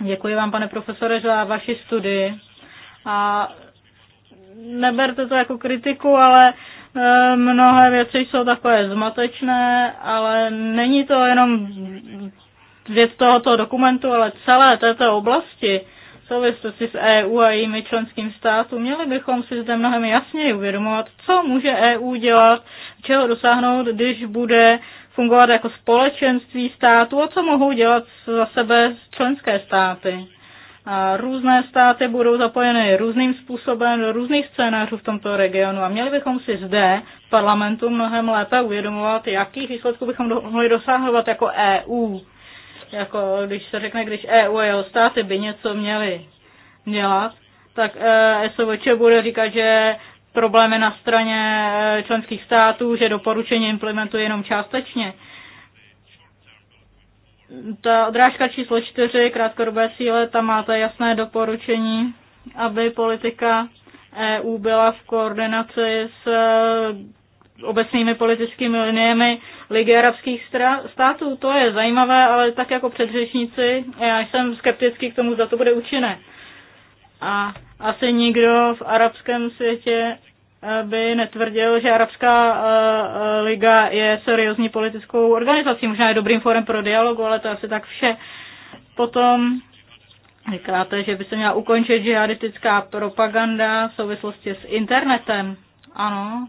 Děkuji vám, pane profesore, za vaši studii. A neberte to jako kritiku, ale eh, mnohé věci jsou takové zmatečné, ale není to jenom věc tohoto dokumentu, ale celé této oblasti souvislosti s EU a jejími členským státům, měli bychom si zde mnohem jasněji uvědomovat, co může EU dělat, čeho dosáhnout, když bude fungovat jako společenství států a co mohou dělat za sebe členské státy. A různé státy budou zapojeny různým způsobem do různých scénářů v tomto regionu a měli bychom si zde v parlamentu mnohem lépe uvědomovat, jakých výsledků bychom do, mohli dosáhnout jako EU. Jako když se řekne, když EU a jeho státy by něco měli dělat, tak e, SOVČ bude říkat, že problémy na straně e, členských států, že doporučení implementuje jenom částečně ta odrážka číslo čtyři, krátkodobé síle, tam máte jasné doporučení, aby politika EU byla v koordinaci s eh, obecnými politickými liniemi Ligy arabských států. To je zajímavé, ale tak jako předřečníci, já jsem skeptický k tomu, zda to bude účinné. A asi nikdo v arabském světě by netvrdil, že Arabská eh, eh, liga je seriózní politickou organizací. Možná je dobrým fórem pro dialogu, ale to asi tak vše. Potom říkáte, že by se měla ukončit žihadistická propaganda v souvislosti s internetem. Ano,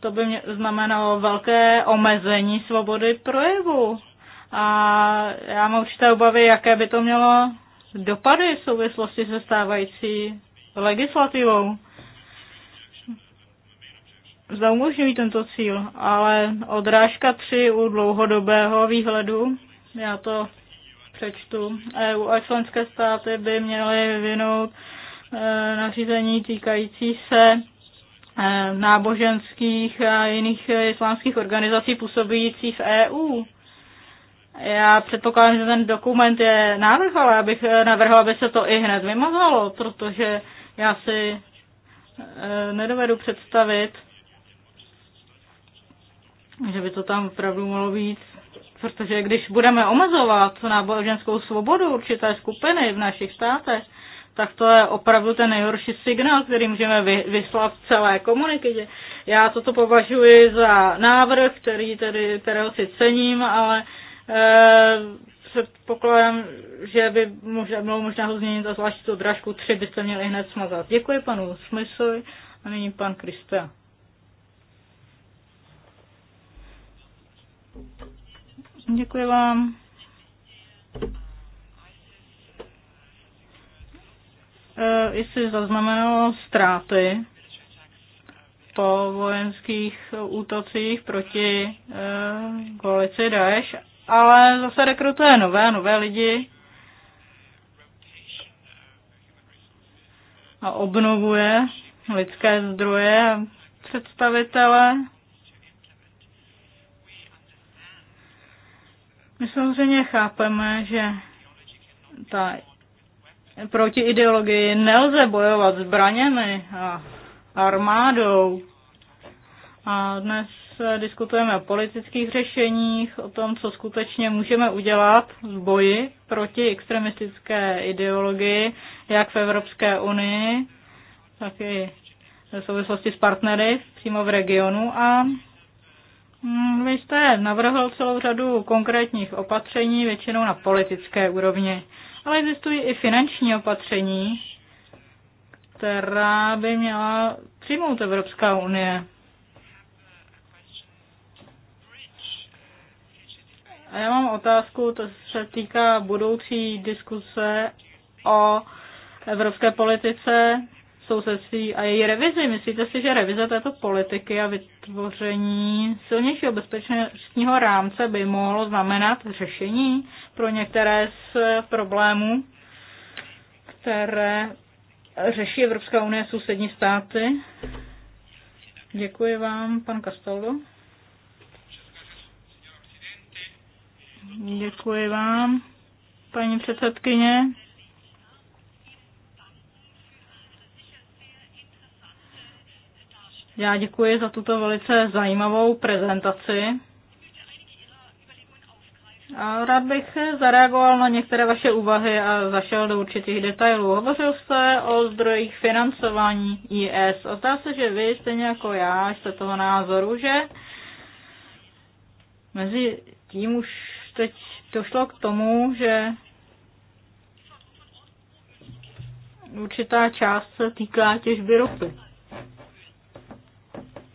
to by mě znamenalo velké omezení svobody projevu. A já mám určité obavy, jaké by to mělo dopady v souvislosti se stávající legislativou zda tento cíl, ale odrážka 3 u dlouhodobého výhledu, já to přečtu, EU a členské státy by měly vyvinout e, nařízení týkající se e, náboženských a jiných islámských organizací působících v EU. Já předpokládám, že ten dokument je návrh, ale abych navrhla, aby se to i hned vymazalo, protože já si e, nedovedu představit, že by to tam opravdu mohlo být, protože když budeme omezovat co náboženskou svobodu určité skupiny v našich státech, tak to je opravdu ten nejhorší signál, který můžeme vyslat v celé komunitě. Já toto považuji za návrh, který tedy, kterého si cením, ale e, předpokládám, že by možná, bylo možná ho změnit a zvlášť tu dražku 3 byste měli hned smazat. Děkuji panu Smysovi a nyní pan Krista. Děkuji vám. E, jestli zaznamenalo ztráty po vojenských útocích proti e, koalici Daesh, ale zase rekrutuje nové, nové lidi a obnovuje lidské zdroje a představitele My samozřejmě chápeme, že ta proti ideologii nelze bojovat zbraněmi a armádou. A dnes diskutujeme o politických řešeních, o tom, co skutečně můžeme udělat v boji proti extremistické ideologii, jak v Evropské unii, tak i v souvislosti s partnery přímo v regionu a Mm, vy jste navrhl celou řadu konkrétních opatření, většinou na politické úrovni, ale existují i finanční opatření, která by měla přijmout Evropská unie. A já mám otázku, to se týká budoucí diskuse o evropské politice sousedství a její revizi. Myslíte si, že revize této politiky a vytvoření silnějšího bezpečnostního rámce by mohlo znamenat řešení pro některé z problémů, které řeší Evropská unie sousední státy? Děkuji vám, pan Castaldo. Děkuji vám, paní předsedkyně. Já děkuji za tuto velice zajímavou prezentaci. A rád bych zareagoval na některé vaše úvahy a zašel do určitých detailů. Hovořil jste o zdrojích financování IS. Zdá se, že vy, stejně jako já, jste toho názoru, že mezi tím už teď došlo k tomu, že určitá část se týká těžby ropy.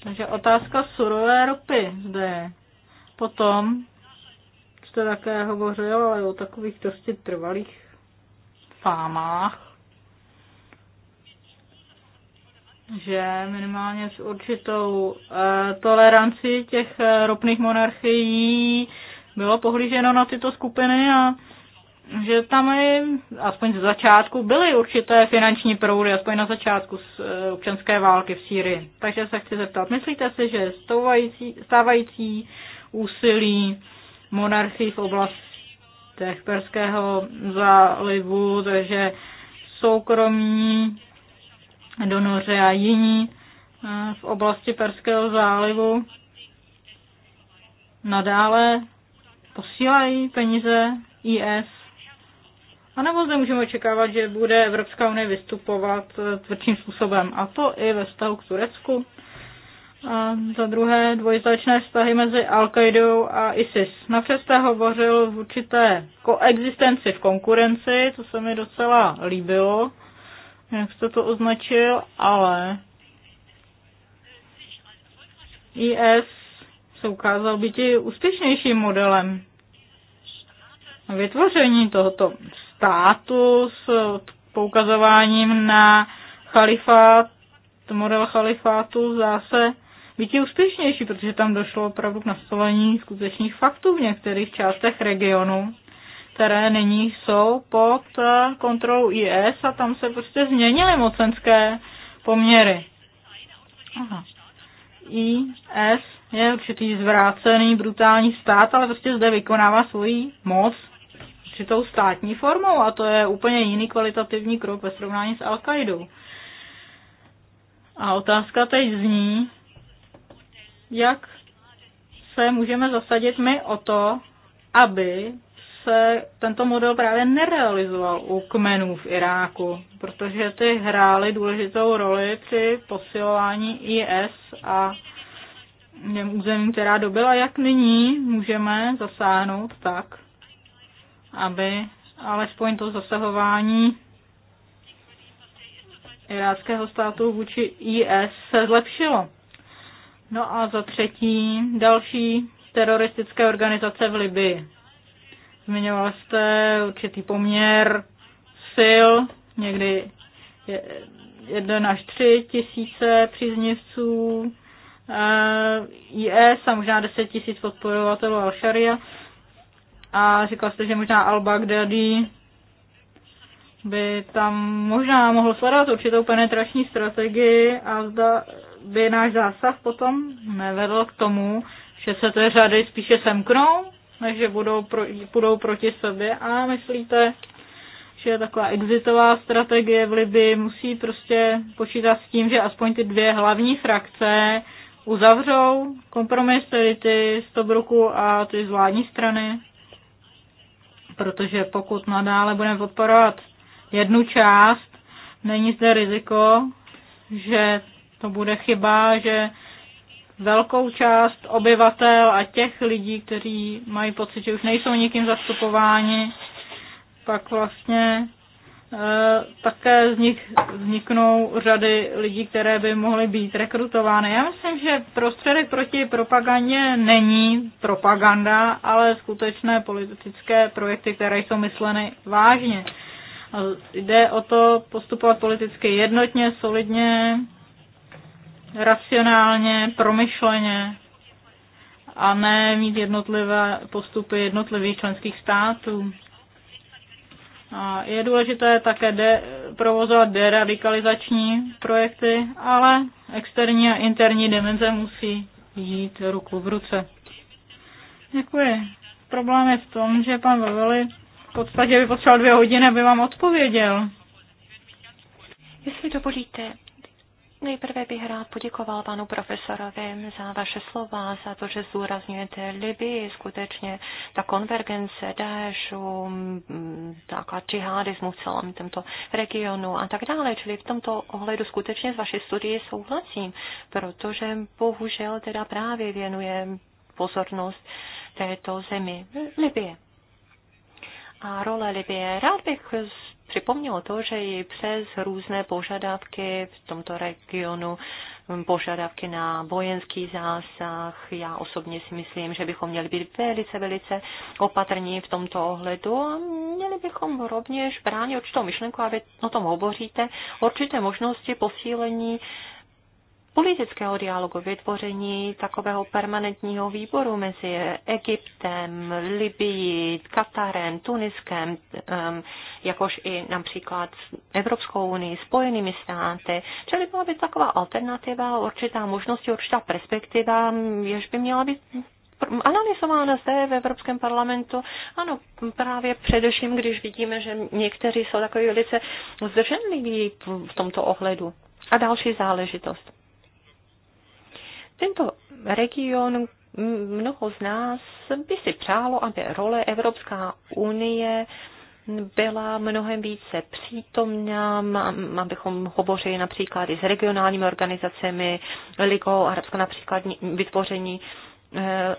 Takže otázka surové ropy zde je. Potom jste také hovořil, ale o takových dosti trvalých fámách, že minimálně s určitou e, tolerancí těch e, ropných monarchií bylo pohlíženo na tyto skupiny a že tam je, aspoň z začátku byly určité finanční proudy, aspoň na začátku z e, občanské války v Sýrii. Takže se chci zeptat, myslíte si, že stávající, stávající úsilí monarchii v oblastech Perského zálivu, takže soukromí donoře a jiní e, v oblasti Perského zálivu nadále posílají peníze IS a nebo zde můžeme očekávat, že bude Evropská unie vystupovat eh, tvrdším způsobem, a to i ve vztahu k Turecku. A za druhé dvojznačné vztahy mezi al a ISIS. Napřed jste hovořil v určité koexistenci v konkurenci, to se mi docela líbilo, jak jste to označil, ale IS se ukázal být i úspěšnějším modelem vytvoření tohoto státu s poukazováním na chalifát, model chalifátu zase být úspěšnější, protože tam došlo opravdu k nastolení skutečných faktů v některých částech regionu, které nyní jsou pod eh, kontrolou IS a tam se prostě změnily mocenské poměry. Aha. IS je určitý zvrácený, brutální stát, ale prostě zde vykonává svoji moc určitou státní formou a to je úplně jiný kvalitativní krok ve srovnání s Al-Qaidou. A otázka teď zní, jak se můžeme zasadit my o to, aby se tento model právě nerealizoval u kmenů v Iráku, protože ty hrály důležitou roli při posilování IS a těm územím, která dobyla, jak nyní můžeme zasáhnout tak, aby alespoň to zasahování iráckého státu vůči IS se zlepšilo. No a za třetí další teroristické organizace v Libii. Zmiňoval jste určitý poměr sil, někdy jeden až tři tisíce příznivců eh, IS a možná deset tisíc podporovatelů Al-Sharia a říkal jste, že možná Al-Baghdadi by tam možná mohl sledovat určitou penetrační strategii a zda by náš zásah potom nevedl k tomu, že se ty řady spíše semknou, než že budou, pro, budou proti sobě a myslíte, že taková exitová strategie v Libii musí prostě počítat s tím, že aspoň ty dvě hlavní frakce uzavřou kompromis, tedy ty Stobruku a ty z vládní strany? protože pokud nadále budeme podporovat jednu část, není zde riziko, že to bude chyba, že velkou část obyvatel a těch lidí, kteří mají pocit, že už nejsou nikým zastupováni, pak vlastně Eh, také z nich vzniknou řady lidí, které by mohly být rekrutovány. Já myslím, že prostředek proti propagandě není propaganda, ale skutečné politické projekty, které jsou mysleny vážně. Jde o to postupovat politicky jednotně, solidně, racionálně, promyšleně a ne mít jednotlivé postupy jednotlivých členských států. A je důležité také de, provozovat deradikalizační projekty, ale externí a interní dimenze musí jít ruku v ruce. Děkuji. Problém je v tom, že pan Vaveli v podstatě by potřeboval dvě hodiny, aby vám odpověděl. Jestli dovolíte, Nejprve bych rád poděkoval panu profesorovi za vaše slova, za to, že zdůrazňujete Libii, skutečně ta konvergence Daešu, taková džihadismu v celém tomto regionu a tak dále. Čili v tomto ohledu skutečně s vaší studií souhlasím, protože bohužel teda právě věnuje pozornost této zemi Libie a role Libie. Rád bych připomnělo to, že i přes různé požadavky v tomto regionu, mm, požadavky na vojenský zásah, já osobně si myslím, že bychom měli být velice, velice opatrní v tomto ohledu a měli bychom rovněž bránit určitou myšlenku, aby o tom hovoříte, určité možnosti posílení politického dialogu, vytvoření takového permanentního výboru mezi Egyptem, Libií, Katarem, Tuniskem, jakož i například Evropskou unii, Spojenými státy. Čili byla by taková alternativa, určitá možnost, určitá perspektiva, jež by měla být analyzována zde v Evropském parlamentu. Ano, právě především, když vidíme, že někteří jsou takový velice zdrženliví v tomto ohledu. A další záležitost. Tento region mnoho z nás by si přálo, aby role Evropská unie byla mnohem více přítomná, abychom hovořili například i s regionálními organizacemi, Ligou Arabskou například vytvoření Eh,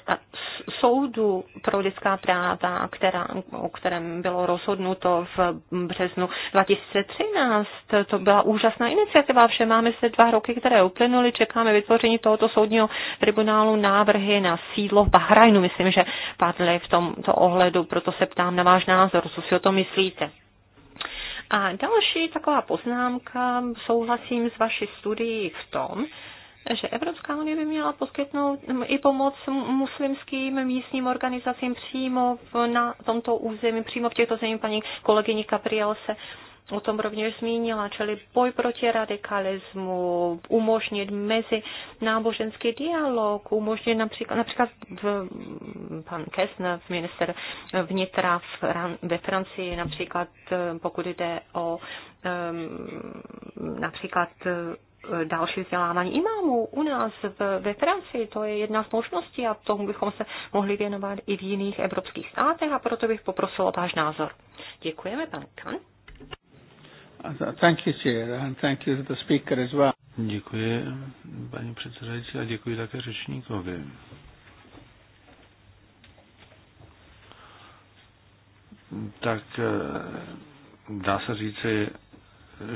soudu pro lidská práva, která, o kterém bylo rozhodnuto v březnu 2013. To byla úžasná iniciativa, vše máme se dva roky, které uplynuly, čekáme vytvoření tohoto soudního tribunálu návrhy na sídlo v Bahrajnu, myslím, že padly v tomto ohledu, proto se ptám na váš názor, co si o to myslíte. A další taková poznámka, souhlasím s vaší studií v tom, že Evropská unie by měla poskytnout i pomoc muslimským místním organizacím přímo v, na tomto území, přímo v těchto zemích. Paní kolegyně Gabriel se o tom rovněž zmínila, čili boj proti radikalismu, umožnit mezi náboženský dialog, umožnit například, například v, pan Kessner, minister vnitra v, ve Francii, například eh, pokud jde o ehm, například další vzdělávání imámů u nás v, ve Francii. To je jedna z možností a tomu bychom se mohli věnovat i v jiných evropských státech a proto bych poprosil o váš názor. Děkujeme, pan Kan. Thank you, Chair, and thank you to the speaker as well. Děkuji, paní předsedající, a děkuji také řečníkovi. Tak eh, dá se říci,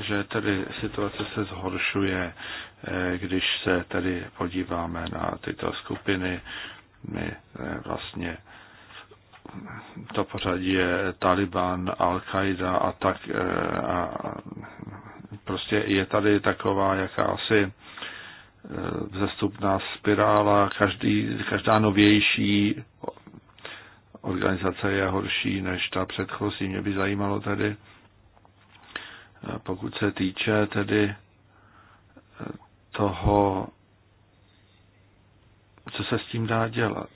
že tedy situace se zhoršuje, eh, když se tedy podíváme na tyto skupiny. My eh, vlastně to pořadí je Taliban, Al-Qaida a tak eh, a prostě je tady taková jakási vzestupná spirála, každý, každá novější organizace je horší než ta předchozí. Mě by zajímalo tedy, pokud se týče tedy eh, toho, co se s tím dá dělat.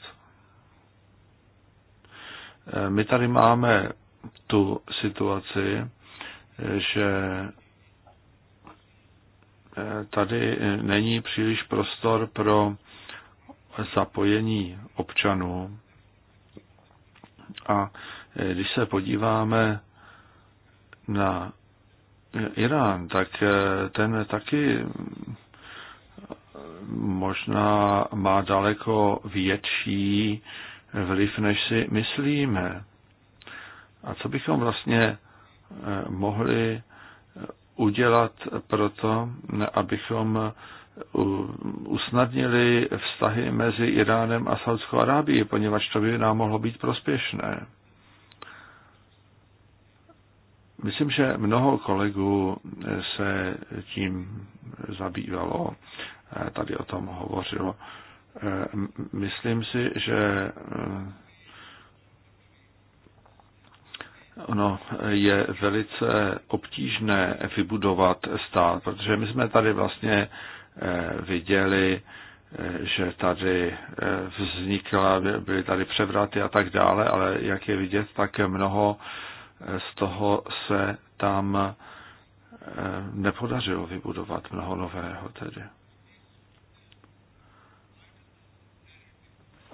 Eh, my tady máme tu situaci, eh, že tady není příliš prostor pro zapojení občanů. A když se podíváme na Irán, tak eh, ten taky eh, možná má daleko větší vliv, než si myslíme. A co bychom vlastně eh, mohli udělat pro to, abychom usnadnili vztahy mezi Iránem a Saudskou Arábií, poněvadž to by nám mohlo být prospěšné. Myslím, že mnoho kolegů se tím zabývalo, tady o tom hovořilo. Myslím si, že eh, ono je velice obtížné vybudovat stát, protože my jsme tady vlastně eh, viděli, eh, že tady vznikla, byly tady převraty a tak dále, ale jak je vidět, tak mnoho z toho se tam eh, nepodařilo vybudovat mnoho nového tedy.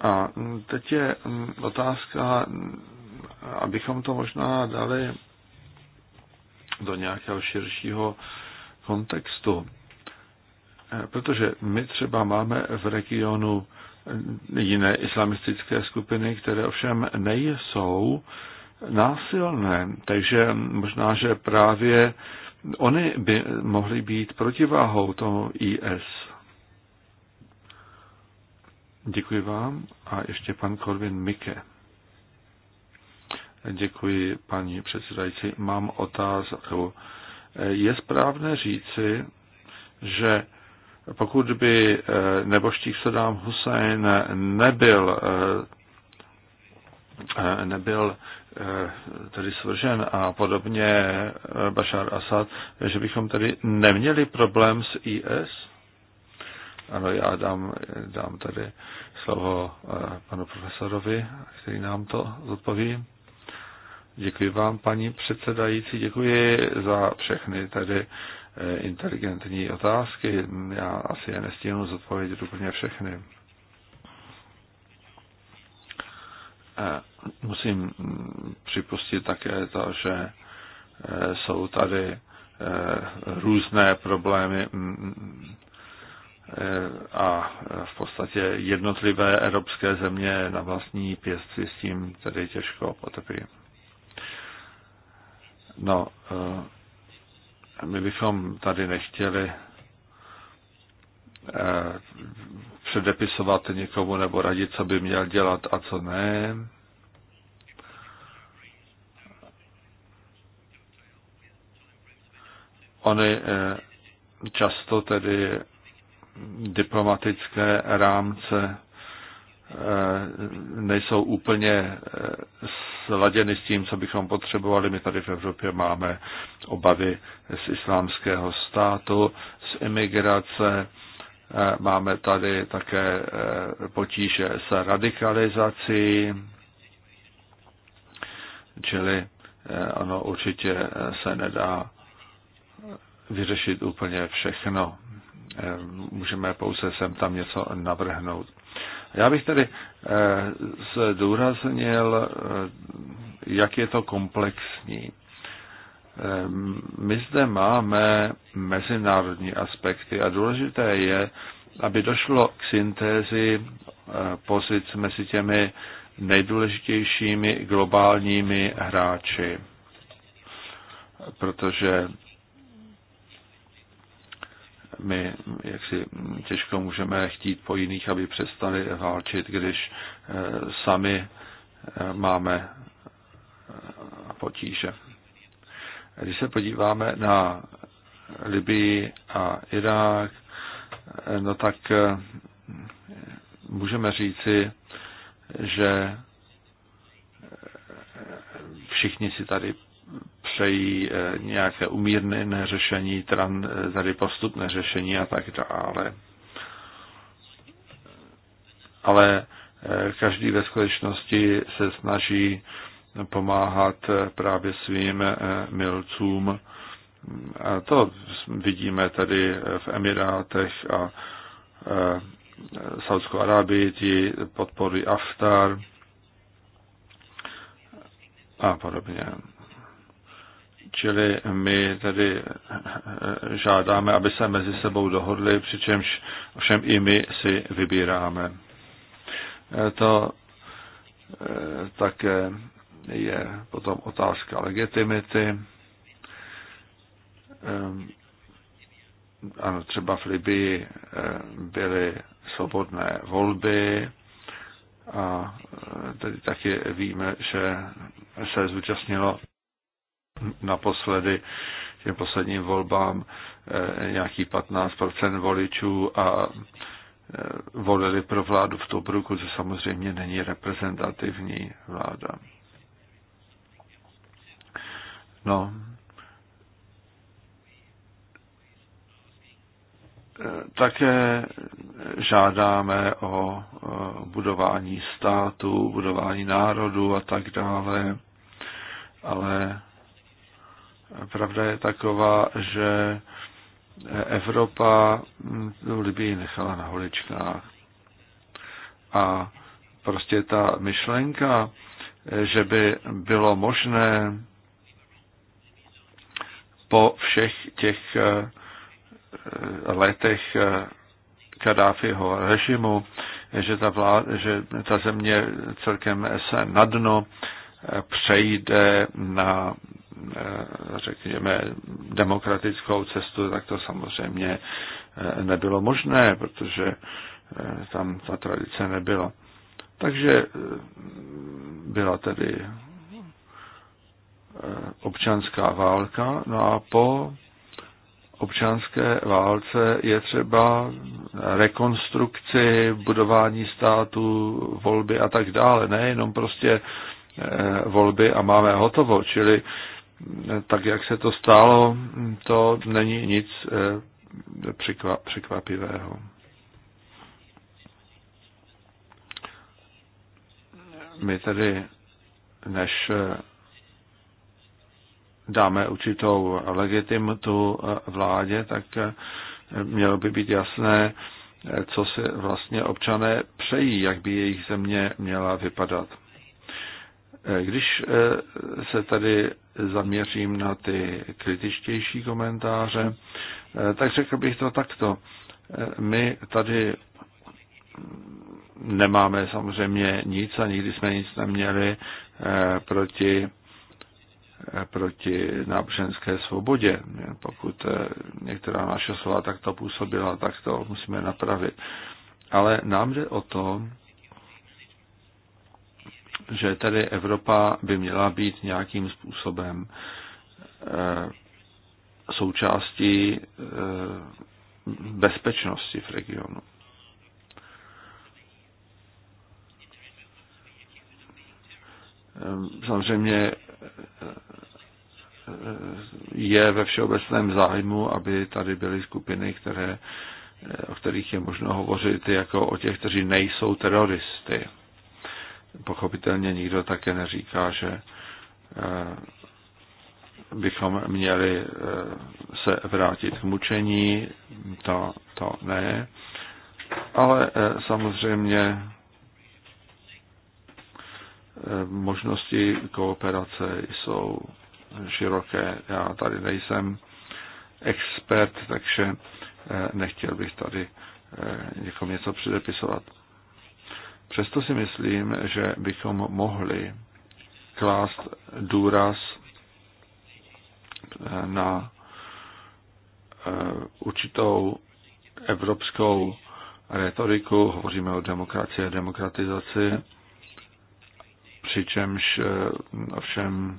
A mm, teď je mm, otázka, mm, abychom to možná dali do nějakého širšího kontextu. Eh, protože my třeba máme v regionu eh, jiné islamistické skupiny, které ovšem nejsou násilné. Takže možná, že právě oni by mohli být protiváhou toho IS. Děkuji vám a ještě pan Korvin Mike. Děkuji, paní předsedající. Mám otázku. Je správné říci, že pokud by eh, neboštík Saddam Hussein nebyl, eh, eh, nebyl Eh, tedy svržen a podobně eh, Bashar Assad, že bychom tedy neměli problém s IS? Ano, já dám, dám tady slovo eh, panu profesorovi, který nám to zodpoví. Děkuji vám, paní předsedající, děkuji za všechny tady inteligentní otázky. Já asi je nestihnu zodpovědět úplně všechny musím mm, připustit také to, že eh, jsou tady eh, různé problémy mm, mm, eh, a v podstatě jednotlivé evropské země na vlastní pěstci s tím tedy těžko potrpí. No, my bychom tady nechtěli předepisovat někomu nebo radit, co by měl dělat a co ne. Ony eh, často tedy diplomatické rámce eh, nejsou úplně eh, sladěny s tím, co bychom potřebovali. My tady v Evropě máme obavy z islámského státu, z imigrace, máme tady také potíže s radikalizací, čili ono určitě se nedá vyřešit úplně všechno. Eh, můžeme pouze sem tam něco navrhnout. Já bych tedy eh, zdůraznil, eh, jak je to komplexní. My zde máme mezinárodní aspekty a důležité je, aby došlo k syntézi pozic mezi těmi nejdůležitějšími globálními hráči. Protože my jaksi těžko můžeme chtít po jiných, aby přestali válčit, když eh, sami eh, máme eh, potíže. Když se podíváme na Libii a Irák, no tak můžeme říci, že všichni si tady přejí eh, nějaké umírněné řešení, eh, tady postupné řešení a tak dále. Ale eh, každý ve skutečnosti se snaží pomáhat právě svým milcům. A to vidíme tady v Emirátech a Saudskou Arábii, ti podporují Aftar a podobně. Čili my tedy žádáme, aby se mezi sebou dohodli, přičemž všem i my si vybíráme. To eh, také je potom otázka legitimity. Ehm, ano, třeba v Libii eh, byly svobodné volby a eh, tedy taky víme, že se zúčastnilo naposledy těm posledním volbám eh, nějaký 15% voličů a eh, volili pro vládu v Tobruku, že samozřejmě není reprezentativní vláda. No. Eh, také žádáme o budování státu, budování národu a tak dále, ale Pravda je taková, že Evropa Libii nechala na holičkách. A prostě ta myšlenka, že by bylo možné po všech těch eh, letech eh, Kadáfiho režimu, že ta, vláda, že ta země celkem se na dno eh, přejde na Eh, řekněme, demokratickou cestu, tak to samozřejmě eh, nebylo možné, protože eh, tam ta tradice nebyla. Takže byla tedy občanská válka, no a po občanské válce je třeba rekonstrukci, budování státu, volby a tak dále. Nejenom prostě volby a máme hotovo, čili tak jak se to stalo, to není nic eh, překvapivého. My tedy, než eh, dáme určitou legitimitu eh, vládě, tak mělo by být jasné, co si vlastně občané přejí, jak by jejich země měla vypadat. Když eh, se tady zaměřím na ty kritičtější komentáře, eh, tak řekl bych to takto. Eh, my tady nemáme samozřejmě nic a nikdy jsme nic neměli proti, proti náboženské svobodě. Pokud některá naše slova takto působila, tak to musíme napravit. Ale nám jde o to, že tady Evropa by měla být nějakým způsobem eh, součástí eh, bezpečnosti v regionu. Ehm, samozřejmě eh, je ve všeobecném zájmu, aby tady byly skupiny, které, o kterých je možno hovořit jako o těch, kteří nejsou teroristy pochopitelně nikdo také neříká, že eh, bychom měli eh, se vrátit k mučení, to, to ne. Ale eh, samozřejmě možnosti kooperace jsou široké. Já tady nejsem expert, takže nechtěl bych tady někomu něco předepisovat. Přesto si myslím, že bychom mohli klást důraz eh, na eh, určitou evropskou retoriku, hovoříme o demokracii a demokratizaci, přičemž eh, ovšem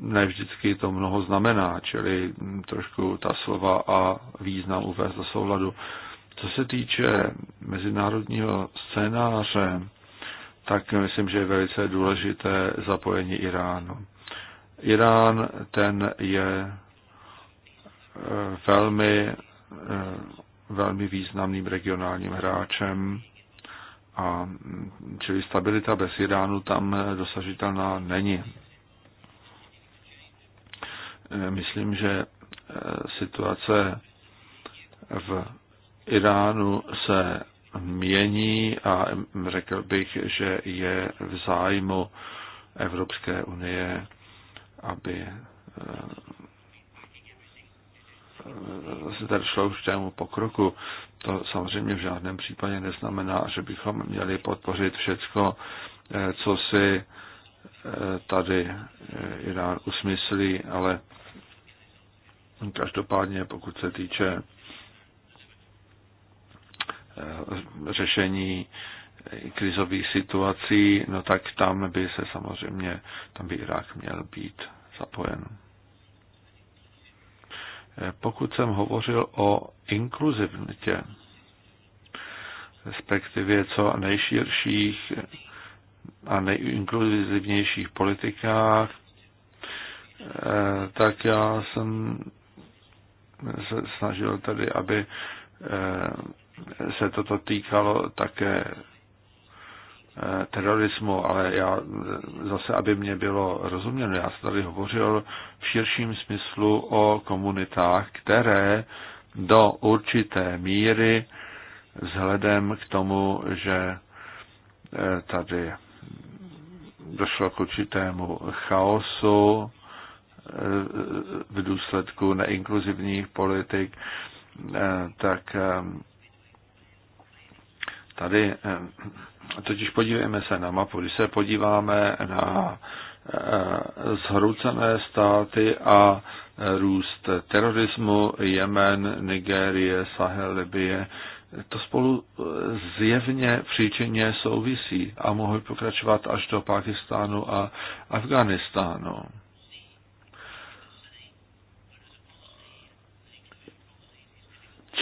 ne vždycky to mnoho znamená, čili trošku ta slova a význam uvést do souladu. Co se týče mezinárodního scénáře, tak myslím, že je velice důležité zapojení Iránu. Irán ten je eh, velmi, eh, velmi významným regionálním hráčem a hm, čili stabilita bez Iránu tam eh, dosažitelná není. Myslím, že situace v Iránu se mění a řekl bych, že je v zájmu Evropské unie, aby eh, eh, se tady šlo už tému pokroku. To samozřejmě v žádném případě neznamená, že bychom měli podpořit všecko, eh, co si tady Irán usmyslí, ale každopádně, pokud se týče Eh, řešení krizových situací, no tak tam by se samozřejmě, tam by Irák měl být zapojen. Eh, pokud jsem hovořil o inkluzivnitě, respektive co nejširších a nejinkluzivnějších politikách, eh, tak já jsem se snažil tady, aby se toto týkalo také eh, terorismu, ale já eh, zase, aby mě bylo rozuměno, já jsem tady hovořil v širším smyslu o komunitách, které do určité míry vzhledem k tomu, že eh, tady došlo k určitému chaosu v důsledku neinkluzivních politik, tak Tady eh, totiž podívejme se na mapu. Když se podíváme na eh, zhroucené státy a eh, růst terorismu, Jemen, Nigérie, Sahel, Libie, to spolu zjevně příčině souvisí a mohou pokračovat až do Pakistánu a Afganistánu.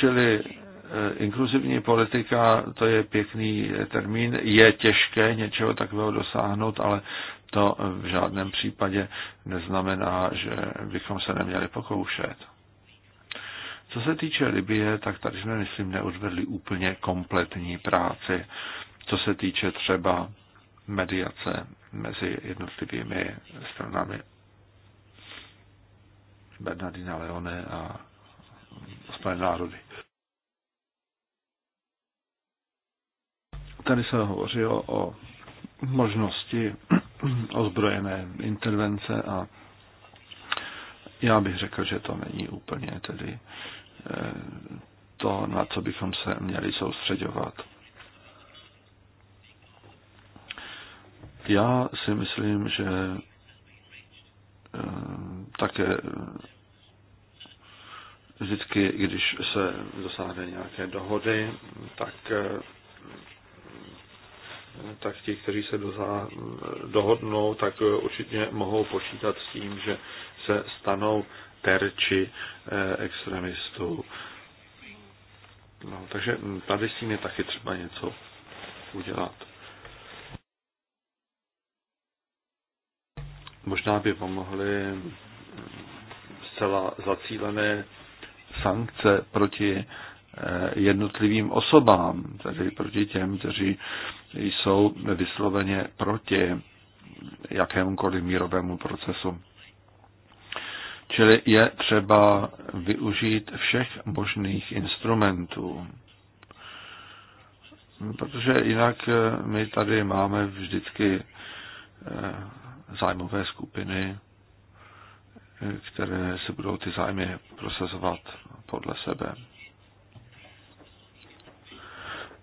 Čili inkluzivní politika, to je pěkný termín, je těžké něčeho takového dosáhnout, ale to v žádném případě neznamená, že bychom se neměli pokoušet. Co se týče Libie, tak tady jsme, myslím, neodvedli úplně kompletní práci, co se týče třeba mediace mezi jednotlivými stranami Bernardina Leone a Spojené národy. Tady se hovořilo o možnosti ozbrojené intervence a já bych řekl, že to není úplně tedy eh, to, na co bychom se měli soustředovat. Já si myslím, že eh, také eh, vždycky, když se dosáhne nějaké dohody, tak tak ti, kteří se dozá, dohodnou, tak eh, určitě mohou počítat s tím, že se stanou terči eh, extremistů. No, takže hm, tady s tím je taky třeba něco udělat. Možná by pomohly hm, zcela zacílené sankce proti Eh, jednotlivým osobám, tedy proti těm, kteří jsou vysloveně proti jakémukoliv mírovému procesu. Čili je třeba využít všech možných instrumentů. Protože jinak eh, my tady máme vždycky eh, zájmové skupiny, které si budou ty zájmy prosazovat podle sebe.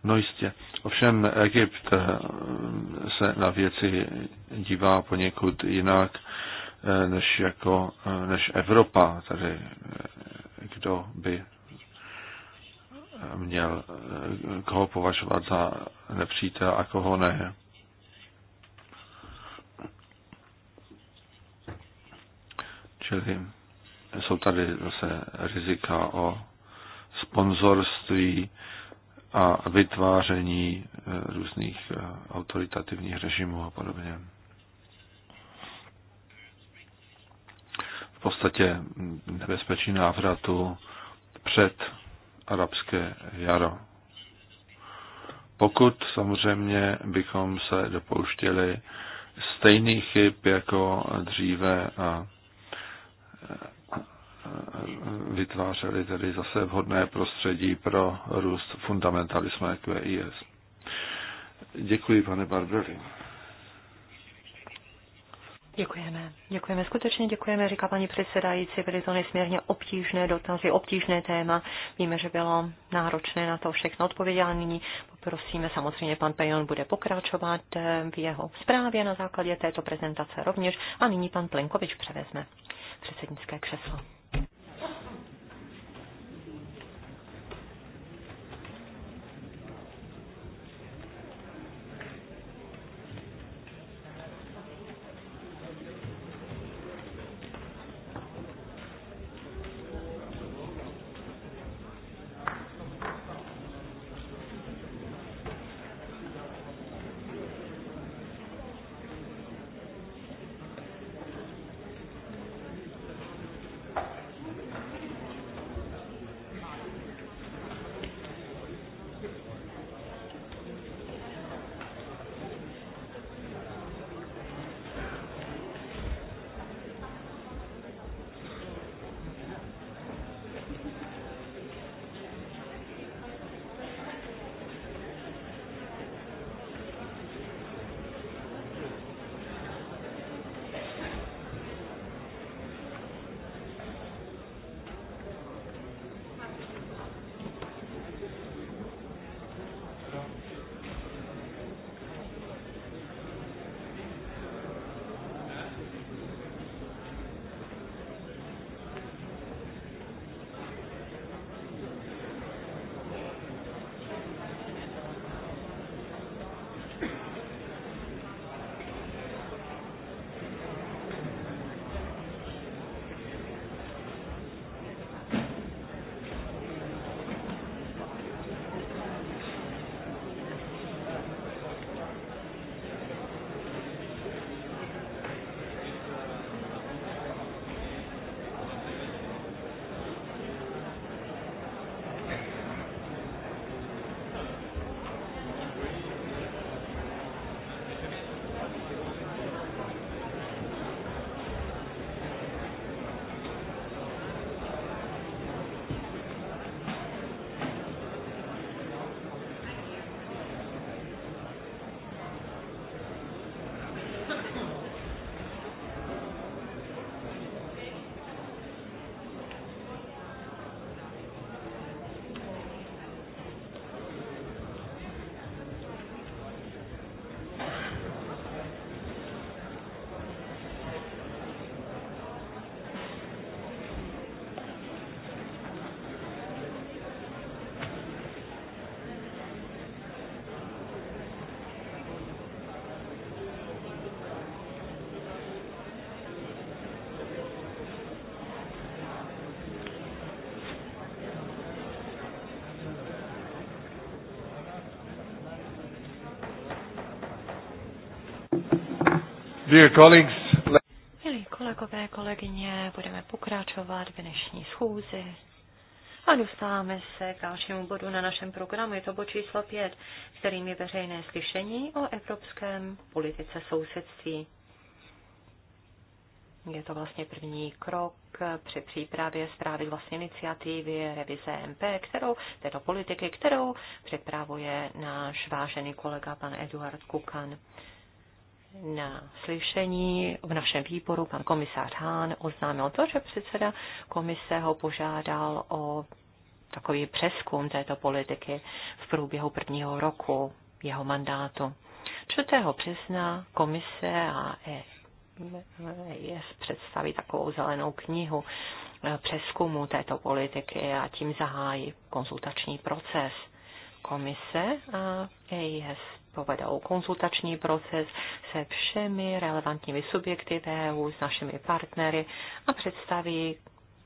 No jistě. Ovšem Egypt eh, se na věci dívá poněkud jinak eh, než, jako, eh, než Evropa. Tady kdo by měl koho považovat za nepřítel a koho ne. Čili jsou tady zase rizika o sponzorství, a vytváření eh, různých eh, autoritativních režimů a podobně. V podstatě nebezpečí návratu před arabské jaro. Pokud samozřejmě bychom se dopouštěli stejných chyb jako dříve a vytvářeli tedy zase vhodné prostředí pro růst fundamentalismu jako je IS. Děkuji, pane Barbeli. Děkujeme. Děkujeme, skutečně děkujeme, říká paní předsedající. Byly to nesmírně obtížné dotazy, obtížné téma. Víme, že bylo náročné na to všechno odpovědět. nyní poprosíme, samozřejmě pan Pejon bude pokračovat eh, v jeho zprávě na základě této prezentace rovněž. A nyní pan Plenkovič převezme předsednické křeslo. Dear colleagues, Milí kolegové, kolegyně, budeme pokračovat v dnešní schůzi. A dostáváme se k dalšímu bodu na našem programu. Je to bod číslo 5, kterým je veřejné slyšení o evropském politice sousedství. Je to vlastně první krok při přípravě zprávy vlastně iniciativy revize MP, kterou, této politiky, kterou připravuje náš vážený kolega pan Eduard Kukan na slyšení v našem výboru pan komisář Hán oznámil to, že předseda komise ho požádal o takový přeskum této politiky v průběhu prvního roku jeho mandátu. 4. března komise a ES e představí takovou zelenou knihu přeskumu této politiky a tím zahájí konzultační proces komise a EIS povedou konzultační proces se všemi relevantními subjekty EU, s našimi partnery a představí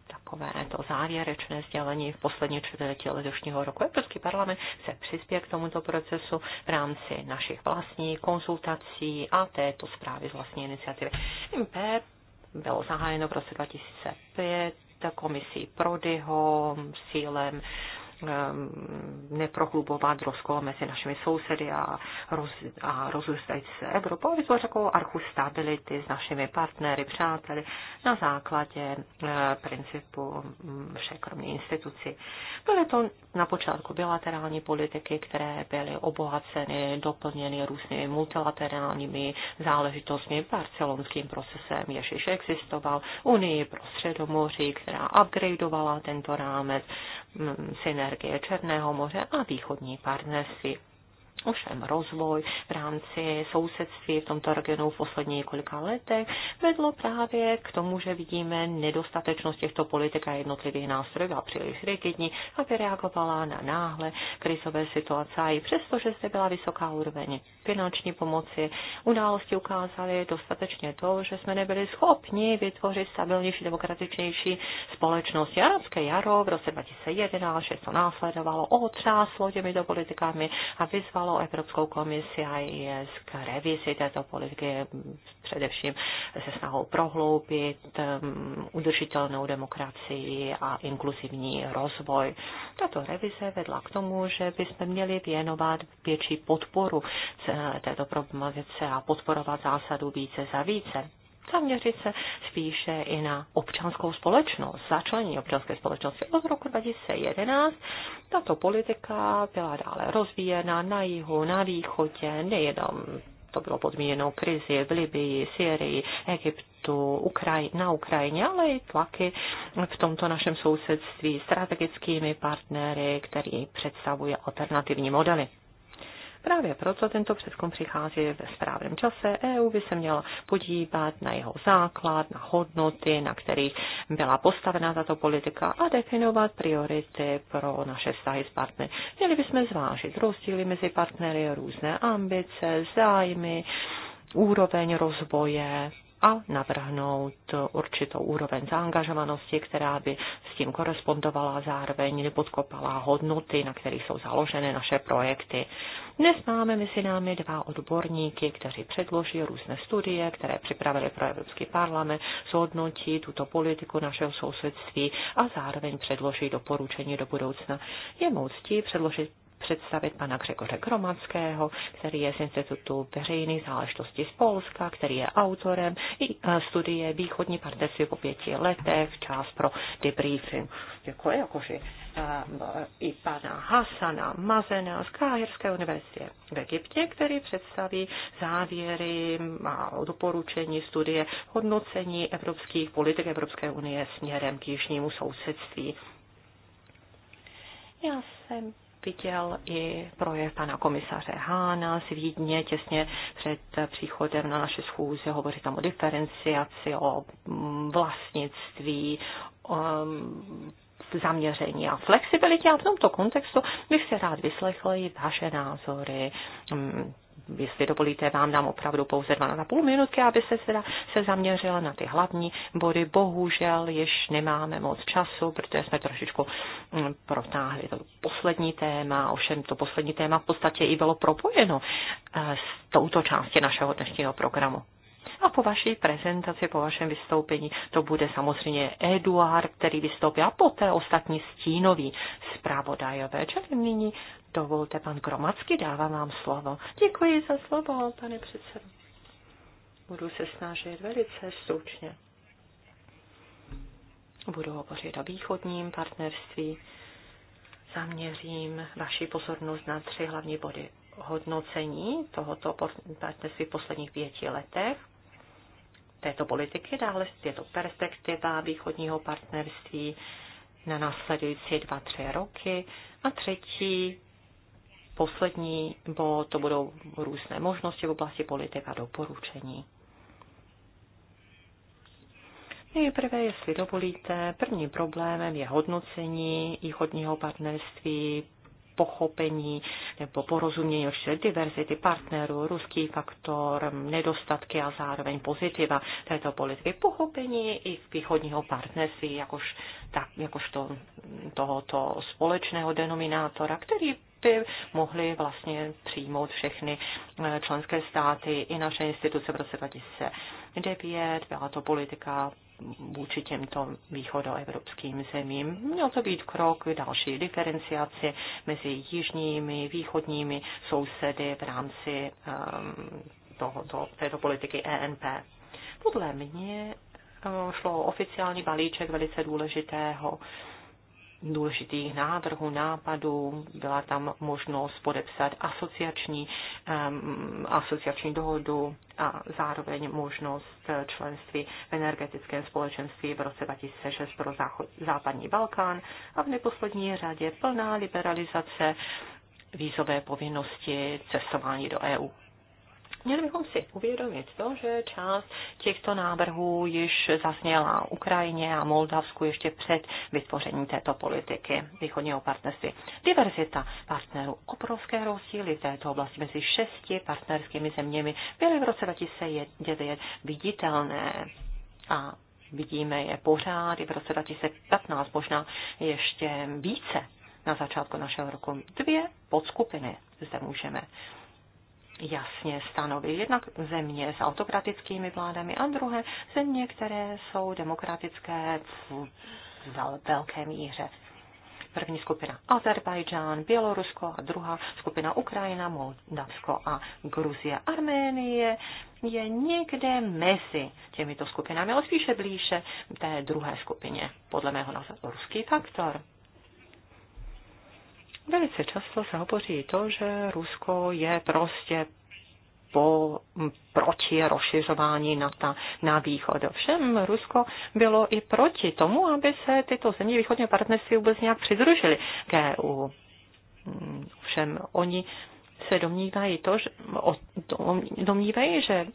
takové to závěrečné sdělení v poslední čtvrtletí letošního roku. Evropský parlament se přispěje k tomuto procesu v rámci našich vlastních konzultací a této zprávy z vlastní iniciativy. MP bylo zahájeno v roce 2005 komisí Prodyho s cílem Ehm, neprohlubovat rozkol mezi našimi sousedy a, roz, a rozrůstající se Evropou, a vytvořit takovou archu stability s našimi partnery, přáteli na základě ehm, principu mm, vše kromě institucí. Byly to na počátku bilaterální politiky, které byly obohaceny, doplněny různými multilaterálními záležitostmi, barcelonským procesem, jež existoval, Unii pro středomoří, která upgradeovala tento rámec, synergie Černého moře a východní partnerství. Ovšem rozvoj v rámci sousedství v tomto regionu v posledních několika letech vedlo právě k tomu, že vidíme nedostatečnost těchto politik a jednotlivých nástrojů a příliš rigidní, aby reagovala na náhle krizové situace. A i přesto, že zde byla vysoká úroveň finanční pomoci, události ukázaly dostatečně to, že jsme nebyli schopni vytvořit stabilnější, demokratičnější společnost. Arabské jaro v roce 2011, že to následovalo, otřáslo těmito politikami a vyzvalo vyzvalo Evropskou komisi a IS k revizi této politiky, především se snahou prohloubit um, udržitelnou demokracii a inkluzivní rozvoj. Tato revize vedla k tomu, že bychom měli věnovat větší podporu této problematice a podporovat zásadu více za více zaměřit se spíše i na občanskou společnost, začlenění občanské společnosti. Od roku 2011 tato politika byla dále rozvíjena na jihu, na východě, nejenom to bylo podmíněno krizi v Libii, Syrii, Egyptu, Ukraji, na Ukrajině, ale i tlaky v tomto našem sousedství strategickými partnery, který představuje alternativní modely. Právě proto tento přeskum přichází ve správném čase. EU by se měla podívat na jeho základ, na hodnoty, na kterých byla postavena tato politika a definovat priority pro naše vztahy s partnery. Měli bychom zvážit rozdíly mezi partnery, různé ambice, zájmy, úroveň rozvoje, a navrhnout určitou úroveň zaangažovanosti, která by s tím korespondovala, zároveň nepodkopala hodnoty, na kterých jsou založeny naše projekty. Dnes máme mezi námi dva odborníky, kteří předloží různé studie, které připravili pro Evropský parlament, zhodnotí tuto politiku našeho sousedství a zároveň předloží doporučení do budoucna. Je mou ctí předložit představit pana Gregore Gromadského, který je z Institutu veřejných záležitostí z Polska, který je autorem i e, studie Východní partnerství po pěti letech, čas pro debriefing. Děkuji, jakože i pana Hasana Mazena z Kajerské univerzity v Egyptě, který představí závěry a doporučení studie hodnocení evropských politik Evropské unie směrem k jižnímu sousedství. Já jsem viděl i projev pana komisaře Hána z Vídně těsně před příchodem na naše schůze. Hovoří tam o diferenciaci, o mm, vlastnictví, o mm, zaměření a flexibilitě. A v tomto kontextu bych se rád vyslechl i vaše názory mm, jestli dovolíte, vám dám opravdu pouze 12,5 minutky, aby se, teda, se zaměřila na ty hlavní body. Bohužel již nemáme moc času, protože jsme trošičku mm, protáhli to poslední téma, ovšem to poslední téma v podstatě i bylo propojeno eh, s touto částí našeho dnešního programu. A po vaší prezentaci, po vašem vystoupení, to bude samozřejmě Eduard, který vystoupí a poté ostatní stínoví zpravodajové. Čili nyní dovolte, pan Kromacky, dávám vám slovo. Děkuji za slovo, pane předsedo. Budu se snažit velice stručně. Budu hovořit o východním partnerství. Zaměřím vaši pozornost na tři hlavní body hodnocení tohoto partnerství v posledních pěti letech, této politiky, dále je to perspektiva východního partnerství na následující dva, tři roky a třetí poslední bod, to budou různé možnosti v oblasti politika a doporučení. Nejprve, jestli dovolíte, prvním problémem je hodnocení východního partnerství, pochopení nebo porozumění ještě diverzity partnerů, ruský faktor, nedostatky a zároveň pozitiva této politiky, pochopení i východního partnerství jakož, tak, jakož to, tohoto společného denominátora, který by mohly vlastně přijmout všechny eh, členské státy i naše instituce v roce 2009. Byla to politika vůči těmto východoevropským zemím. Měl to být krok k další diferenciaci mezi jižními, východními sousedy v rámci um, ehm, tohoto, této politiky ENP. Podle mě eh, šlo oficiální balíček velice důležitého důležitých nádrhů, nápadů. Byla tam možnost podepsat asociační, um, asociační dohodu a zároveň možnost členství v energetickém společenství v roce 2006 pro záchod, západní Balkán a v neposlední řadě plná liberalizace vízové povinnosti cestování do EU. Měli bychom si uvědomit to, že část těchto návrhů již zazněla Ukrajině a Moldavsku ještě před vytvořením této politiky východního partnerství. Diverzita partnerů, obrovské rozdíly v této oblasti mezi šesti partnerskými zeměmi byly v roce 2009 viditelné a vidíme je pořád i v roce 2015, možná ještě více na začátku našeho roku. Dvě podskupiny zde můžeme jasně stanoví. Jednak země s autokratickými vládami a druhé země, které jsou demokratické v velké míře. První skupina Azerbajdžán, Bělorusko a druhá skupina Ukrajina, Moldavsko a Gruzie. Arménie je někde mezi těmito skupinami, ale spíše blíže té druhé skupině, podle mého názoru ruský faktor Velice často se hovoří to, že Rusko je prostě po, proti rozšiřování ta, na východ. Ovšem Rusko bylo i proti tomu, aby se tyto země východního partnerství vůbec nějak přidružily k EU. Ovšem oni se domnívají to, že, o, domnívají, že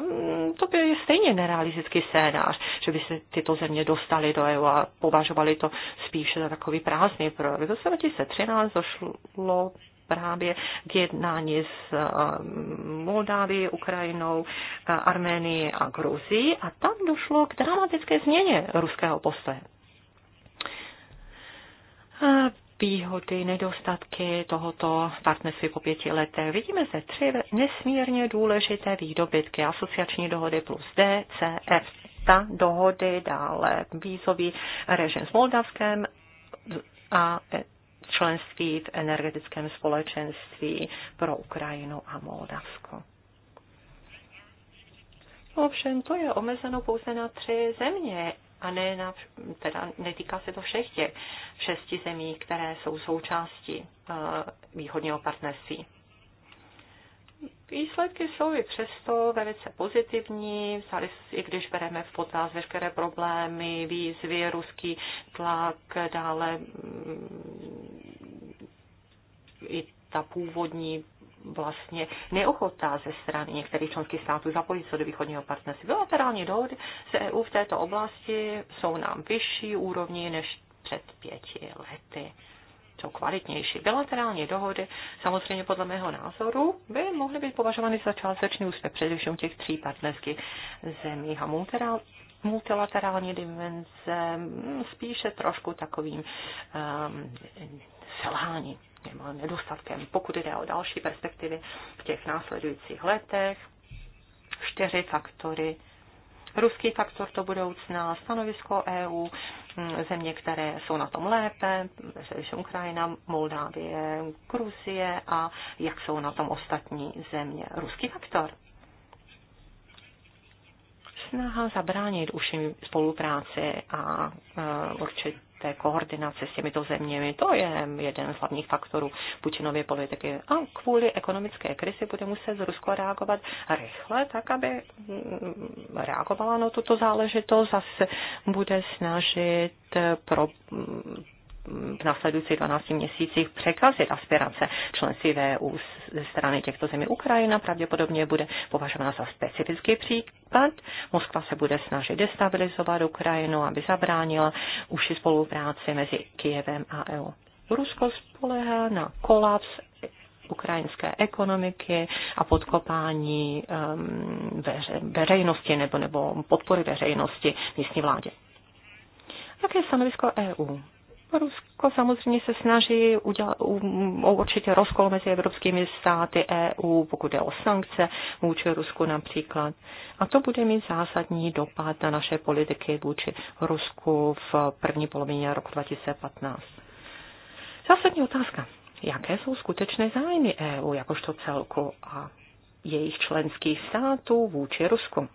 Mm, to by stejně nerealistický scénář, že by se tyto země dostaly do EU a považovali to spíše za takový prázdný projekt. V 2013 došlo právě k jednání s eh, Moldávy, Ukrajinou, eh, Arménií a Gruzií a tam došlo k dramatické změně ruského postoje. Eh, výhody, nedostatky tohoto partnerství po pěti letech. Vidíme zde tři nesmírně důležité výdobytky. Asociační dohody plus D, C, F. Ta dohody, dále vízový režim s Moldavskem a členství v energetickém společenství pro Ukrajinu a Moldavsko. Ovšem, to je omezeno pouze na tři země a ne na, teda netýká se to všech těch šesti zemí, které jsou součástí eh, východního partnerství. Výsledky jsou i přesto velice pozitivní, vzali, i když bereme v potaz veškeré problémy, výzvy, ruský tlak, dále mm, i ta původní vlastně neochota ze strany některých členských států zapojit se do východního partnerství. Bilaterální dohody z EU v této oblasti jsou nám vyšší úrovni než před pěti lety jsou kvalitnější. Bilaterální dohody samozřejmě podle mého názoru by mohly být považovány za částečný úspěch především těch tří partnerských zemí a multilaterální dimenze mm, spíše trošku takovým um, selháním nedostatkem nedostatkem. Pokud jde o další perspektivy v těch následujících letech, čtyři faktory, ruský faktor to budoucna, stanovisko EU, mm, země, které jsou na tom lépe, především Ukrajina, Moldávie, Gruzie a jak jsou na tom ostatní země. Ruský faktor. Snaha zabránit užší spolupráci a e, určitě té koordinace s těmito zeměmi. To je jeden z hlavních faktorů Putinovy politiky. A kvůli ekonomické krizi bude muset z Rusko reagovat rychle, tak aby mm, reagovala na tuto záležitost Zase bude snažit pro, v následujících 12 měsících překazit aspirace členství v EU ze strany těchto zemí. Ukrajina pravděpodobně bude považována za specifický případ. Moskva se bude snažit destabilizovat Ukrajinu, aby zabránila uši spolupráci mezi Kijevem a EU. Rusko spolehá na kolaps ukrajinské ekonomiky a podkopání um, veře, veřejnosti nebo, nebo podpory veřejnosti místní vládě. Jaké je stanovisko EU? Rusko samozřejmě se snaží udělat, um, určitě rozkol mezi evropskými státy EU, pokud jde o sankce vůči Rusku například. A to bude mít zásadní dopad na naše politiky vůči Rusku v první polovině roku 2015. Zásadní otázka. Jaké jsou skutečné zájmy EU jakožto celku a jejich členských států vůči Rusku?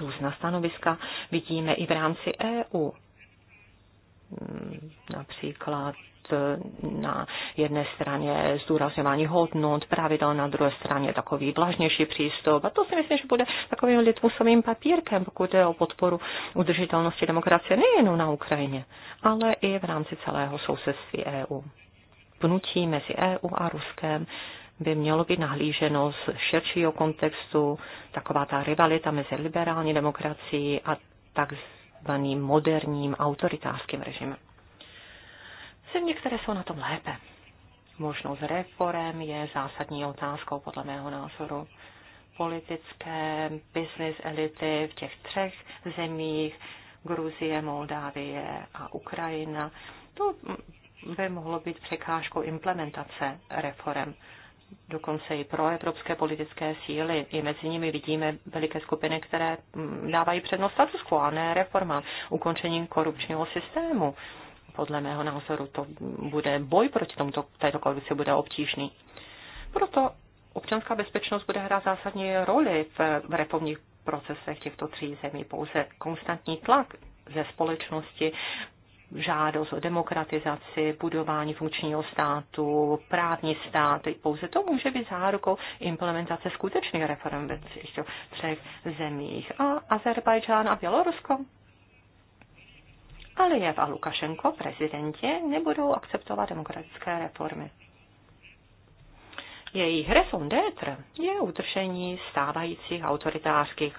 Různá stanoviska vidíme i v rámci EU. Mm, například eh, na jedné straně zdůrazňování hodnot, pravidel, na druhé straně takový vlažnější přístup. A to si myslím, že bude takovým litmusovým papírkem, pokud je o podporu udržitelnosti demokracie nejen na Ukrajině, ale i v rámci celého sousedství EU. Pnutí mezi EU a Ruskem by mělo být nahlíženo z širšího kontextu, taková ta rivalita mezi liberální demokracií a tak zanedbaným, moderním, autoritářským režimem. Země, které jsou na tom lépe. Možnost reform je zásadní otázkou podle mého názoru. Politické business elity v těch třech zemích, Gruzie, Moldávie a Ukrajina, to by mohlo být překážkou implementace reform dokonce i pro evropské politické síly. I mezi nimi vidíme veliké skupiny, které mm, dávají přednost status quo a ne reforma, ukončení korupčního systému. Podle mého názoru to bude boj proti tomuto, této korupci bude obtížný. Proto občanská bezpečnost bude hrát zásadní roli v, v reformních procesech těchto tří zemí. Pouze konstantní tlak ze společnosti žádost o demokratizaci, budování funkčního státu, právní stát. Pouze to může být zárukou implementace skutečných reform ve třech zemích. A Azerbajdžán a Bělorusko. Alijev a Lukašenko, prezidenti, nebudou akceptovat demokratické reformy. Jejich raison d'être je udržení stávajících autoritářských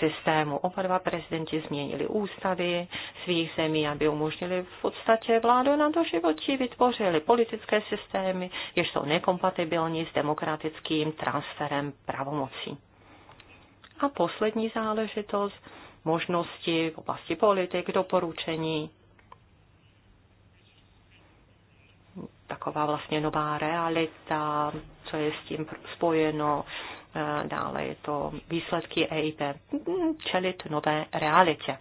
systému. Oba dva prezidenti změnili ústavy svých zemí, aby umožnili v podstatě vládu na životí, vytvořili politické systémy, jež jsou nekompatibilní s demokratickým transferem pravomocí. A poslední záležitost, možnosti v oblasti politik, doporučení, taková vlastně nová realita, co je s tím spojeno, Eh, dále je to výsledky EIP, hmm, čelit nové realitě.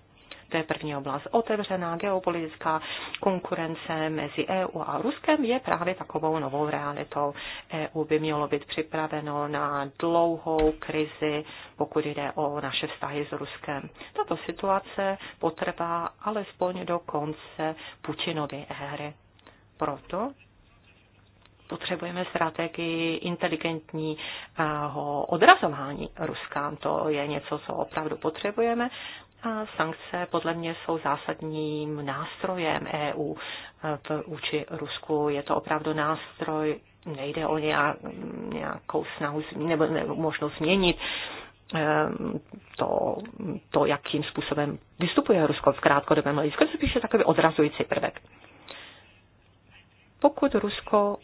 To je první oblast. Otevřená geopolitická konkurence mezi EU a Ruskem je právě takovou novou realitou. EU by mělo být připraveno na dlouhou krizi, pokud jde o naše vztahy s Ruskem. Tato situace potrvá alespoň do konce Putinovy éry. Proto potřebujeme strategii inteligentního odrazování Ruska. To je něco, co opravdu potřebujeme. A sankce podle mě jsou zásadním nástrojem EU eh, vůči Rusku. Je to opravdu nástroj, nejde o nějakou snahu nebo, možnost změnit eh, to, to, jakým způsobem vystupuje Rusko v krátkodobém hledisku, je spíše takový odrazující prvek. Pokud Rusko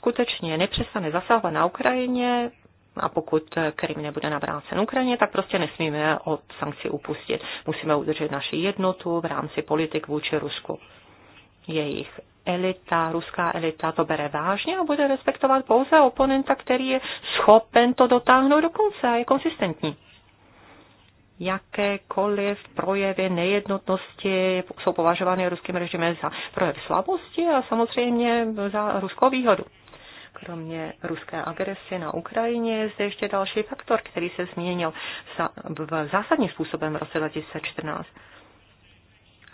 skutečně nepřestane zasahovat na Ukrajině, a pokud Krym nebude navrácen Ukrajině, tak prostě nesmíme od sankcí upustit. Musíme udržet naši jednotu v rámci politik vůči Rusku. Jejich elita, ruská elita to bere vážně a bude respektovat pouze oponenta, který je schopen to dotáhnout do konce a je konsistentní jakékoliv projevy nejednotnosti jsou považovány ruským režimem za projev slabosti a samozřejmě za ruskou výhodu. Kromě ruské agresie na Ukrajině je zde ještě další faktor, který se změnil v zásadním způsobem v roce 2014.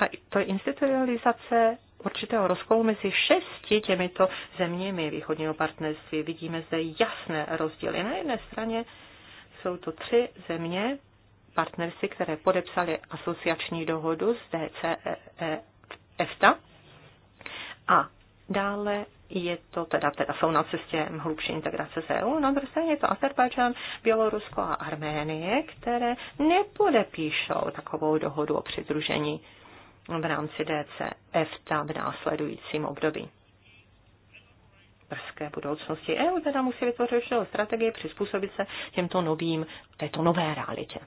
A to je institucionalizace určitého rozkolu mezi šesti těmito zeměmi východního partnerství. Vidíme zde jasné rozdíly. Na jedné straně jsou to tři země, partnerství, které podepsali asociační dohodu s DCEFTA. E a dále je to teda, teda jsou na cestě hlubší integrace s EU. Na druhé straně je to Azerbajdžán, Bělorusko a Arménie, které nepodepíšou takovou dohodu o přidružení v rámci DCEFTA v následujícím období brzké budoucnosti. EU teda musí vytvořit strategii, přizpůsobit se těmto novým, této nové realitě.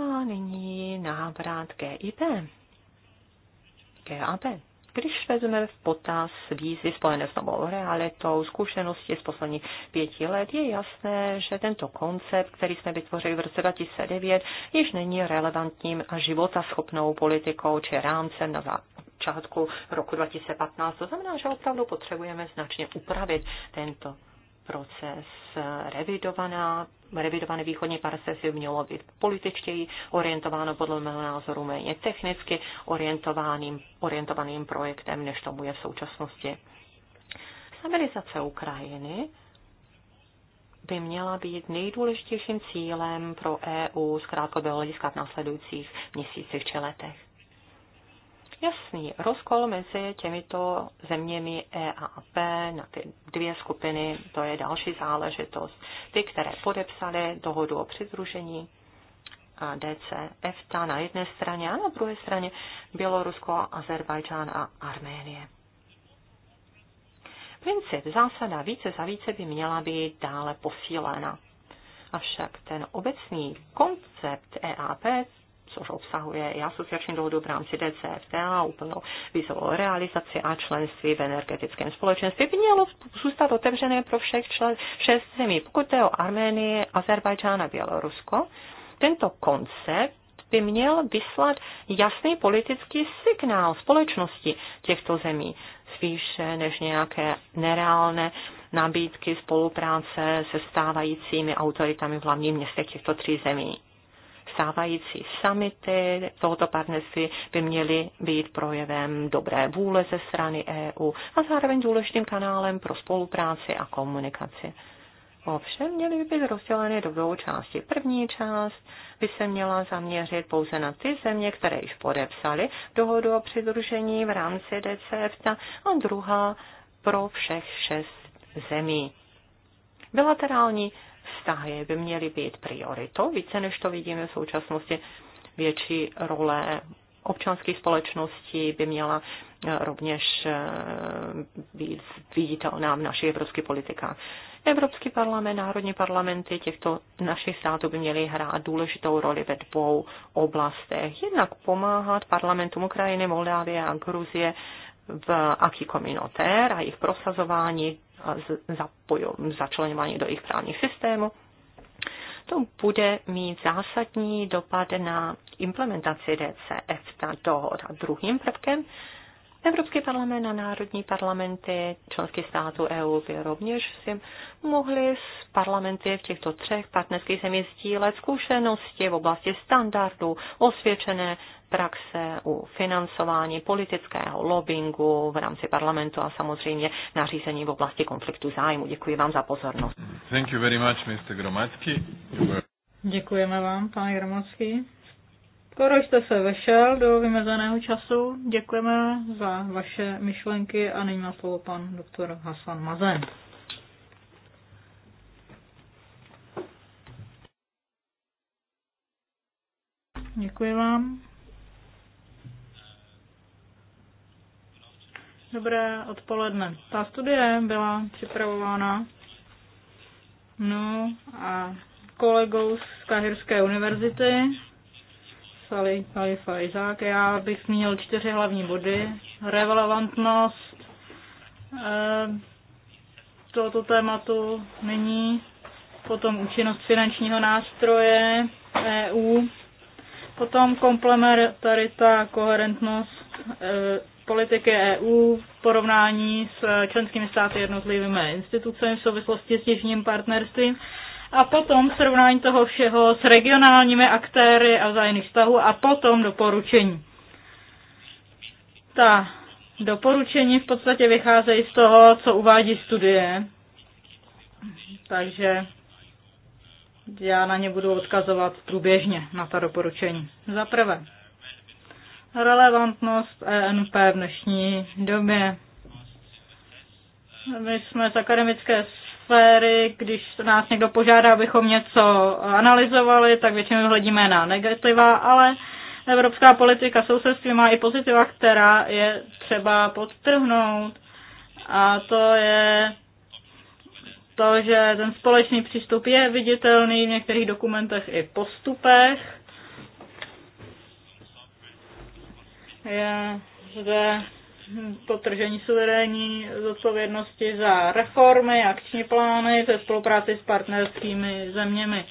A nyní návrat GIP. GAP. Když vezmeme v potaz výzvy spojené s novou realitou, zkušenosti z posledních pěti let, je jasné, že tento koncept, který jsme vytvořili v roce 2009, již není relevantním a životaschopnou politikou či rámcem na začátku roku 2015. To znamená, že opravdu potřebujeme značně upravit tento proces eh, revidovaná, revidované východní partnerství mělo být političtěji orientováno, podle mého názoru méně technicky orientovaným, orientovaným projektem, než tomu je v současnosti. Stabilizace Ukrajiny by měla být nejdůležitějším cílem pro EU z krátkodobého hlediska v následujících měsících či letech jasný rozkol mezi těmito zeměmi E a P na ty dvě skupiny, to je další záležitost. Ty, které podepsaly dohodu o přidružení a DCFTA na jedné straně a na druhé straně Bělorusko, Azerbajdžán a Arménie. Princip zásada více za více by měla být dále posílena. Avšak ten obecný koncept EAP což obsahuje i asociační dohodu v rámci a úplnou vízovou realizaci a členství v energetickém společenství, by mělo zůstat otevřené pro všech člen, šest zemí. Pokud jde o Arménii, Azerbajdžán a Bělorusko, tento koncept by měl vyslat jasný politický signál společnosti těchto zemí, spíše než nějaké nereálné nabídky spolupráce se stávajícími autoritami v hlavním městech těchto tří zemí stávající samity tohoto partnerství by měly být projevem dobré vůle ze strany EU a zároveň důležitým kanálem pro spolupráci a komunikaci. Ovšem měly by být rozděleny do dvou částí. První část by se měla zaměřit pouze na ty země, které již podepsaly dohodu o přidružení v rámci DCFTA a druhá pro všech šest zemí. Bilaterální vztahy by měly být prioritou, více než to vidíme v současnosti. Větší role občanské společnosti by měla eh, rovněž eh, být viditelná v našich evropských politikách. Evropský parlament, národní parlamenty těchto našich států by měly hrát důležitou roli ve dvou oblastech. Jednak pomáhat parlamentům Ukrajiny, Moldávie a Gruzie v aký a jejich prosazování zapojo, začlenování do jejich právních systémů. To bude mít zásadní dopad na implementaci DCF. dohod. A druhým prvkem Evropský parlament a národní parlamenty členských států EU by rovněž si mohli s parlamenty v těchto třech partnerských zemích sdílet zkušenosti v oblasti standardů, osvědčené praxe u financování politického lobbyingu v rámci parlamentu a samozřejmě nařízení v oblasti konfliktu zájmu. Děkuji vám za pozornost. Thank you very much, Mr. Děkujeme vám, pane Gromadsky. Skoro jste se vešel do vymezeného času. Děkujeme za vaše myšlenky a nyní má slovo pan doktor Hasan Mazen. Děkuji vám. Dobré odpoledne. Ta studie byla připravována no a kolegou z Kahirské univerzity Sali, Sali Fajzák. Já bych zmínil čtyři hlavní body. Relevantnost ehm, tohoto tématu není, potom účinnost finančního nástroje EU, potom komplementarita, koherentnost ehm, politiky EU v porovnání s členskými státy jednotlivými institucemi v souvislosti s jižním partnerstvím a potom srovnání toho všeho s regionálními aktéry a vzájemných vztahů a potom doporučení. Ta doporučení v podstatě vycházejí z toho, co uvádí studie. Takže já na ně budu odkazovat průběžně na ta doporučení. Za prvé, relevantnost ENP v dnešní době. My jsme z akademické atmosféry, když nás někdo požádá, abychom něco analyzovali, tak většinou hledíme na negativa, ale evropská politika sousedství má i pozitiva, která je třeba podtrhnout. A to je to, že ten společný přístup je viditelný v některých dokumentech i postupech. Je zde potržení suverénní zodpovědnosti za reformy, akční plány ve spolupráci s partnerskými zeměmi.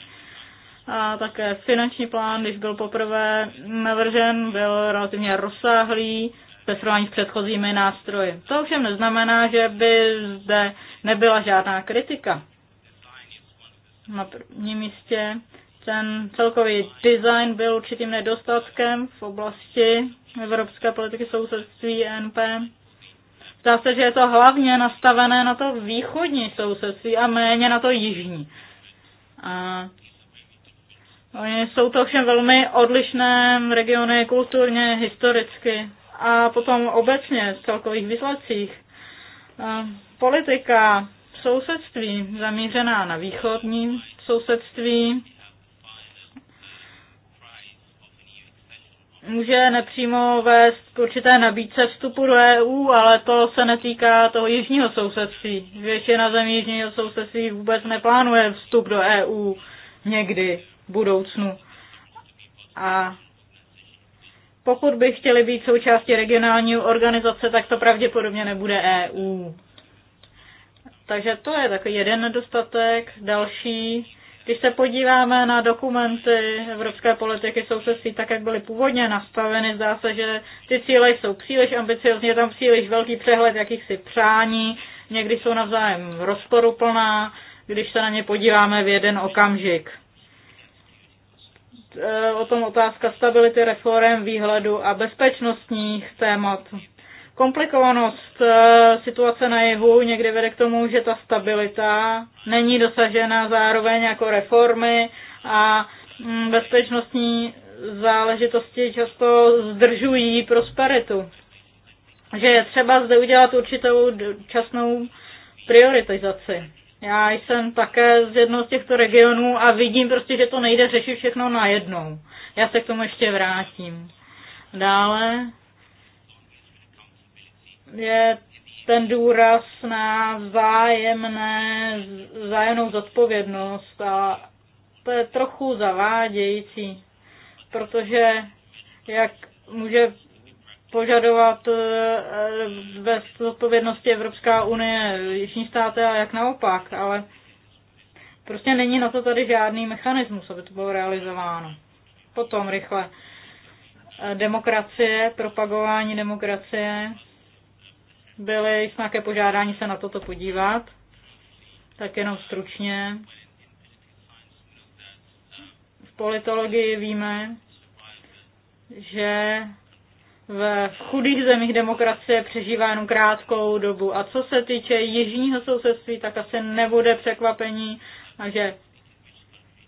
A také finanční plán, když byl poprvé navržen, byl relativně rozsáhlý ve srovnání s předchozími nástroji. To ovšem neznamená, že by zde nebyla žádná kritika. Na prvním místě ten celkový design byl určitým nedostatkem v oblasti evropské politiky sousedství NP. Zdá se, že je to hlavně nastavené na to východní sousedství a méně na to jižní. A oni jsou to všem velmi odlišné regiony kulturně, historicky a potom obecně v celkových výsledcích. Politika sousedství zamířená na východní sousedství může nepřímo vést k určité nabídce vstupu do EU, ale to se netýká toho jižního sousedství. Většina zemí jižního sousedství vůbec neplánuje vstup do EU někdy v budoucnu. A pokud by chtěli být součástí regionální organizace, tak to pravděpodobně nebude EU. Takže to je takový jeden nedostatek. Další když se podíváme na dokumenty evropské politiky sousedství, tak jak byly původně nastaveny, zdá se, že ty cíle jsou příliš ambiciozní, je tam příliš velký přehled jakýchsi přání, někdy jsou navzájem rozporuplná, když se na ně podíváme v jeden okamžik. E, o tom otázka stability reform, výhledu a bezpečnostních témat. Komplikovanost eh, situace na jihu někdy vede k tomu, že ta stabilita není dosažena zároveň jako reformy a mm, bezpečnostní záležitosti často zdržují prosperitu. Že je třeba zde udělat určitou časnou prioritizaci. Já jsem také z jednoho z těchto regionů a vidím prostě, že to nejde řešit všechno najednou. Já se k tomu ještě vrátím. Dále je ten důraz na vzájemné, vzájemnou zodpovědnost a to je trochu zavádějící, protože jak může požadovat bez eh, zodpovědnosti Evropská unie, Jižní státy a jak naopak, ale prostě není na to tady žádný mechanismus, aby to bylo realizováno. Potom rychle. Eh, demokracie, propagování demokracie, byli jsme nějaké požádání se na toto podívat, tak jenom stručně. V politologii víme, že v chudých zemích demokracie přežívá jenom krátkou dobu. A co se týče jižního sousedství, tak asi nebude překvapení, že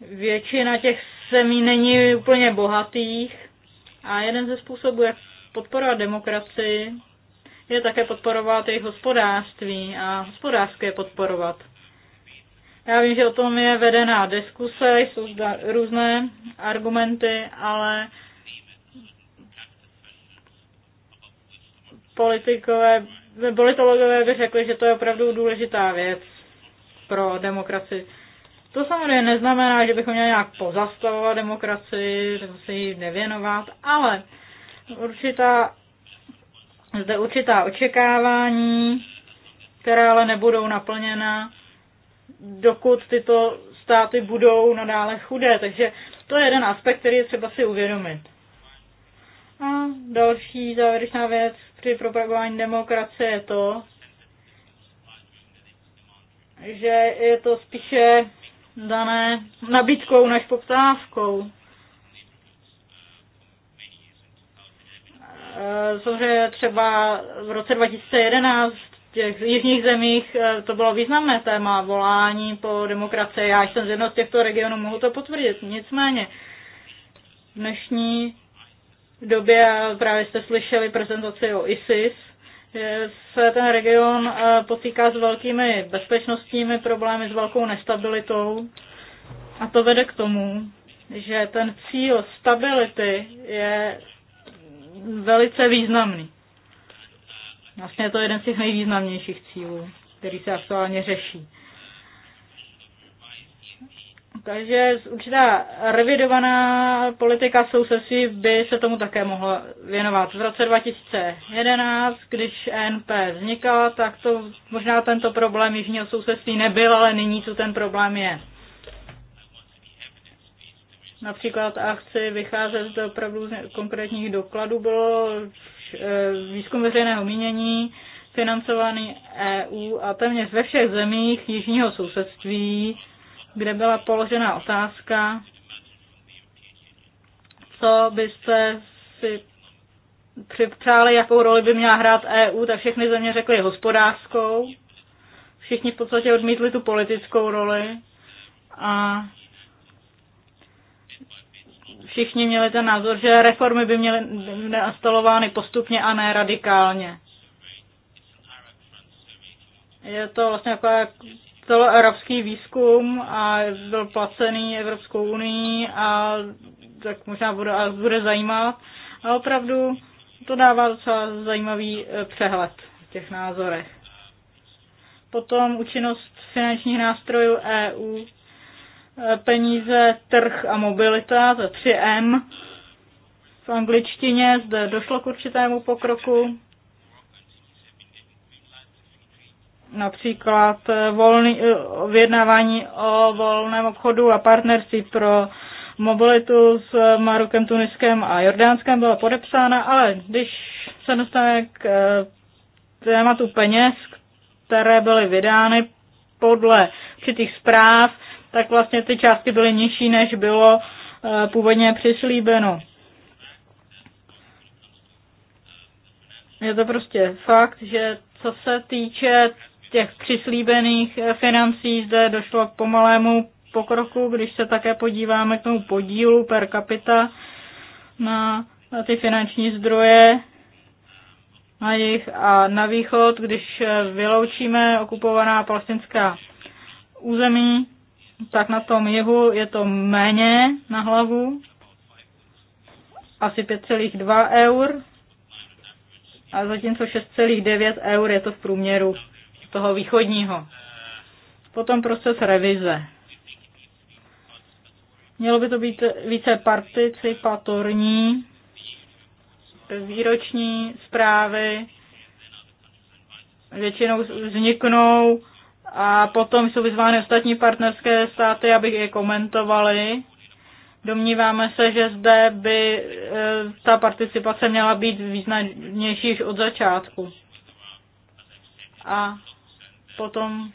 většina těch zemí není úplně bohatých. A jeden ze způsobů, jak podporovat demokracii, je také podporovat jejich hospodářství a hospodářské podporovat. Já vím, že o tom je vedená diskuse, jsou zda různé argumenty, ale politikové, politologové by řekli, že to je opravdu důležitá věc pro demokracii. To samozřejmě neznamená, že bychom měli nějak pozastavovat demokracii, že se jí nevěnovat, ale určitá zde určitá očekávání, která ale nebudou naplněna, dokud tyto státy budou nadále chudé. Takže to je jeden aspekt, který je třeba si uvědomit. A další závěrečná věc při propagování demokracie je to, že je to spíše dané nabídkou než poptávkou. což eh, třeba v roce 2011 těch jižních zemích eh, to bylo významné téma, volání po demokracii. Já jsem z jednoho z těchto regionů, mohu to potvrdit. Nicméně v dnešní době, právě jste slyšeli prezentaci o ISIS, se ten region eh, potýká s velkými bezpečnostními problémy, s velkou nestabilitou a to vede k tomu, že ten cíl stability je velice významný. Vlastně je to jeden z těch nejvýznamnějších cílů, který se aktuálně řeší. Takže určitá revidovaná politika sousedství by se tomu také mohla věnovat. V roce 2011, když e NP vznikala, tak to možná tento problém jižního sousedství nebyl, ale nyní tu ten problém je například a chci vycházet z opravdu konkrétních dokladů, bylo eh, výzkum veřejného mínění financovaný EU a téměř ve všech zemích jižního sousedství, kde byla položena otázka, co byste si připřáli, jakou roli by měla hrát EU, tak všechny země řekly hospodářskou. Všichni v podstatě odmítli tu politickou roli a všichni měli ten názor, že reformy by měly nastalovány postupně a ne radikálně. Je to vlastně jako celoarabský výzkum a byl placený Evropskou unii a tak možná bude, a bude zajímat. A opravdu to dává docela zajímavý eh, přehled v těch názorech. Potom účinnost finančních nástrojů EU peníze, trh a mobilita, to 3M v angličtině, zde došlo k určitému pokroku. Například eh, volný, eh, vyjednávání o volném obchodu a partnerství pro mobilitu s Marokem, Tuniskem a Jordánskem byla podepsána, ale když se dostaneme k eh, tématu peněz, které byly vydány podle určitých zpráv, tak vlastně ty částky byly nižší, než bylo eh, původně přislíbeno. Je to prostě fakt, že co se týče těch přislíbených eh, financí, zde došlo k pomalému pokroku, když se také podíváme k tomu podílu per capita na, na ty finanční zdroje na jich a na východ, když eh, vyloučíme okupovaná palestinská území, tak na tom jihu je to méně na hlavu, asi 5,2 eur, a zatímco 6,9 eur je to v průměru toho východního. Potom proces revize. Mělo by to být více participatorní, výroční zprávy většinou vzniknou a potom jsou vyzvány ostatní partnerské státy, aby je komentovali. Domníváme se, že zde by e, ta participace měla být významnější už od začátku. A potom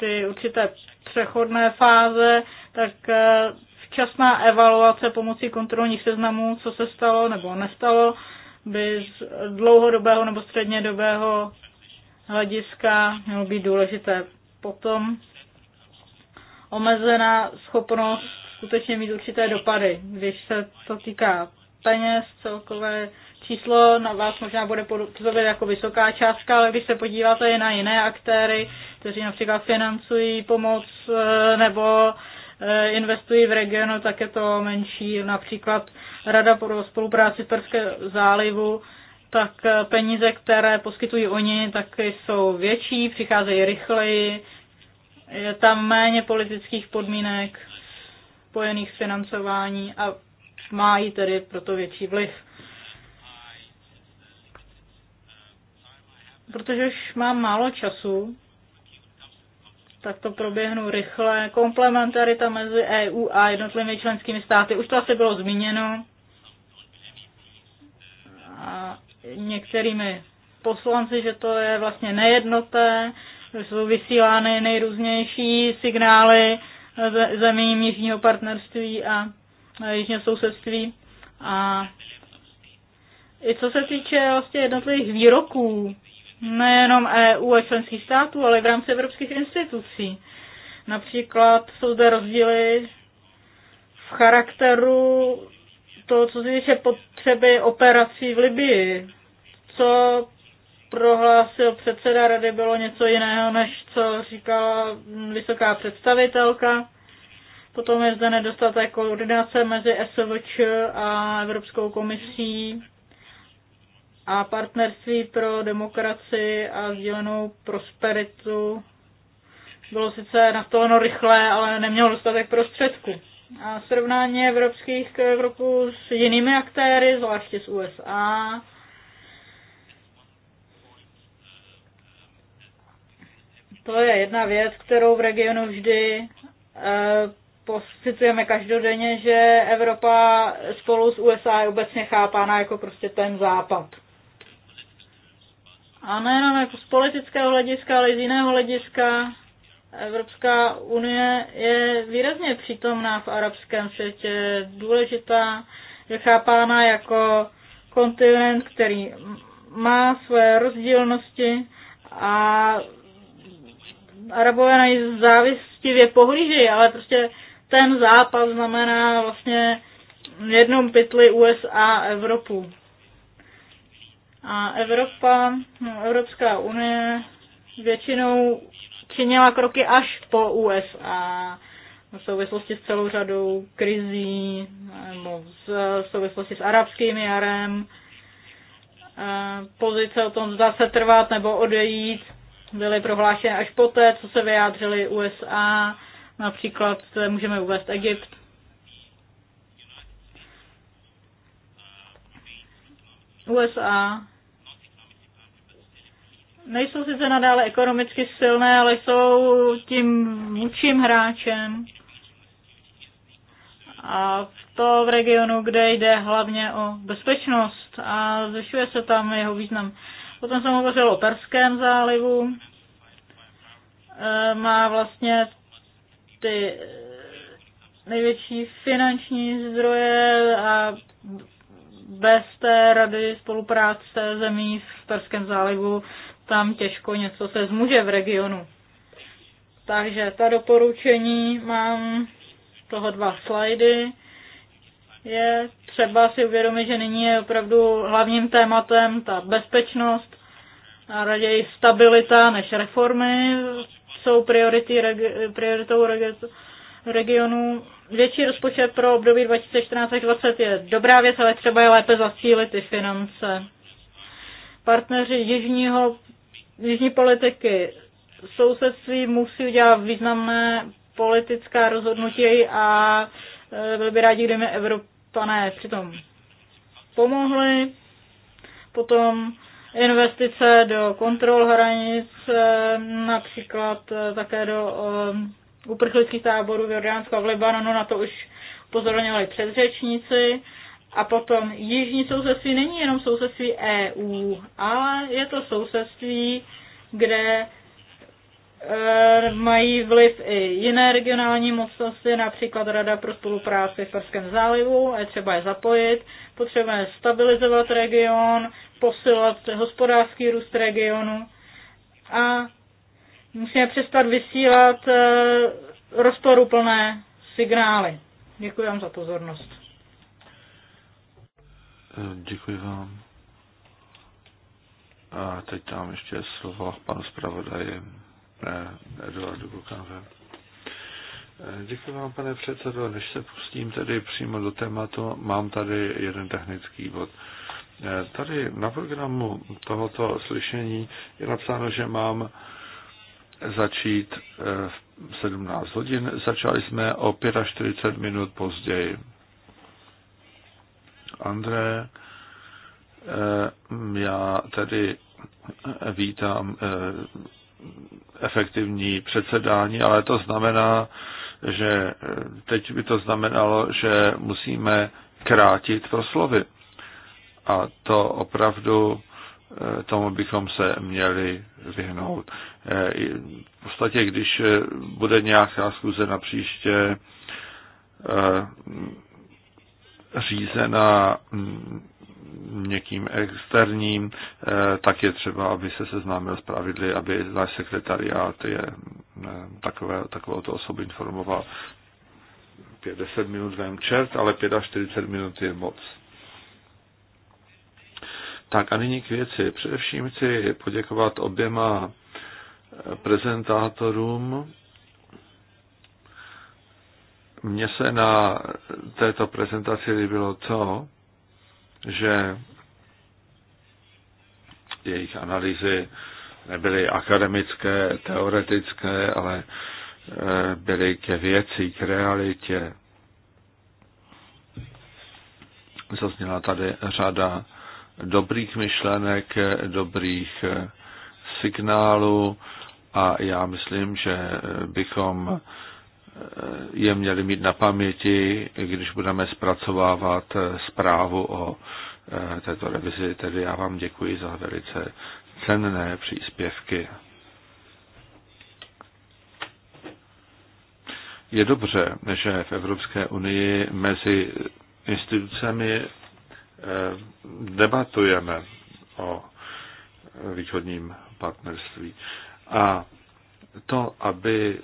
ty určité přechodné fáze, tak e, včasná evaluace pomocí kontrolních seznamů, co se stalo nebo nestalo, by z dlouhodobého nebo střednědobého hlediska mělo být důležité. Potom omezená schopnost skutečně mít určité dopady. Když se to týká peněz, celkové číslo na vás možná bude působit jako vysoká částka, ale když se podíváte i na jiné aktéry, kteří například financují pomoc eh, nebo eh, investují v regionu, tak je to menší. Například Rada pro spolupráci v Perském zálivu tak peníze, které poskytují oni, tak jsou větší, přicházejí rychleji, je tam méně politických podmínek spojených s financování a mají tedy proto větší vliv. Protože už mám málo času, tak to proběhnu rychle. Komplementarita mezi EU a jednotlivými členskými státy, už to asi bylo zmíněno. A některými poslanci, že to je vlastně nejednoté, že jsou vysílány nejrůznější signály zemím jižního partnerství a jižního sousedství. A i co se týče vlastně jednotlivých výroků, nejenom EU a členských států, ale i v rámci evropských institucí. Například jsou zde rozdíly v charakteru to, co se týče potřeby operací v Libii. Co prohlásil předseda rady, bylo něco jiného, než co říkala vysoká představitelka. Potom je zde nedostatek koordinace mezi SVČ a Evropskou komisí a partnerství pro demokracii a sdílenou prosperitu bylo sice nastoleno rychlé, ale nemělo dostatek prostředků srovnání evropských kroků s jinými aktéry, zvláště s USA. To je jedna věc, kterou v regionu vždy eh, pocitujeme každodenně, že Evropa spolu s USA je obecně chápána jako prostě ten západ. A nejenom jako z politického hlediska, ale i z jiného hlediska Evropská unie je výrazně přítomná v arabském světě, důležitá, je chápána jako kontinent, který má své rozdílnosti a Arabové na závistivě pohlížejí, ale prostě ten zápas znamená vlastně v jednom pytli USA a Evropu. A Evropa, no, Evropská unie většinou činila kroky až po USA v souvislosti s celou řadou krizí, nebo v souvislosti s arabským jarem, pozice o tom zda se trvat nebo odejít byly prohlášeny až poté, co se vyjádřili USA, například můžeme uvést Egypt. USA nejsou sice nadále ekonomicky silné, ale jsou tím vůčím hráčem. A to v regionu, kde jde hlavně o bezpečnost a zvyšuje se tam jeho význam. Potom jsem hovořil o Perském zálivu. E, má vlastně ty největší finanční zdroje a bez té rady spolupráce zemí v Perském zálivu tam těžko něco se zmůže v regionu. Takže ta doporučení mám toho dva slajdy. Je třeba si uvědomit, že nyní je opravdu hlavním tématem ta bezpečnost a raději stabilita než reformy jsou priority, regi, prioritou regi, regionu. Větší rozpočet pro období 2014 až 2020 je dobrá věc, ale třeba je lépe zacílit ty finance. Partneři Jižního jižní politiky sousedství musí udělat významné politická rozhodnutí a e, byli by rádi, kdyby Evropané přitom pomohli. Potom investice do kontrol hranic, e, například e, také do uprchlických táborů v Jordánsku a v Libanonu, na to už pozorněli předřečníci. A potom jižní sousedství není jenom sousedství EU, ale je to sousedství, kde e, mají vliv i jiné regionální mocnosti, například Rada pro spolupráci v Perském zálivu, je třeba je zapojit, potřebujeme stabilizovat region, posilovat hospodářský růst regionu a musíme přestat vysílat e, rozporuplné signály. Děkuji vám za pozornost. Děkuji vám. A teď tam ještě slovo panu zpravodaji eh, Eduardu Bukáve. Eh, děkuji vám, pane předsedo. Než se pustím tedy přímo do tématu, mám tady jeden technický bod. Eh, tady na programu tohoto slyšení je napsáno, že mám začít v 17 hodin. Začali jsme o 45 minut později. André. Eh, já tedy eh, vítám eh, efektivní předsedání, ale to znamená, že teď by to znamenalo, že musíme krátit proslovy. A to opravdu tomu bychom se měli vyhnout. V podstatě, když bude nějaká schůze na příště, řízená mm, někým externím, eh, tak je třeba, aby se seznámil s pravidly, aby náš sekretariát je eh, takové, takovou to osobu informoval. 50 minut vem čert, ale 45 minut je moc. Tak a nyní k věci. Především chci poděkovat oběma eh, prezentátorům mně se na této prezentaci líbilo to, že jejich analýzy nebyly akademické, teoretické, ale e, byly ke věci, k realitě. Zazněla tady řada dobrých myšlenek, dobrých e, signálů a já myslím, že bychom je měli mít na paměti, když budeme zpracovávat zprávu o eh, této revizi. Tedy já vám děkuji za velice cenné příspěvky. Je dobře, že v Evropské unii mezi institucemi eh, debatujeme o východním partnerství. A to, aby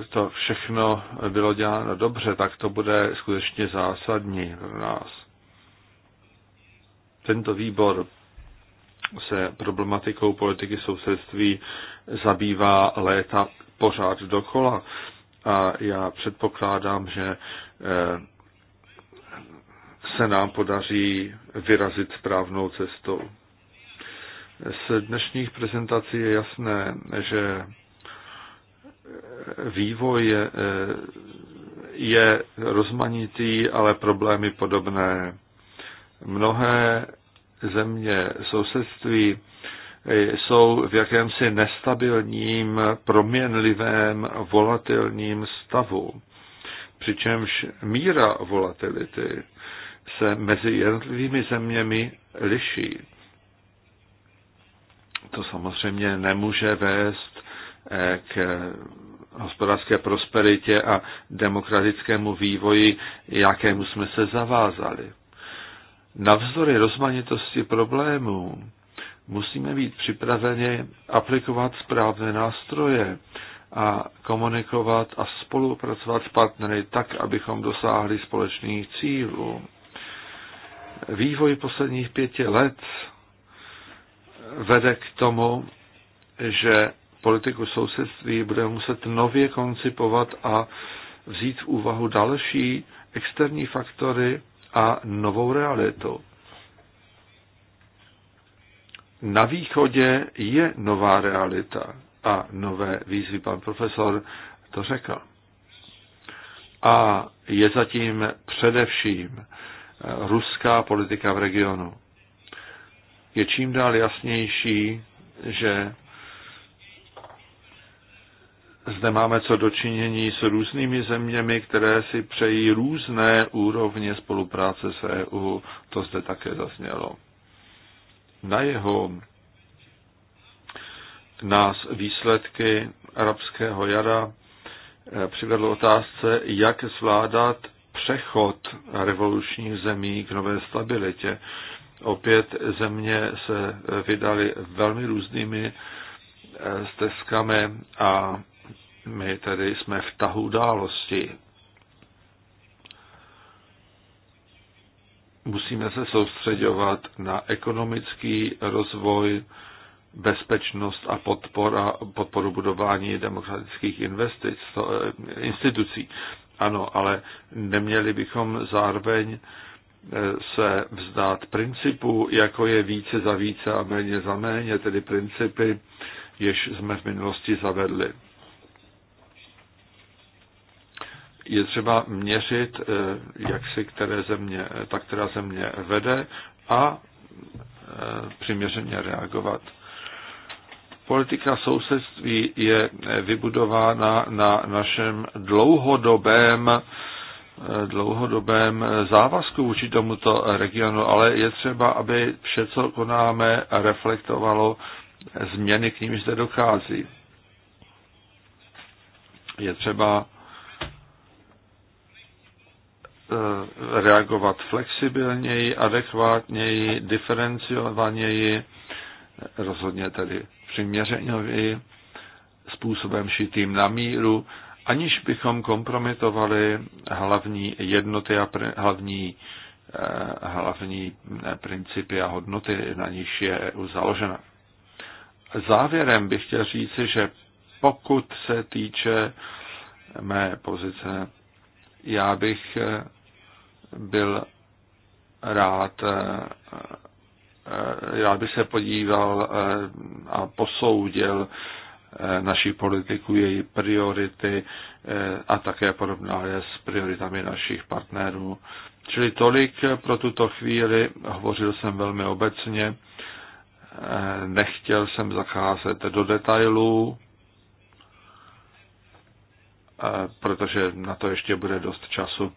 eh, to všechno bylo děláno dobře, tak to bude skutečně zásadní pro nás. Tento výbor se problematikou politiky sousedství zabývá léta pořád dokola a já předpokládám, že eh, se nám podaří vyrazit správnou cestou. Z dnešních prezentací je jasné, že vývoj je rozmanitý, ale problémy podobné. Mnohé země sousedství jsou v jakémsi nestabilním, proměnlivém, volatilním stavu. Přičemž míra volatility se mezi jednotlivými zeměmi liší. To samozřejmě nemůže vést Eh, k hospodářské prosperitě a demokratickému vývoji, jakému jsme se zavázali. Navzdory rozmanitosti problémů musíme být připraveni aplikovat správné nástroje a komunikovat a spolupracovat s partnery tak, abychom dosáhli společných cílů. Vývoj posledních pěti let vede k tomu, že politiku sousedství budeme muset nově koncipovat a vzít v úvahu další externí faktory a novou realitu. Na východě je nová realita a nové výzvy. Pan profesor to řekl. A je zatím především eh, ruská politika v regionu. Je čím dál jasnější, že zde máme co dočinění s různými zeměmi, které si přejí různé úrovně spolupráce s EU. To zde také zaznělo. Na jeho nás výsledky arabského jara eh, přivedlo otázce, jak zvládat přechod revolučních zemí k nové stabilitě. Opět země se eh, vydaly velmi různými eh, stezkami a my tady jsme v tahu události. Musíme se soustředovat na ekonomický rozvoj, bezpečnost a podpora, podporu budování demokratických investic, to, eh, institucí. Ano, ale neměli bychom zároveň eh, se vzdát principu, jako je více za více a méně za méně, tedy principy, jež jsme v minulosti zavedli. je třeba měřit, eh, jak si které země, eh, ta která země vede a eh, přiměřeně reagovat. Politika sousedství je vybudována na našem dlouhodobém dlouhodobém závazku vůči tomuto regionu, ale je třeba, aby vše, co konáme, reflektovalo změny, k nimž zde dochází. Je třeba Eh, reagovat flexibilněji, adekvátněji, diferenciovaněji, rozhodně tedy přiměřeněji, způsobem šitým na míru, aniž bychom kompromitovali hlavní jednoty a hlavní, eh, hlavní eh, principy a hodnoty, na níž je EU založena. Závěrem bych chtěl říci, že pokud se týče mé pozice, já bych eh, byl rád, eh, eh, rád by se podíval eh, a posoudil naší politiku, její priority a také podobná je s prioritami našich partnerů. Čili tolik pro tuto chvíli, hovořil jsem velmi obecně, nechtěl jsem zacházet do detailů, protože na to ještě bude dost času.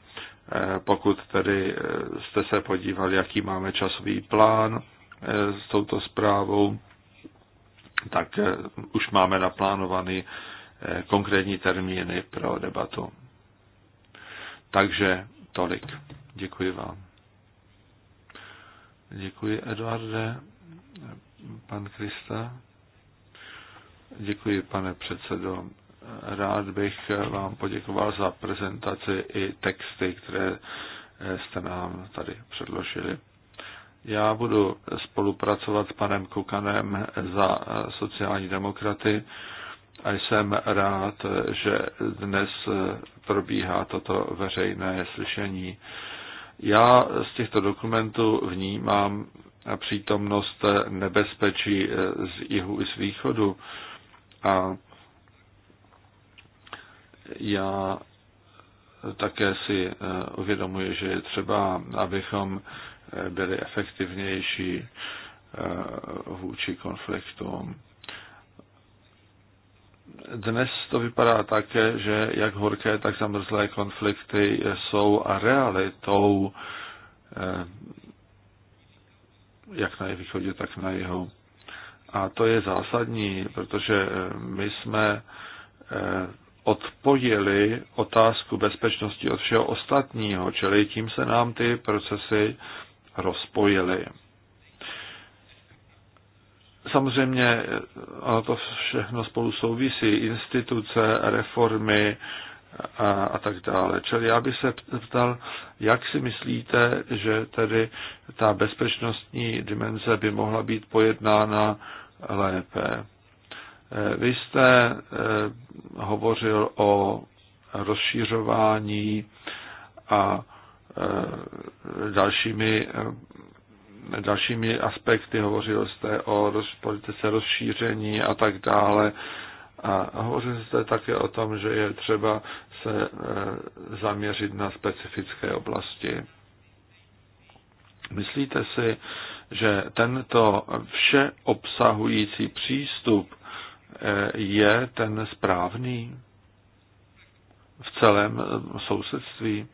Eh, pokud tedy eh, jste se podívali, jaký máme časový plán eh, s touto zprávou, tak už máme naplánovaný konkrétní termíny pro debatu. Takže tolik. Děkuji vám. Děkuji, Eduarde. Pan Krista. Děkuji, pane předsedo rád bych vám poděkoval za prezentaci i texty, které jste nám tady předložili. Já budu spolupracovat s panem Kukanem za sociální demokraty a jsem rád, že dnes probíhá toto veřejné slyšení. Já z těchto dokumentů vnímám přítomnost nebezpečí z jihu i z východu a já také si eh, uvědomuji, že je třeba, abychom eh, byli efektivnější eh, vůči konfliktům. Dnes to vypadá také, že jak horké, tak zamrzlé konflikty jsou a realitou jak na východě, tak na jihu. A to je zásadní, protože my jsme odpojili otázku bezpečnosti od všeho ostatního, čili tím se nám ty procesy rozpojily. Samozřejmě eh, ono to všechno spolu souvisí, instituce, reformy a, a tak dále. Čili já bych se ptal, jak si myslíte, že tedy ta bezpečnostní dimenze by mohla být pojednána lépe. Eh, vy jste eh, hovořil o rozšířování a eh, dalšími, dalšími aspekty. Hovořil jste o roz, politice rozšíření a tak dále. A hovořil jste také o tom, že je třeba se zaměřit na specifické oblasti. Myslíte si, že tento vše obsahující přístup je ten správný v celém sousedství.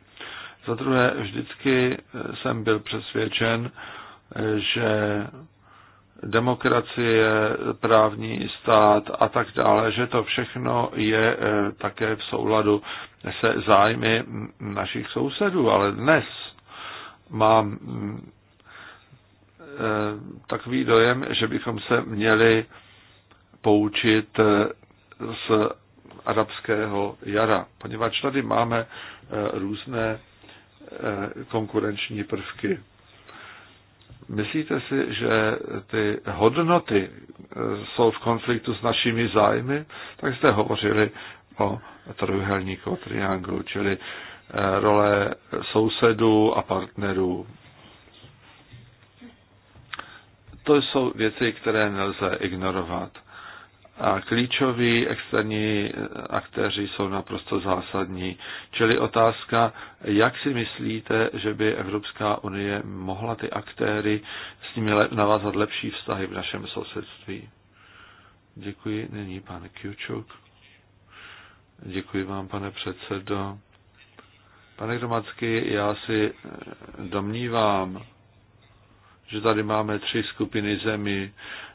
Za druhé, vždycky jsem byl přesvědčen, že demokracie, právní stát a tak dále, že to všechno je eh, také v souladu se zájmy našich sousedů. Ale dnes mám mm, eh, takový dojem, že bychom se měli poučit eh, z arabského jara, poněvadž tady máme eh, různé eh, konkurenční prvky. Myslíte si, že ty hodnoty jsou v konfliktu s našimi zájmy? Tak jste hovořili o trojuhelníku, o trianglu, čili role sousedů a partnerů. To jsou věci, které nelze ignorovat a klíčoví externí eh, aktéři jsou naprosto zásadní. Čili otázka, jak si myslíte, že by Evropská unie mohla ty aktéry s nimi navázat lepší vztahy v našem sousedství? Děkuji, nyní pan Kjučuk. Děkuji vám, pane předsedo. Pane Gromacky, já si eh, domnívám, že tady máme tři skupiny zemí.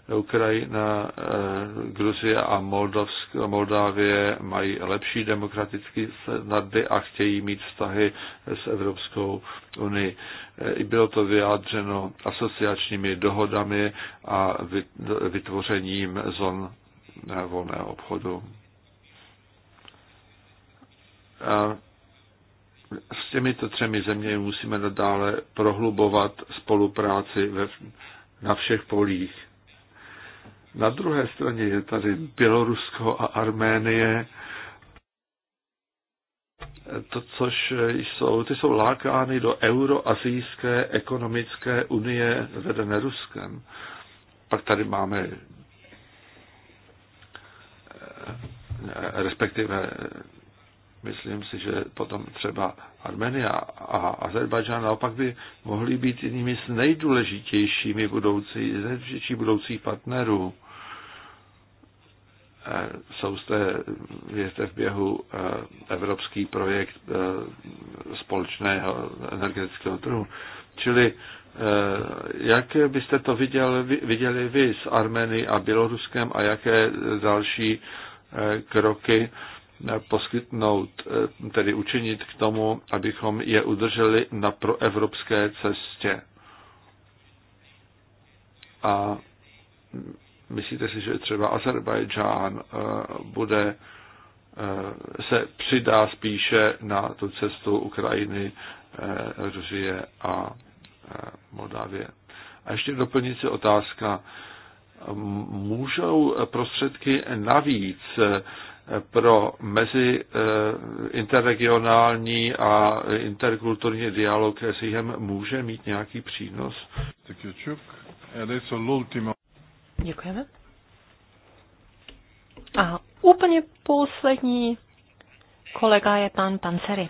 Ukrajina, eh, Gruzie a Moldavsk, Moldávie mají lepší demokratické snady a chtějí mít vztahy s Evropskou unii. Eh, bylo to vyjádřeno asociačními dohodami a vytvořením zon eh, volného obchodu. A s těmito třemi zeměmi musíme nadále prohlubovat spolupráci ve, na všech polích na druhé straně je tady Bělorusko a Arménie, to, což jsou, ty jsou lákány do euroazijské ekonomické unie vedené Ruskem. Pak tady máme eh, respektive Myslím si, že potom třeba Armenia a Azerbajdžán naopak by mohly být jinými z nejdůležitějšími budoucí, nejdůležitějších budoucích partnerů. Eh, jsou zde, je zde v běhu eh, evropský projekt eh, společného energetického trhu. Čili jak byste to viděl, viděli vy s Armenií a Běloruskem a jaké další kroky poskytnout, eh, tedy učinit k tomu, abychom je udrželi na proevropské cestě. A myslíte si, že třeba Azerbajdžán eh, bude eh, se přidá spíše na tu cestu Ukrajiny, Rusie a Moldávie. A ještě doplnící otázka. Můžou prostředky navíc pro mezi eh, interregionální a interkulturní dialog s jihem může mít nějaký přínos. Děkujeme. A úplně poslední kolega je pan Pancery,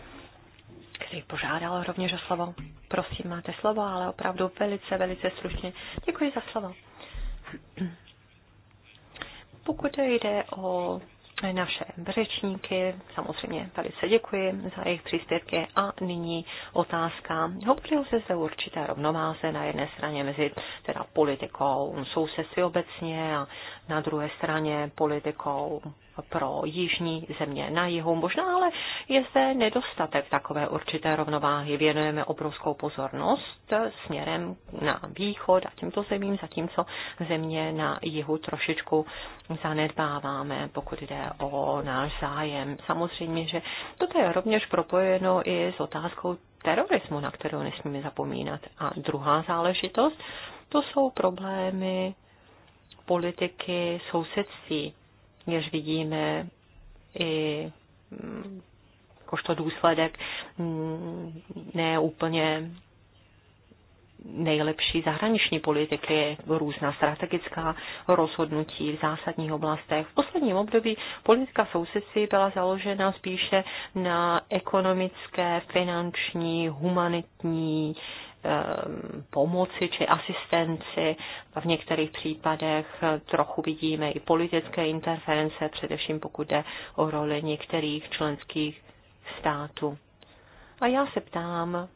který požádal rovněž o slovo. Prosím, máte slovo, ale opravdu velice, velice stručně. Děkuji za slovo. Pokud jde o naše řečníky. Samozřejmě se děkuji za jejich příspěvky a nyní otázka. Hovořil se zde určité rovnováze na jedné straně mezi teda politikou sousedství obecně a na druhé straně politikou pro jižní země na jihu. Možná ale je zde nedostatek takové určité rovnováhy. Věnujeme obrovskou pozornost směrem na východ a těmto zemím, zatímco země na jihu trošičku zanedbáváme, pokud jde o náš zájem. Samozřejmě, že toto je rovněž propojeno i s otázkou terorismu, na kterou nesmíme zapomínat. A druhá záležitost, to jsou problémy politiky sousedství rovněž vidíme i mm, jakožto důsledek mm, ne úplně nejlepší zahraniční politiky, různá strategická rozhodnutí v zásadních oblastech. V posledním období politika sousedství byla založena spíše na ekonomické, finanční, humanitní Ehm, pomoci či asistenci. V některých případech trochu vidíme i politické interference, především pokud jde o roli některých členských států. A já se ptám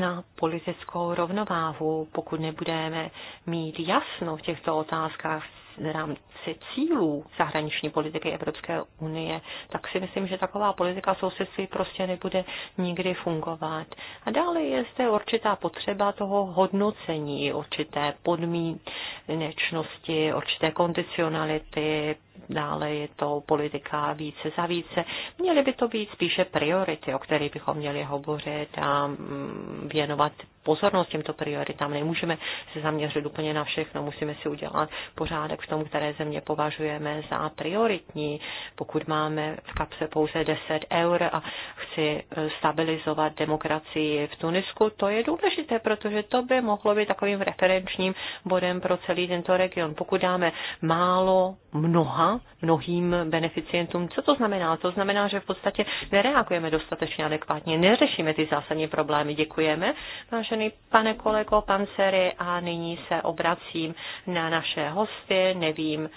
na politickou rovnováhu, pokud nebudeme mít jasno v těchto otázkách, v rámci cílů zahraniční politiky Evropské unie, tak si myslím, že taková politika sousedství prostě nebude nikdy fungovat. A dále je zde určitá potřeba toho hodnocení, určité podmínečnosti, určité kondicionality, dále je to politika více za více. Měly by to být spíše priority, o kterých bychom měli hovořit a mm, věnovat pozornost těmto prioritám. Nemůžeme se zaměřit úplně na všechno, musíme si udělat pořádek v tom, které země považujeme za prioritní. Pokud máme v kapse pouze 10 eur a chci e, stabilizovat demokracii v Tunisku, to je důležité, protože to by mohlo být takovým referenčním bodem pro celý tento region. Pokud dáme málo, mnoha, mnohým beneficientům. Co to znamená? To znamená, že v podstatě nereagujeme dostatečně adekvátně, neřešíme ty zásadní problémy. Děkujeme, vážený pane kolego Panceri, a nyní se obracím na naše hosty. Nevím,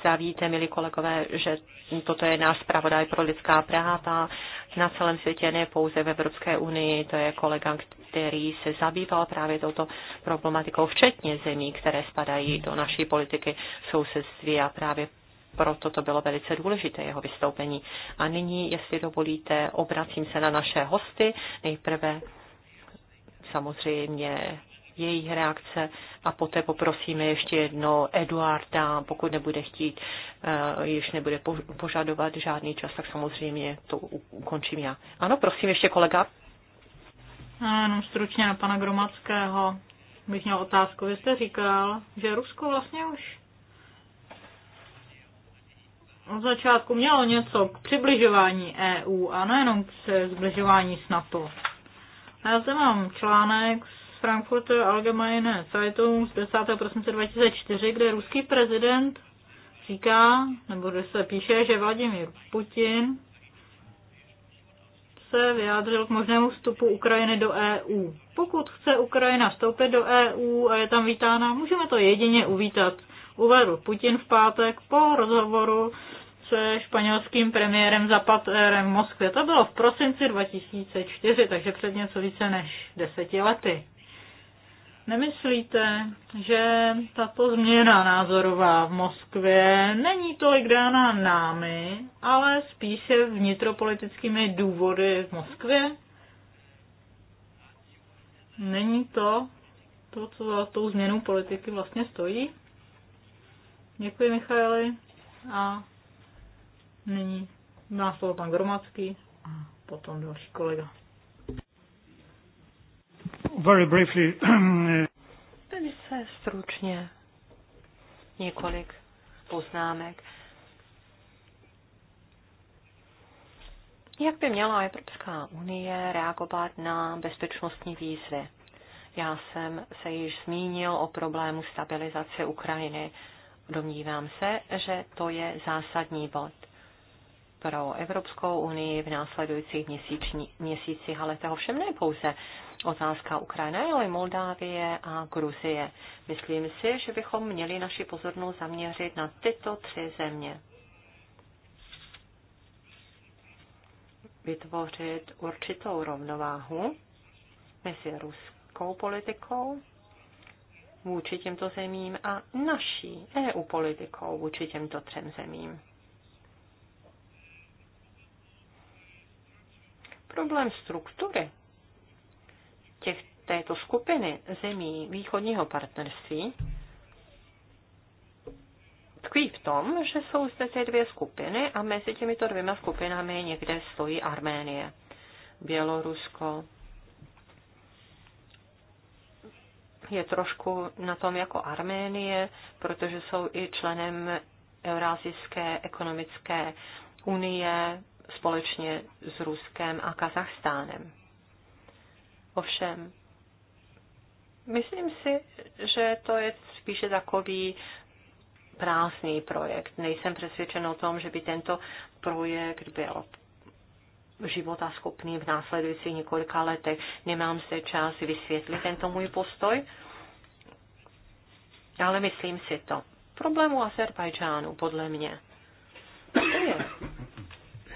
Zda víte, milí kolegové, že toto je náš zpravodaj pro lidská práva na celém světě, ne pouze v Evropské unii. To je kolega, který se zabýval právě touto problematikou, včetně zemí, které spadají do naší politiky sousedství a právě proto to bylo velice důležité, jeho vystoupení. A nyní, jestli dovolíte, obracím se na naše hosty. Nejprve samozřejmě jejich reakce a poté poprosíme ještě jedno Eduarda, pokud nebude chtít, eh, již nebude požadovat žádný čas, tak samozřejmě to ukončím já. Ano, prosím ještě kolega. Ano, jenom stručně na pana Gromadského bych měl otázku. Vy jste říkal, že Rusko vlastně už od začátku mělo něco k přibližování EU a nejenom k zbližování s NATO. A já zde mám článek z Frankfurter Allgemeine Zeitung z 10. prosince 2004, kde ruský prezident říká, nebo kde se píše, že Vladimir Putin se vyjádřil k možnému vstupu Ukrajiny do EU. Pokud chce Ukrajina vstoupit do EU a je tam vítána, můžeme to jedině uvítat. Uvedl Putin v pátek po rozhovoru se španělským premiérem Zapaterem v Moskvě. To bylo v prosinci 2004, takže před něco více než deseti lety. Nemyslíte, že tato změna názorová v Moskvě není tolik dána námi, ale spíše vnitropolitickými důvody v Moskvě? Není to to, co za tou změnou politiky vlastně stojí? Děkuji, Michaeli. A nyní má slovo pan Gromacký a potom další kolega. Very briefly. Eh, Velice stručně několik poznámek. Jak by měla Evropská unie reagovat na bezpečnostní výzvy? Já jsem se již zmínil o problému stabilizace Ukrajiny. Domnívám se, že to je zásadní bod pro Evropskou unii v následujících měsících, ale toho všem nejpouze. pouze otázka Ukrajiny, ale i Moldávie a Gruzie. Myslím si, že bychom měli naši pozornost zaměřit na tyto tři země. Vytvořit určitou rovnováhu mezi ruskou politikou vůči těmto zemím a naší EU politikou vůči těmto třem zemím. Problém struktury těch, této skupiny zemí východního partnerství tkví v tom, že jsou zde ty dvě skupiny a mezi těmito dvěma skupinami někde stojí Arménie, Bělorusko. Je trošku na tom jako Arménie, protože jsou i členem Eurázijské ekonomické unie společně s Ruskem a Kazachstánem. Ovšem, myslím si, že to je spíše takový prázdný projekt. Nejsem přesvědčen o tom, že by tento projekt byl života schopný v následujících několika letech. Nemám se čas vysvětlit tento můj postoj, ale myslím si to. Problému Azerbajdžánu, podle mě, to je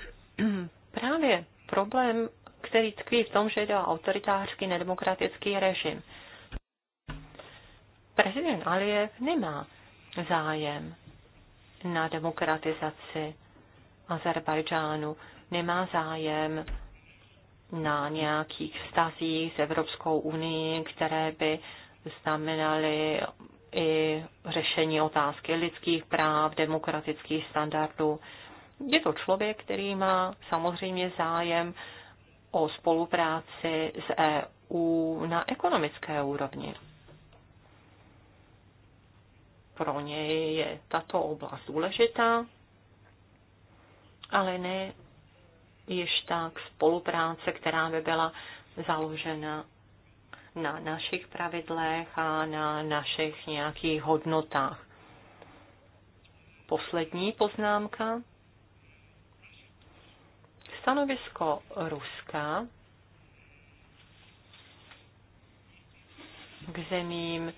právě problém který tkví v tom, že jde o autoritářský nedemokratický režim. Prezident Aliyev nemá zájem na demokratizaci Azerbajdžánu, nemá zájem na nějakých vztazích s Evropskou unii, které by znamenaly i řešení otázky lidských práv, demokratických standardů. Je to člověk, který má samozřejmě zájem o spolupráci s EU na ekonomické úrovni. Pro něj je tato oblast důležitá, ale ne již tak spolupráce, která by byla založena na našich pravidlech a na našich nějakých hodnotách. Poslední poznámka Stanovisko Ruska k zemím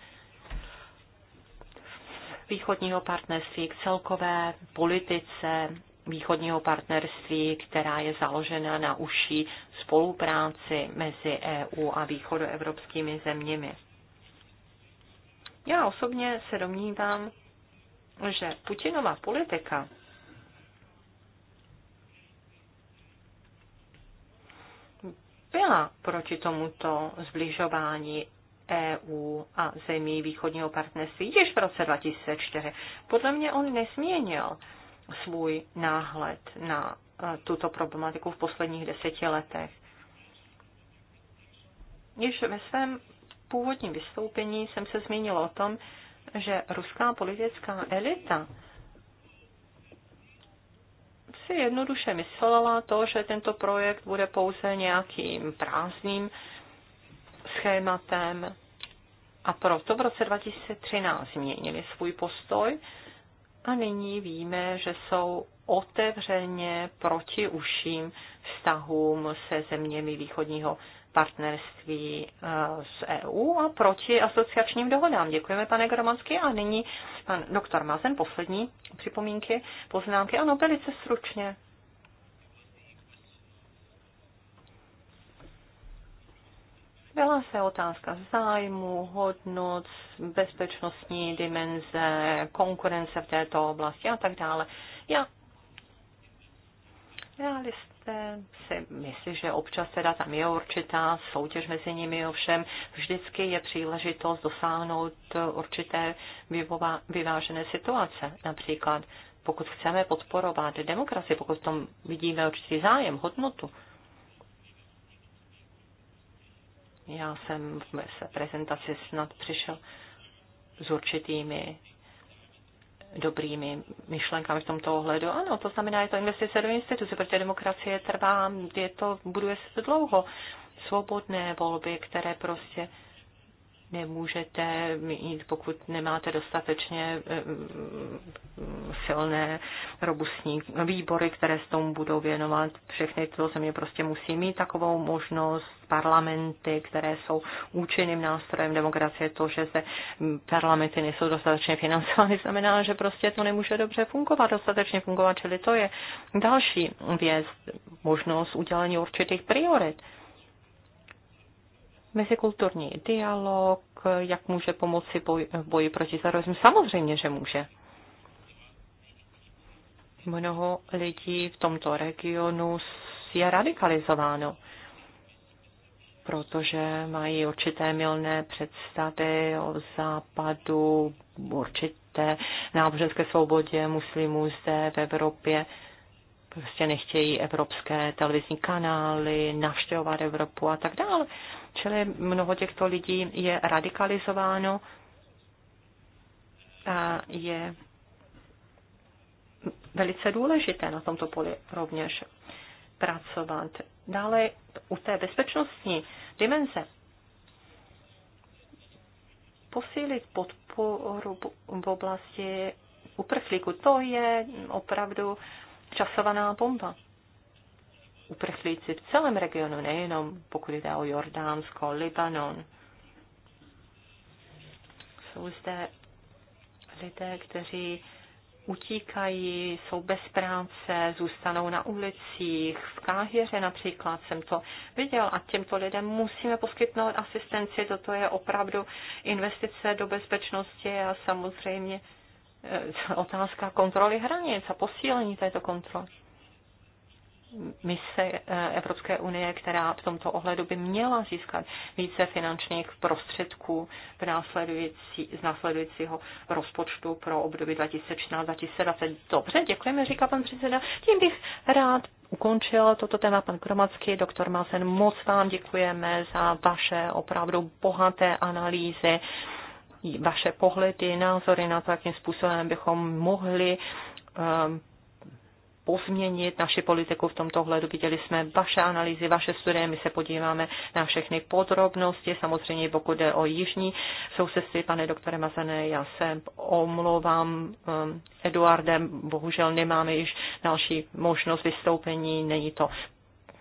východního partnerství, k celkové politice východního partnerství, která je založena na užší spolupráci mezi EU a východoevropskými zeměmi. Já osobně se domnívám, že Putinova politika byla proti tomuto zbližování EU a zemí východního partnerství již v roce 2004. Podle mě on nesměnil svůj náhled na e, tuto problematiku v posledních deseti letech. Již ve svém původním vystoupení jsem se zmínil o tom, že ruská politická elita si jednoduše myslela to, že tento projekt bude pouze nějakým prázdným schématem a proto v roce 2013 změnili svůj postoj a nyní víme, že jsou otevřeně proti uším vztahům se zeměmi východního partnerství eh, s EU a proti asociačním dohodám. Děkujeme, pane Gramansky. A nyní pan doktor Mazen, poslední připomínky, poznámky. Ano, velice stručně. Byla se otázka zájmu, hodnot, bezpečnostní dimenze, konkurence v této oblasti a tak dále. Já realist, jste si myslím, že občas teda tam je určitá soutěž mezi nimi, ovšem vždycky je příležitost dosáhnout určité vyvážené situace. Například pokud chceme podporovat demokracii, pokud v tom vidíme určitý zájem, hodnotu, já jsem v se prezentaci snad přišel s určitými dobrými myšlenkami v tomto ohledu. Ano, to znamená, je to investice do instituce, protože demokracie trvá, je to, buduje se dlouho. Svobodné volby, které prostě nemůžete mít, pokud nemáte dostatečně eh, eh, silné, robustní výbory, které s tomu budou věnovat. Všechny tyto země prostě musí mít takovou možnost, parlamenty, které jsou účinným nástrojem demokracie, to, že se parlamenty nejsou dostatečně financovány, znamená, že prostě to nemůže dobře fungovat, dostatečně fungovat, čili to je další věc, možnost udělení určitých priorit mezikulturní dialog, jak může pomoci boj, boji proti terorismu. Samozřejmě, že může. Mnoho lidí v tomto regionu je radikalizováno, protože mají určité milné představy o západu, určité náboženské svobodě muslimů zde v Evropě prostě nechtějí evropské televizní kanály, navštěvovat Evropu a tak dále. Čili mnoho těchto lidí je radikalizováno a je velice důležité na tomto poli rovněž pracovat. Dále u té bezpečnostní dimenze posílit podporu v oblasti uprchlíku. To je opravdu časovaná bomba uprchlíci v celém regionu, nejenom pokud jde o Jordánsko, Libanon. Jsou zde lidé, kteří utíkají, jsou bez práce, zůstanou na ulicích. V Káhěře například jsem to viděl a těmto lidem musíme poskytnout asistenci. Toto je opravdu investice do bezpečnosti a samozřejmě eh, otázka kontroly hranic a posílení této kontroly mise eh, Evropské unie, která v tomto ohledu by měla získat více finančních prostředků v následující, z následujícího rozpočtu pro období 2016-2020. Dobře, děkujeme, říká pan předseda. Tím bych rád ukončil toto téma pan Kromacký. Doktor Masen, moc vám děkujeme za vaše opravdu bohaté analýzy vaše pohledy, názory na to, jakým způsobem bychom mohli um, pozměnit naši politiku v tomto hledu. Viděli jsme vaše analýzy, vaše studie, my se podíváme na všechny podrobnosti. Samozřejmě pokud jde o jižní sousedství, pane doktore Mazané, já se omlouvám um, Eduardem, bohužel nemáme již další možnost vystoupení, není to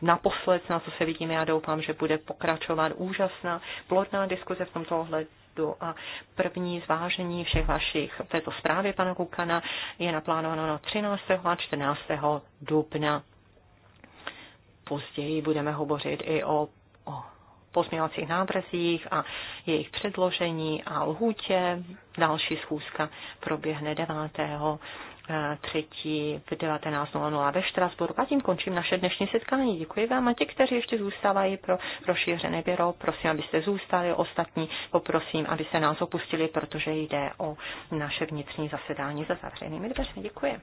naposled, na co se vidíme, já doufám, že bude pokračovat úžasná, plodná diskuze v tomto ohledu projektu a první zvážení všech vašich v této zprávě pana Kukana je naplánováno na 13. a 14. dubna. Později budeme hovořit i o, o pozměňovacích návrzích a jejich předložení a lhůtě. Další schůzka proběhne 9 třetí v 19.00 ve Štrasburu. A tím končím naše dnešní setkání. Děkuji vám a ti, kteří ještě zůstávají pro rozšířené běro, prosím, abyste zůstali, ostatní poprosím, aby se nás opustili, protože jde o naše vnitřní zasedání za zavřenými dveřmi. Děkuji.